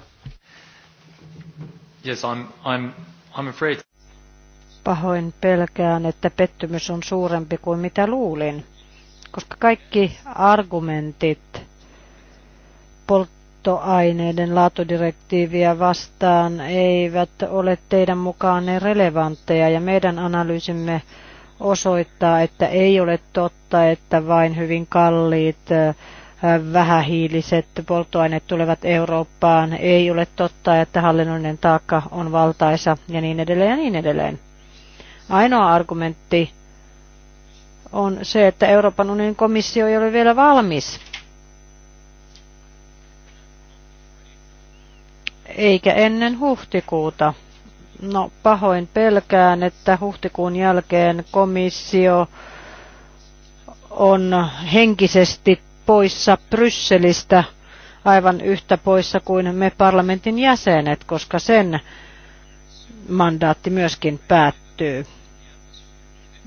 Yes, I'm, I'm, I'm afraid. Pahoin pelkään, että pettymys on suurempi kuin mitä luulin, koska kaikki argumentit polt polttoaineiden laatudirektiiviä vastaan eivät ole teidän mukaanne relevantteja ja meidän analyysimme osoittaa, että ei ole totta, että vain hyvin kalliit vähähiiliset polttoaineet tulevat Eurooppaan. Ei ole totta, että hallinnollinen taakka on valtaisa ja niin edelleen ja niin edelleen. Ainoa argumentti on se, että Euroopan unionin komissio ei ole vielä valmis eikä ennen huhtikuuta. No pahoin pelkään, että huhtikuun jälkeen komissio on henkisesti poissa Brysselistä aivan yhtä poissa kuin me parlamentin jäsenet, koska sen mandaatti myöskin päättyy.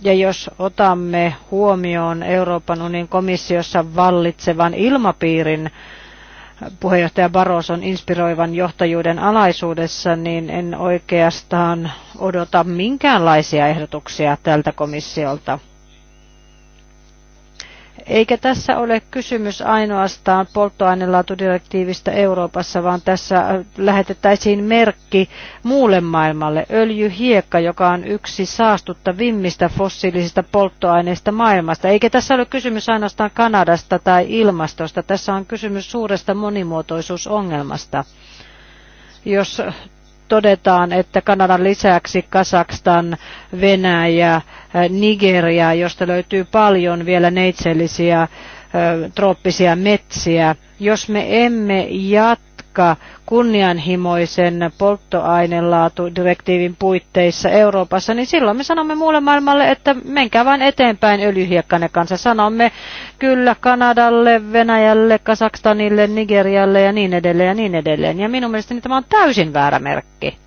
Ja jos otamme huomioon Euroopan unionin komissiossa vallitsevan ilmapiirin, puheenjohtaja Baroson inspiroivan johtajuuden alaisuudessa, niin en oikeastaan odota minkäänlaisia ehdotuksia tältä komissiolta – eikä tässä ole kysymys ainoastaan polttoainelaatudirektiivistä Euroopassa, vaan tässä äh, lähetettäisiin merkki muulle maailmalle. Öljyhiekka, joka on yksi saastuttavimmista fossiilisista polttoaineista maailmasta. Eikä tässä ole kysymys ainoastaan Kanadasta tai ilmastosta. Tässä on kysymys suuresta monimuotoisuusongelmasta jos todetaan, että Kanadan lisäksi Kasakstan, Venäjä, äh, Nigeria, josta löytyy paljon vielä neitsellisiä äh, trooppisia metsiä. Jos me emme jat aika kunnianhimoisen polttoainelaatudirektiivin puitteissa Euroopassa, niin silloin me sanomme muulle maailmalle, että menkää vain eteenpäin öljyhiekkanne kanssa. Sanomme kyllä Kanadalle, Venäjälle, Kasakstanille, Nigerialle ja niin edelleen ja niin edelleen. Ja minun mielestäni tämä on täysin väärä merkki.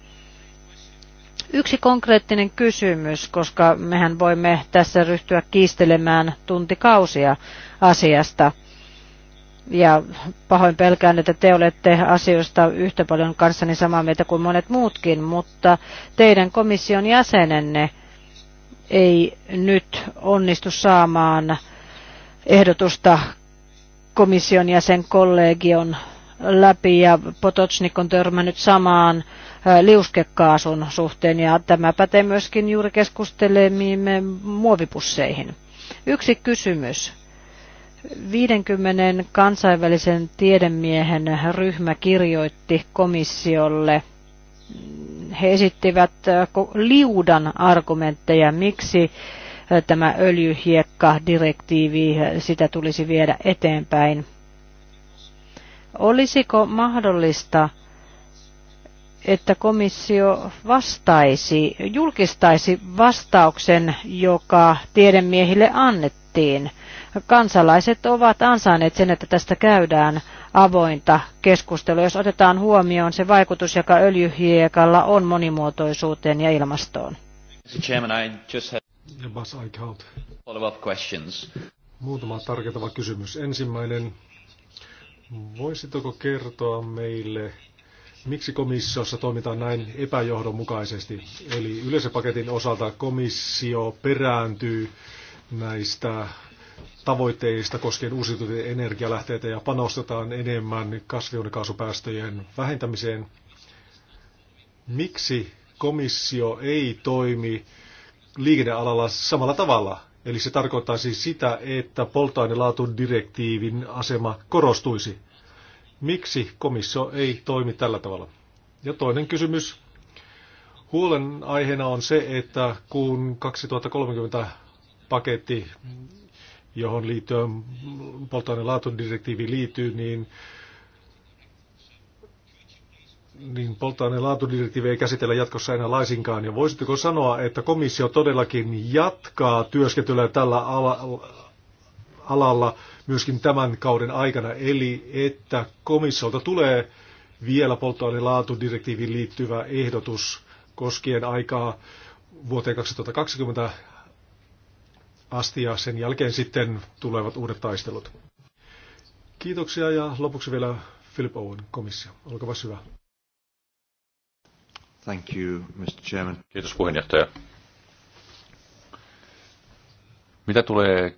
Yksi konkreettinen kysymys, koska mehän voimme tässä ryhtyä kiistelemään tuntikausia asiasta ja pahoin pelkään, että te olette asioista yhtä paljon kanssani samaa mieltä kuin monet muutkin, mutta teidän komission jäsenenne ei nyt onnistu saamaan ehdotusta komission jäsenkollegion läpi ja Potocnik on törmännyt samaan liuskekaasun suhteen ja tämä pätee myöskin juuri keskustelemiimme muovipusseihin. Yksi kysymys 50 kansainvälisen tiedemiehen ryhmä kirjoitti komissiolle. He esittivät äh, liudan argumentteja, miksi äh, tämä öljyhiekka-direktiivi, äh, sitä tulisi viedä eteenpäin. Olisiko mahdollista, että komissio vastaisi, julkistaisi vastauksen, joka tiedemiehille annettiin – kansalaiset ovat ansainneet sen, että tästä käydään avointa keskustelua, jos otetaan huomioon se vaikutus, joka öljyhiekalla on monimuotoisuuteen ja ilmastoon. Muutama tarkentava kysymys. Ensimmäinen, voisitko kertoa meille, miksi komissiossa toimitaan näin epäjohdonmukaisesti? Eli yleisöpaketin osalta komissio perääntyy näistä tavoitteista koskien uusiutuvia energialähteitä ja panostetaan enemmän kasvihuonekaasupäästöjen vähentämiseen. Miksi komissio ei toimi liikennealalla samalla tavalla? Eli se tarkoittaa siis sitä, että polttoainelaatudirektiivin asema korostuisi. Miksi komissio ei toimi tällä tavalla? Ja toinen kysymys. Huolen aiheena on se, että kun 2030 paketti johon liittyen polttoaineen direktiivi liittyy, niin niin polttoaineen laatudirektiivi ei käsitellä jatkossa enää laisinkaan. Ja voisitteko sanoa, että komissio todellakin jatkaa työskentelyä tällä alalla myöskin tämän kauden aikana, eli että komissiolta tulee vielä polttoaineen laatudirektiiviin liittyvä ehdotus koskien aikaa vuoteen 2020 asti ja sen jälkeen sitten tulevat uudet taistelut. Kiitoksia ja lopuksi vielä Philip Owen, komissio. Olkaa hyvä. Thank you, Mr. Chairman. Kiitos puheenjohtaja. Mitä tulee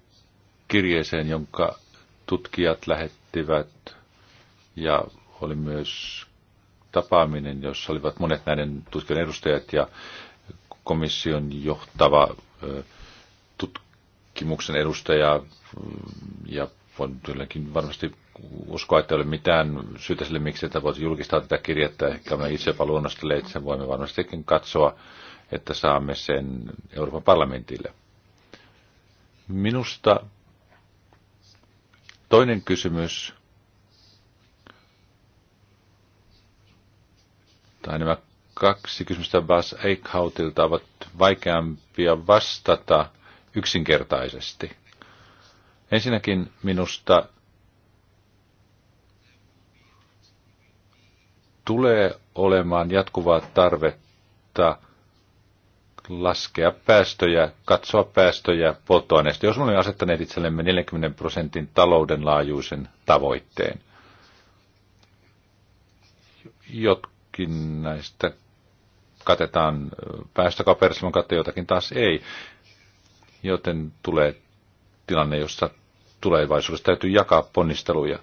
kirjeeseen, jonka tutkijat lähettivät ja oli myös tapaaminen, jossa olivat monet näiden tutkijan edustajat ja komission johtava tutkimuksen edustaja mm, ja voin tietenkin varmasti uskoa, että ei ole mitään syytä sille, miksi tätä voisi julkistaa tätä kirjettä. Ehkä me itse jopa että sen, voimme varmastikin katsoa, että saamme sen Euroopan parlamentille. Minusta toinen kysymys, tai nämä kaksi kysymystä Bas Eichhautilta ovat vaikeampia vastata – yksinkertaisesti. Ensinnäkin minusta tulee olemaan jatkuvaa tarvetta laskea päästöjä, katsoa päästöjä polttoaineista, jos olemme asettaneet itsellemme 40 prosentin talouden laajuisen tavoitteen. Jotkin näistä katetaan päästökaupajärjestelmän kautta, jotakin taas ei joten tulee tilanne, jossa tulevaisuudessa täytyy jakaa ponnisteluja.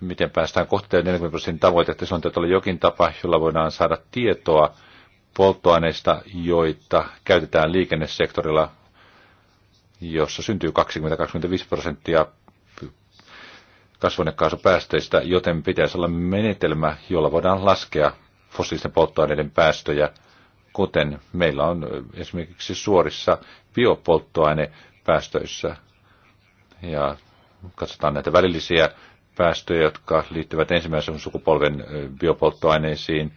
Miten päästään kohti 40 prosentin tavoitetta, se on täytyy olla jokin tapa, jolla voidaan saada tietoa polttoaineista, joita käytetään liikennesektorilla, jossa syntyy 20-25 prosenttia kasvihuonekaasupäästöistä, joten pitäisi olla menetelmä, jolla voidaan laskea fossiilisten polttoaineiden päästöjä – kuten meillä on esimerkiksi suorissa biopolttoainepäästöissä. Ja katsotaan näitä välillisiä päästöjä, jotka liittyvät ensimmäisen sukupolven biopolttoaineisiin.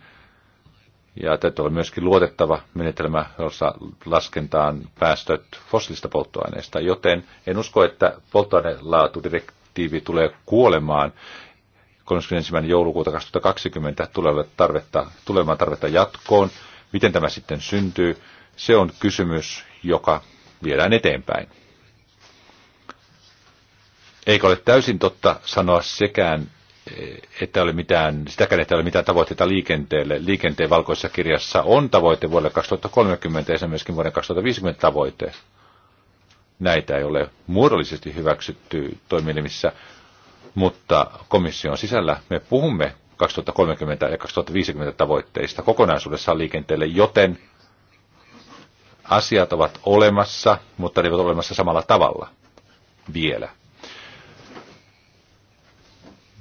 Ja täytyy olla myöskin luotettava menetelmä, jossa laskentaan päästöt fossiilista polttoaineista, joten en usko, että polttoainelaatudirektiivi tulee kuolemaan. 31. joulukuuta 2020 tulee tarvetta, tulemaan tarvetta jatkoon Miten tämä sitten syntyy? Se on kysymys, joka viedään eteenpäin. Eikä ole täysin totta sanoa sekään, että ole mitään, sitäkään, että ei ole mitään tavoitteita liikenteelle. Liikenteen valkoisessa kirjassa on tavoite vuodelle 2030 ja myöskin vuoden 2050 tavoite. Näitä ei ole muodollisesti hyväksytty toimielimissä, mutta komission sisällä me puhumme 2030 ja 2050 tavoitteista kokonaisuudessaan liikenteelle, joten asiat ovat olemassa, mutta ne eivät ole olemassa samalla tavalla vielä.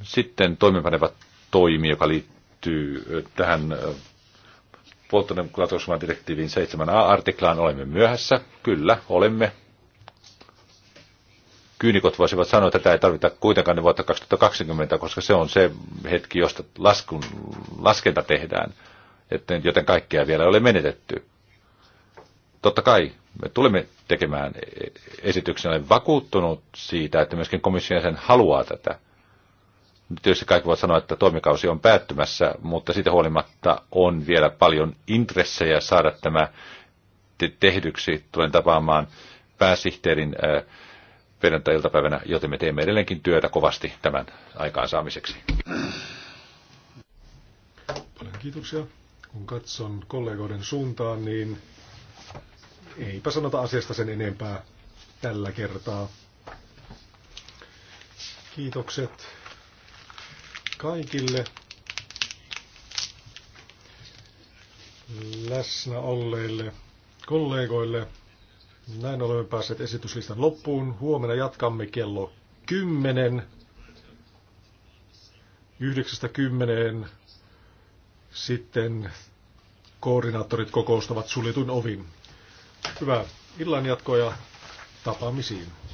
Sitten toimenpaneva toimi, joka liittyy tähän polttoaineen seitsemän 7a-artiklaan, olemme myöhässä. Kyllä, olemme kyynikot voisivat sanoa, että tätä ei tarvita kuitenkaan niin vuotta 2020, koska se on se hetki, josta laskun, laskenta tehdään, että joten kaikkea vielä ei ole menetetty. Totta kai me tulemme tekemään esityksen, olen vakuuttunut siitä, että myöskin komission sen haluaa tätä. Nyt tietysti kaikki voivat sanoa, että toimikausi on päättymässä, mutta siitä huolimatta on vielä paljon intressejä saada tämä te- tehdyksi. Tulen tapaamaan pääsihteerin äh, perjantai-iltapäivänä, joten me teemme edelleenkin työtä kovasti tämän aikaansaamiseksi. Paljon kiitoksia. Kun katson kollegoiden suuntaan, niin eipä sanota asiasta sen enempää tällä kertaa. Kiitokset kaikille läsnä olleille kollegoille. Näin olemme päässeet esityslistan loppuun. Huomenna jatkamme kello 10. kymmeneen. Sitten koordinaattorit kokoustavat suljetun ovin. Hyvää illanjatkoa ja tapaamisiin.